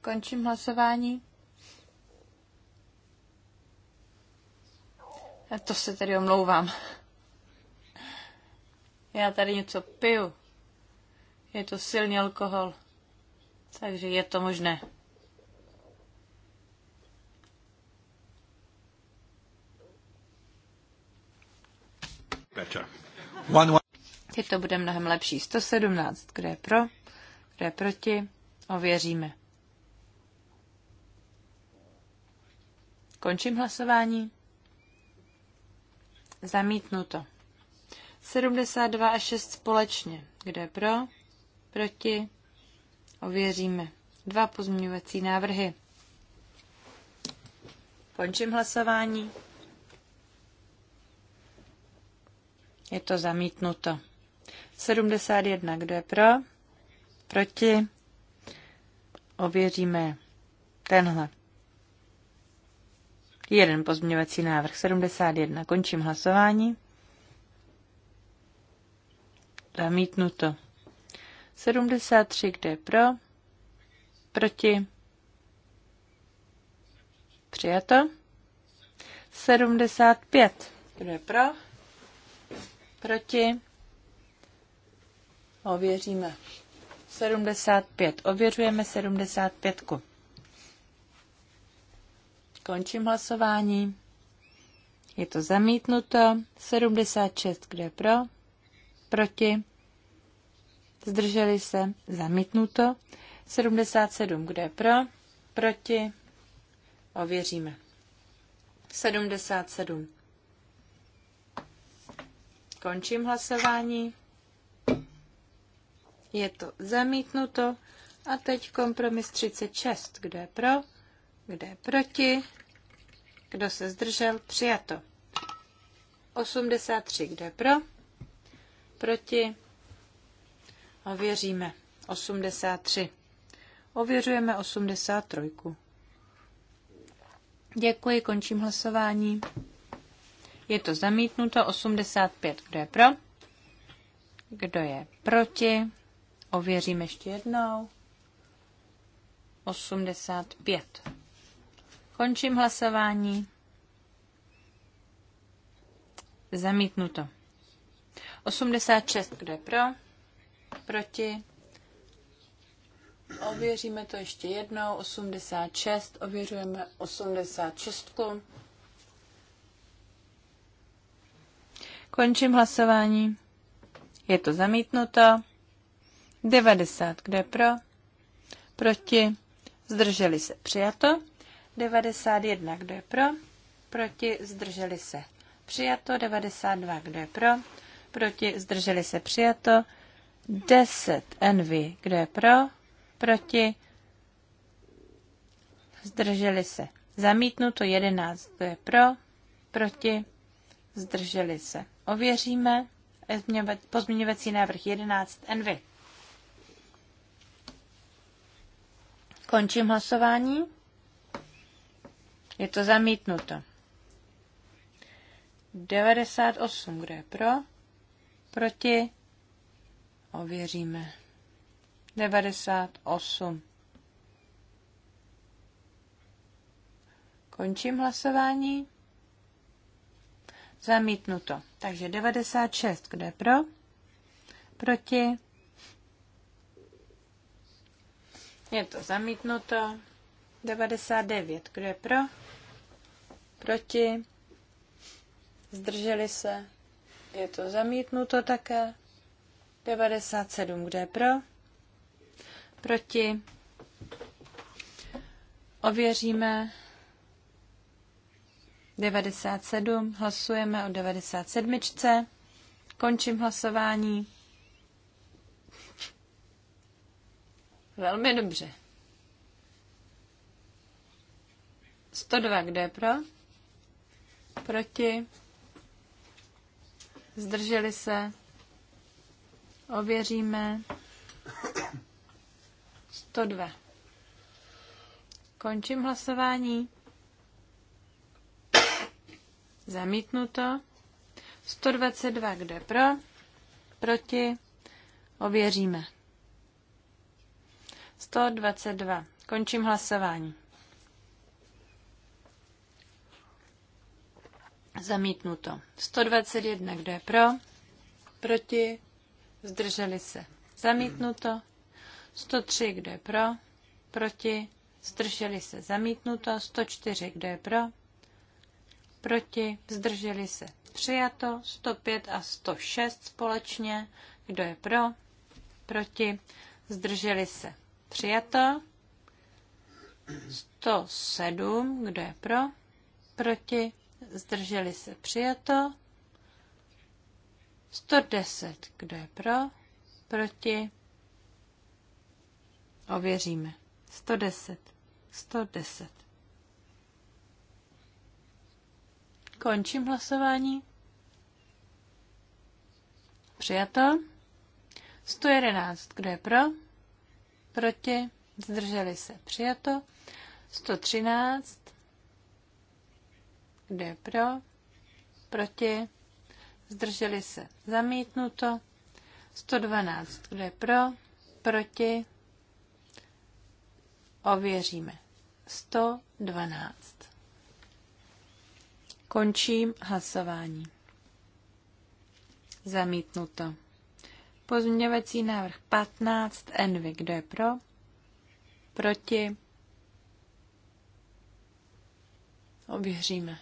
Končím hlasování. A to se tedy omlouvám. Já tady něco piju. Je to silný alkohol. Takže je to možné. Teď to bude mnohem lepší. 117. Kdo je pro? Kdo je proti? Ověříme. Končím hlasování. Zamítnuto. 72 a 6 společně. Kdo je pro? Proti? Ověříme. Dva pozměňovací návrhy. Končím hlasování. Je to zamítnuto. 71. Kdo je pro? Proti? Ověříme tenhle. Jeden pozměňovací návrh. 71. Končím hlasování. Zamítnuto. 73, kde je pro, proti, přijato. 75, kde je pro, proti, ověříme. 75, ověřujeme 75. -ku. Končím hlasování. Je to zamítnuto. 76, kde pro, proti, zdrželi se, zamítnuto. 77, kdo je pro, proti, ověříme. 77. Končím hlasování. Je to zamítnuto. A teď kompromis 36. Kdo je pro? Kdo je proti? Kdo se zdržel? Přijato. 83. Kdo je pro? Proti? Ověříme. 83. Ověřujeme 83. Děkuji, končím hlasování. Je to zamítnuto 85. Kdo je pro? Kdo je proti? Ověřím ještě jednou. 85. Končím hlasování. Zamítnuto. 86. Kdo je pro? proti. Ověříme to ještě jednou, 86, ověřujeme 86. Končím hlasování. Je to zamítnuto. 90, kde pro? Proti. Zdrželi se přijato. 91, kdo je pro? Proti, zdrželi se. Přijato 92, kdo je pro? Proti, zdrželi se. Přijato 10 envy, kdo je pro, proti, zdrželi se. Zamítnuto 11, kdo je pro, proti, zdrželi se. Ověříme pozměňovací návrh 11 envy. Končím hlasování. Je to zamítnuto. 98, kdo je pro, proti, ověříme. 98. Končím hlasování. Zamítnuto. Takže 96. Kdo je pro? Proti? Je to zamítnuto. 99. Kdo je pro? Proti? Zdrželi se? Je to zamítnuto také. 97, kde je pro? Proti? Ověříme. 97, hlasujeme o 97. Končím hlasování. Velmi dobře. 102, kde je pro? Proti? Zdrželi se? Ověříme. 102. Končím hlasování. Zamítnuto. 122, kdo je pro? Proti? Ověříme. 122. Končím hlasování. Zamítnuto. 121, kdo je pro? Proti? zdrželi se, zamítnuto. 103, kdo je pro, proti, zdrželi se, zamítnuto. 104, kdo je pro, proti, zdrželi se, přijato. 105 a 106 společně, kdo je pro, proti, zdrželi se, přijato. 107, kdo je pro, proti, zdrželi se, přijato. 110. Kdo je pro? Proti? Ověříme. 110. 110. Končím hlasování. Přijato. 111. Kdo je pro? Proti? Zdrželi se. Přijato. 113. Kdo je pro? Proti? zdrželi se, zamítnuto. 112, kdo je pro, proti, ověříme. 112. Končím hlasování. Zamítnuto. Pozměňovací návrh 15, Envy, kdo je pro, proti, ověříme.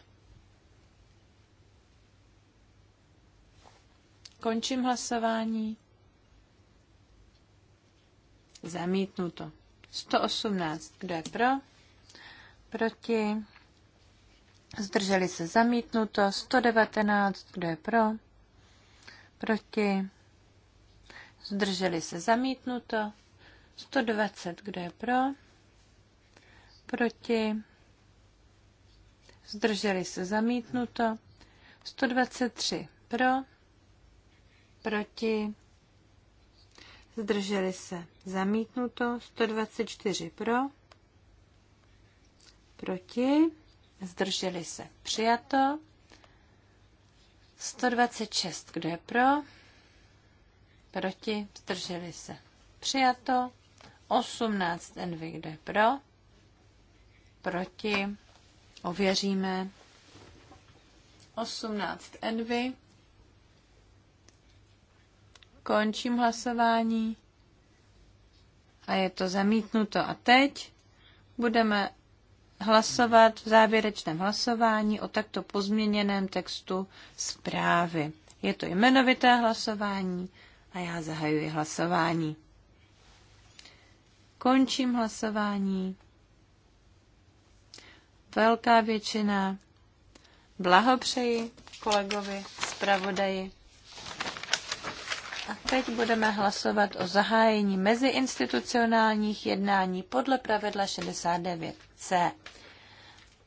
Končím hlasování. Zamítnuto. 118. Kdo je pro? Proti? Zdrželi se zamítnuto. 119. Kdo je pro? Proti? Zdrželi se zamítnuto. 120. Kdo je pro? Proti? Zdrželi se zamítnuto. 123. Pro? proti, zdrželi se zamítnuto, 124 pro, proti, zdrželi se přijato, 126, kdo je pro, proti, zdrželi se přijato, 18 envy, kdo je pro, proti, ověříme, 18 envy, Končím hlasování. A je to zamítnuto. A teď budeme hlasovat v závěrečném hlasování o takto pozměněném textu zprávy. Je to jmenovité hlasování a já zahajuji hlasování. Končím hlasování. Velká většina. Blahopřeji kolegovi zpravodaji. A teď budeme hlasovat o zahájení meziinstitucionálních jednání podle pravidla 69c.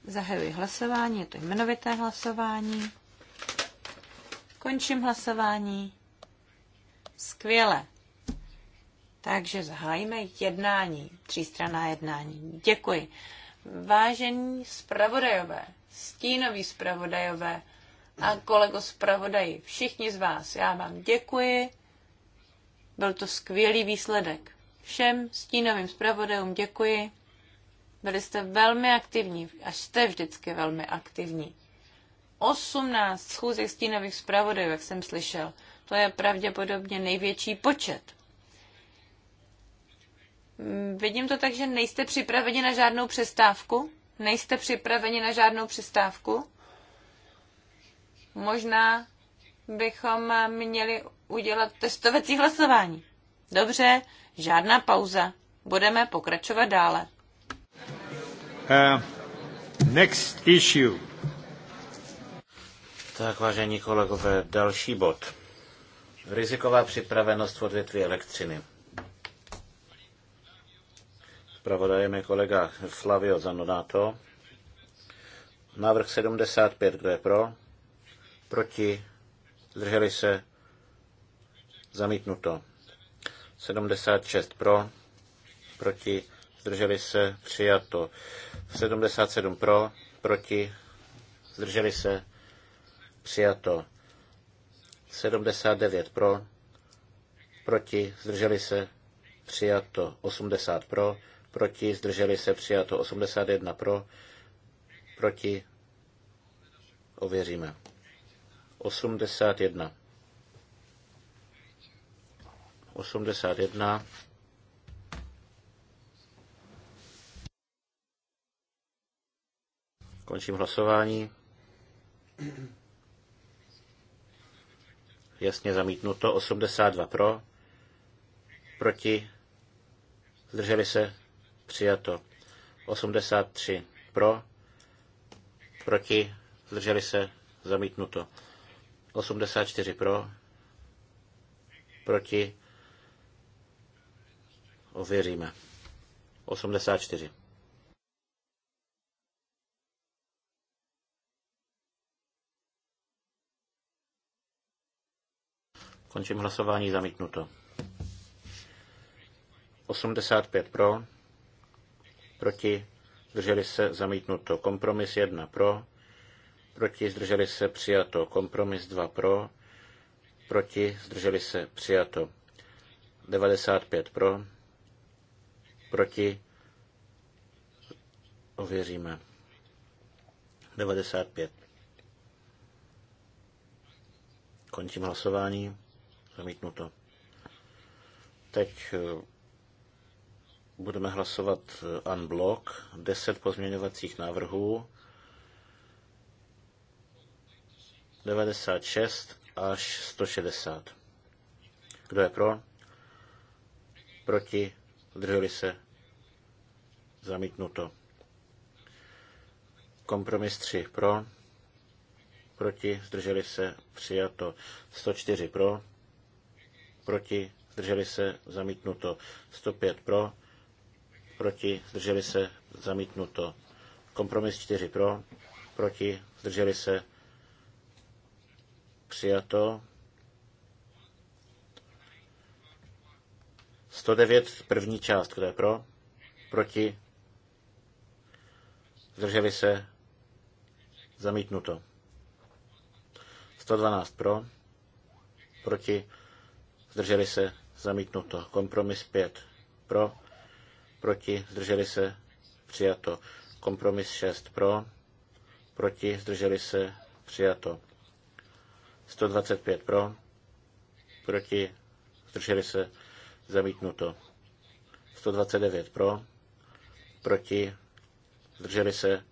Zahajuji hlasování, je to jmenovité hlasování. Končím hlasování. Skvěle. Takže zahájíme jednání, třístraná jednání. Děkuji. Vážení spravodajové, stínoví spravodajové a kolego spravodaji, všichni z vás, já vám děkuji. Byl to skvělý výsledek. Všem stínovým zpravodajům děkuji. Byli jste velmi aktivní, až jste vždycky velmi aktivní. 18 schůzek stínových zpravodajů, jak jsem slyšel. To je pravděpodobně největší počet. Vidím to tak, že nejste připraveni na žádnou přestávku? Nejste připraveni na žádnou přestávku? Možná bychom měli udělat testovací hlasování. Dobře, žádná pauza. Budeme pokračovat dále. Uh, next issue. Tak, vážení kolegové, další bod. Riziková připravenost v odvětví elektřiny. Pravodajem kolega Flavio Zanonato. Návrh 75, kdo je pro? Proti? Zdrželi se? Zamítnuto. 76 pro, proti, zdrželi se, přijato. 77 pro, proti, zdrželi se, přijato. 79 pro, proti, zdrželi se, přijato. 80 pro, proti, zdrželi se, přijato. 81 pro, proti, ověříme. 81. 81. Končím hlasování. Jasně zamítnuto. 82 pro. Proti. Zdrželi se. Přijato. 83 pro. Proti. Zdrželi se. Zamítnuto. 84 pro. Proti. Ověříme. 84. Končím hlasování zamítnuto. 85 pro, proti, zdrželi se zamítnuto. Kompromis 1 pro, proti, zdrželi se přijato. Kompromis 2 pro, proti, zdrželi se přijato. 95 pro, proti, ověříme. 95. Končím hlasování. Zamítnuto. Teď eh, budeme hlasovat unblock. Eh, 10 pozměňovacích návrhů. 96 až 160. Kdo je pro? Proti? Zdrželi se? Zamítnuto. Kompromis 3 pro. Proti? Zdrželi se? Přijato. 104 pro. Proti? Zdrželi se? Zamítnuto. 105 pro. Proti? Zdrželi se? Zamítnuto. Kompromis 4 pro. Proti? Zdrželi se? Přijato. 109, první část, kdo je pro? Proti? Zdrželi se? Zamítnuto. 112 pro? Proti? Zdrželi se? Zamítnuto. Kompromis 5 pro? Proti? Zdrželi se? Přijato. Kompromis 6 pro? Proti? Zdrželi se? Přijato. 125 pro? Proti? Zdrželi se? Zamítnuto. 129 pro. Proti. Zdrželi se.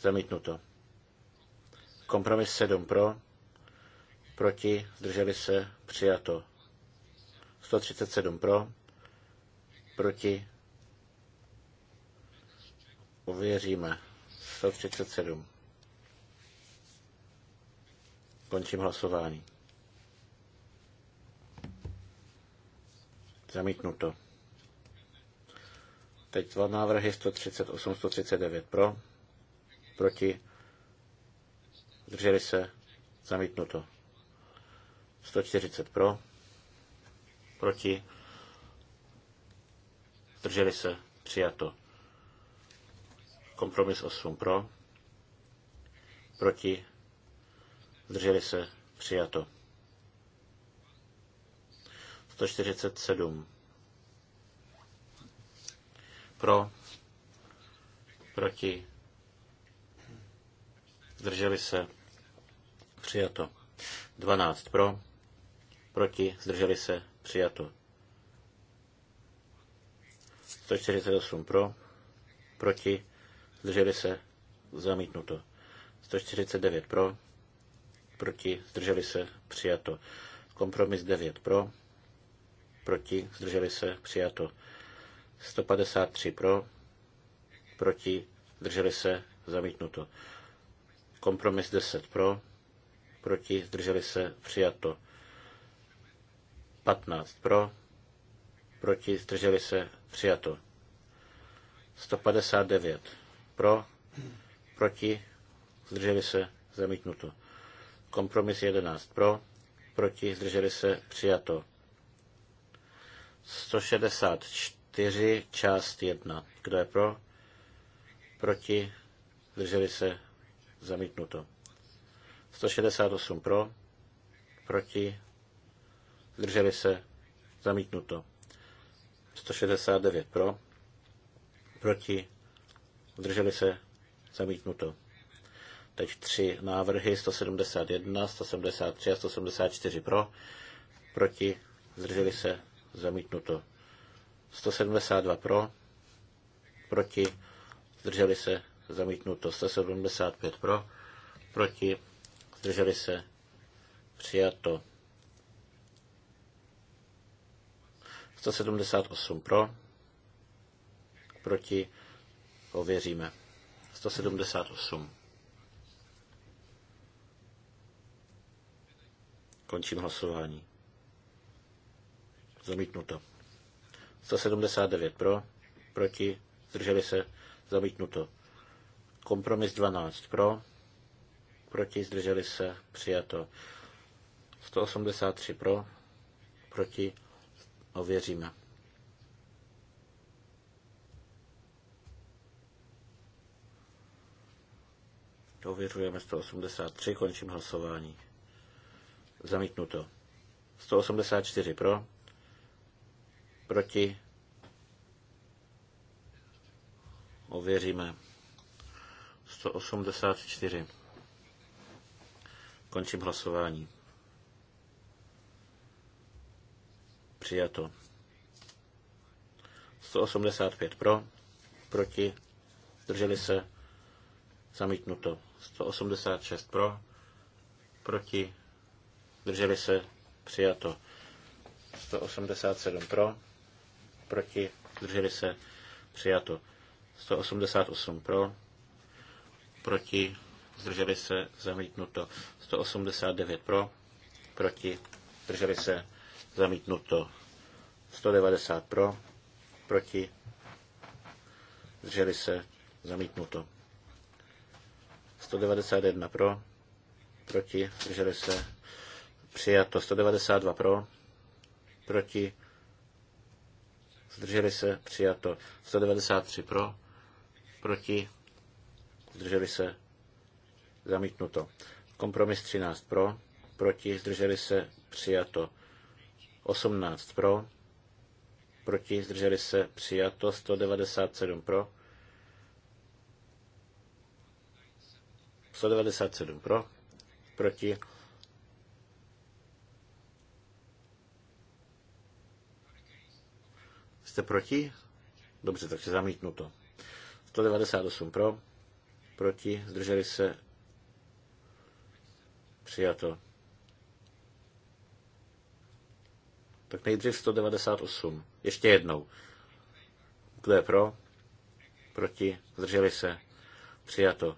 Zamítnuto. Kompromis 7 pro. Proti. Zdrželi se. Přijato. 137 pro. Proti. Uvěříme. 137. Končím hlasování. Zamítnuto. Teď dva návrhy 138, 139 pro, proti, zdrželi se, zamítnuto. 140 pro, proti, zdrželi se, přijato. Kompromis 8 pro, proti, zdrželi se, přijato. 147. Pro, proti, zdrželi se, přijato. 12 pro, proti, zdrželi se, přijato. 148 pro, proti, zdrželi se, zamítnuto. 149 pro, proti, zdrželi se, přijato. Kompromis 9 pro, proti, zdrželi se, přijato. 153 pro, proti, zdrželi se, zamítnuto. Kompromis 10 pro, proti, zdrželi se, přijato. 15 pro, proti, zdrželi se, přijato. 159 pro, proti, zdrželi se, zamítnuto. Kompromis 11 pro, proti, zdrželi se, přijato. 164, část 1. Kdo je pro? Proti? Drželi se? Zamítnuto. 168 pro? Proti? Drželi se? Zamítnuto. 169 pro? Proti? Drželi se? Zamítnuto. Teď tři návrhy, 171, 173 a 174 pro, proti, zdrželi se, zamítnuto. 172 pro, proti, zdrželi se, zamítnuto. 175 pro, proti, zdrželi se, přijato. 178 pro, proti, ověříme. 178. Končím hlasování zamítnuto. 179 pro, proti, zdrželi se, zamítnuto. Kompromis 12 pro, proti, zdrželi se, přijato. 183 pro, proti, ověříme. Ověřujeme 183, končím hlasování. Zamítnuto. 184 pro, Proti? Ověříme. 184. Končím hlasování. Přijato. 185 pro, proti, zdrželi se, zamítnuto. 186 pro, proti, zdrželi se, přijato. 187 pro, proti, zdrželi se, přijato. 188 pro, proti, zdrželi se, zamítnuto. 189 pro, proti, zdrželi se, zamítnuto. 190 pro, proti, zdrželi se, zamítnuto. 191 pro, proti, zdrželi se, přijato. 192 pro, proti, zdrželi se, přijato. 193 pro, proti, zdrželi se, zamítnuto. Kompromis 13 pro, proti, zdrželi se, přijato. 18 pro, proti, zdrželi se, přijato. 197 pro, 197 pro, proti, jste proti? Dobře, takže zamítnuto. 198 pro, proti, zdrželi se, přijato. Tak nejdřív 198. Ještě jednou. Kdo je pro? Proti? Zdrželi se? Přijato.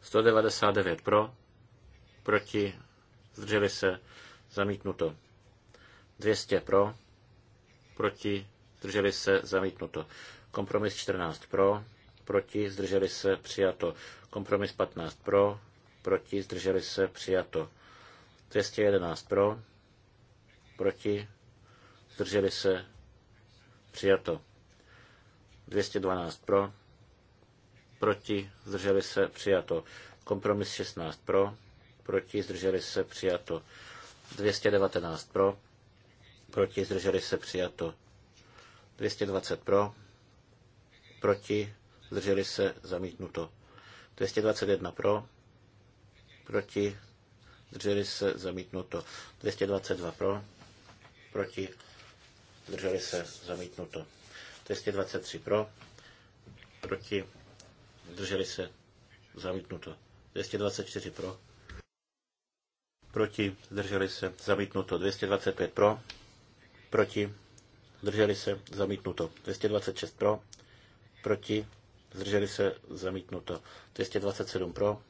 199 pro? Proti? Zdrželi se? Zamítnuto. 200 pro, proti, zdrželi se, zamítnuto. Kompromis 14 pro, proti, zdrželi se, přijato. Kompromis 15 pro, proti, zdrželi se, přijato. 211 pro, proti, zdrželi se, přijato. 212 pro, proti, zdrželi se, přijato. Kompromis 16 pro, proti, zdrželi se, přijato. 219 pro, proti, zdrželi se přijato. 220 pro, proti, zdrželi se zamítnuto. 221 pro, proti, zdrželi se zamítnuto. 222 pro, proti, zdrželi se zamítnuto. 223 pro, proti, zdrželi se zamítnuto. 224 pro, proti, zdrželi se zamítnuto. 225 pro, proti, zdrželi se, zamítnuto. 226 pro, proti, zdrželi se, zamítnuto. 227 pro,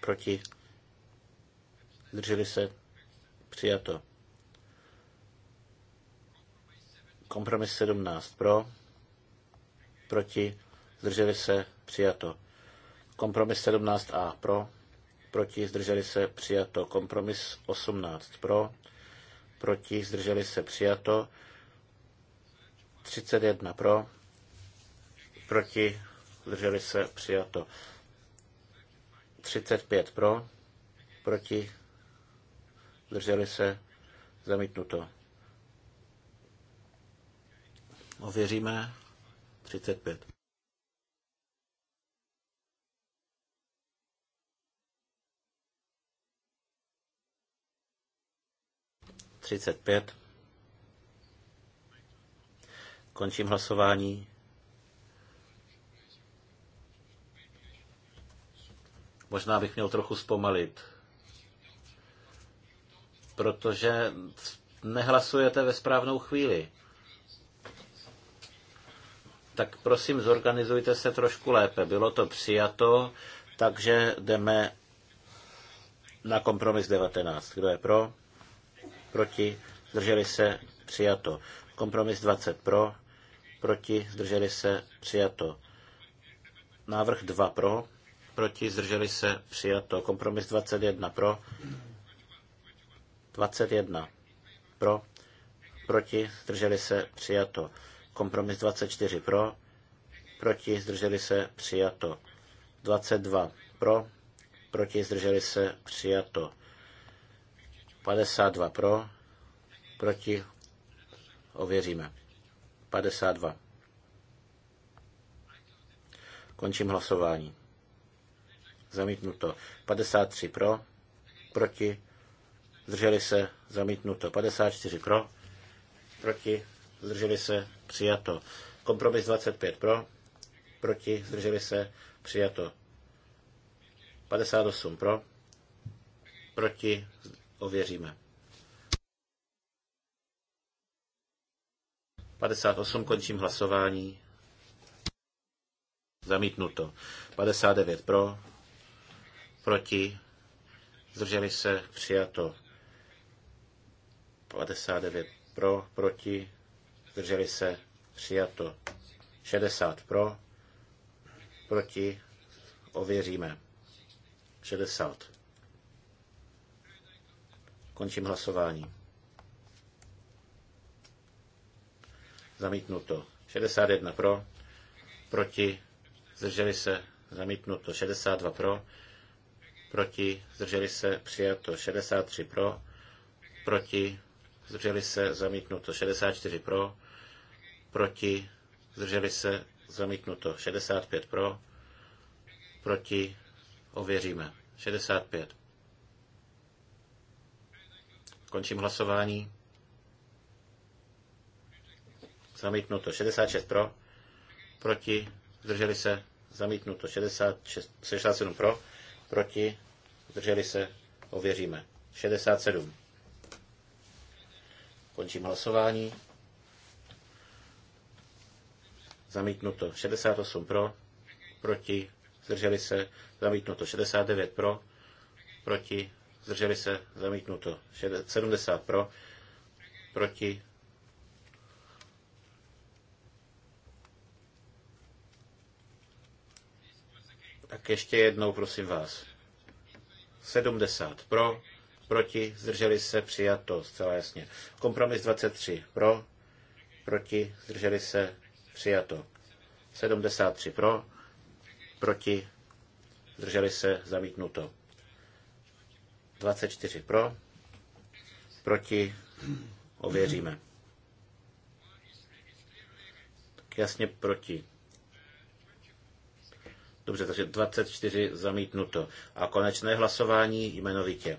proti, zdrželi se, přijato. Kompromis 17 pro, proti, zdrželi se, přijato. Kompromis 17a pro, proti, zdrželi se, přijato. Kompromis 18 pro, proti, zdrželi se přijato, 31 pro, proti, zdrželi se přijato, 35 pro, proti, zdrželi se zamítnuto. Ověříme 35. 35. Končím hlasování. Možná bych měl trochu zpomalit, protože nehlasujete ve správnou chvíli. Tak prosím, zorganizujte se trošku lépe. Bylo to přijato, takže jdeme na kompromis 19. Kdo je pro? proti, zdrželi se, přijato. Kompromis 20 pro, proti, zdrželi se, přijato. Návrh 2 pro, proti, zdrželi se, přijato. Kompromis 21 pro, 21 pro, proti, zdrželi se, přijato. Kompromis 24 pro, proti, zdrželi se, přijato. 22 pro, proti, zdrželi se, přijato. 52 pro, proti, ověříme. 52. Končím hlasování. Zamítnuto. 53 pro, proti, zdrželi se, zamítnuto. 54 pro, proti, zdrželi se, přijato. Kompromis 25 pro, proti, zdrželi se, přijato. 58 pro, proti, ověříme. 58 končím hlasování. Zamítnuto. 59 pro, proti, zdrželi se, přijato. 59 pro, proti, zdrželi se, přijato. 60 pro, proti, ověříme. 60. Končím hlasování. Zamítnuto. 61 pro, proti, zdrželi se, zamítnuto. 62 pro, proti, zdrželi se, přijato. 63 pro, proti, zdrželi se, zamítnuto. 64 pro, proti, zdrželi se, zamítnuto. 65 pro, proti, ověříme. 65. Končím hlasování. Zamítnuto 66 pro, proti, zdrželi se, zamítnuto 66, 67 pro, proti, zdrželi se, ověříme. 67. Končím hlasování. Zamítnuto 68 pro, proti, zdrželi se, zamítnuto 69 pro, proti, zdrželi se, zamítnuto. 70 pro, proti, Tak ještě jednou, prosím vás. 70 pro, proti, zdrželi se, přijato, zcela jasně. Kompromis 23 pro, proti, zdrželi se, přijato. 73 pro, proti, zdrželi se, zamítnuto. 24 pro, proti, ověříme. Tak jasně proti. Dobře, takže 24 zamítnuto. A konečné hlasování jmenovitě.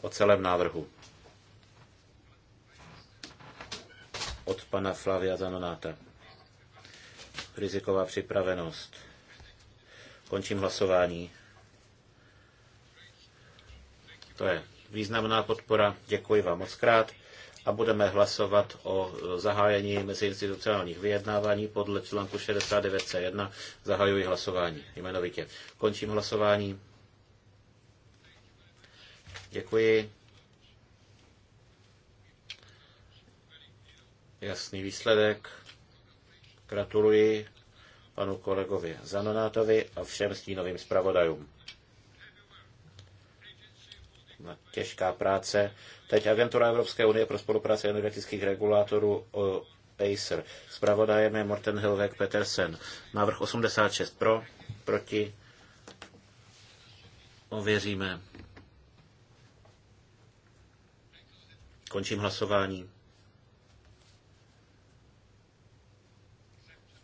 O celém návrhu. Od pana Flavia Zanonáta. Riziková připravenost. Končím hlasování. To je významná podpora. Děkuji vám moc krát a budeme hlasovat o e, zahájení meziinstitucionálních vyjednávání podle článku 69c1. Zahajuji hlasování jmenovitě. Končím hlasování. Děkuji. Jasný výsledek. Gratuluji panu kolegovi Zanonátovi a všem stínovým zpravodajům těžká práce. Teď Agentura Evropské unie pro spolupráci energetických regulátorů Acer. Zpravodajem je Morten Hilvek Petersen. Návrh 86 pro, proti. Ověříme. Končím hlasování.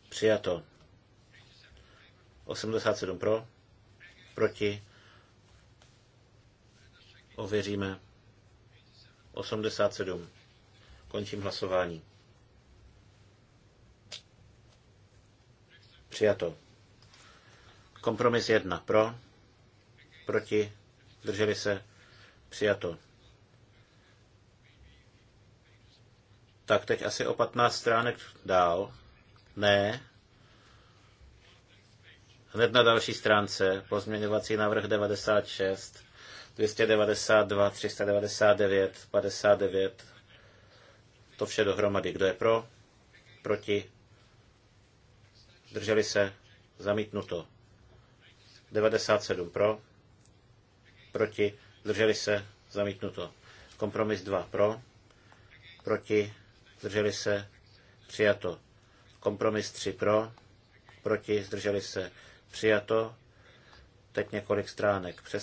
Přijato. 87 pro, proti Ověříme. 87. Končím hlasování. Přijato. Kompromis 1. Pro. Proti. Drželi se. Přijato. Tak teď asi o 15 stránek dál. Ne. Hned na další stránce pozměňovací návrh 96. 292, 399, 59. To vše dohromady. Kdo je pro? Proti? Drželi se? Zamítnuto. 97 pro? Proti? Drželi se? Zamítnuto. Kompromis 2 pro? Proti? Zdrželi se? Přijato. Kompromis 3 pro? Proti? Zdrželi se? Přijato. Teď několik stránek. Přes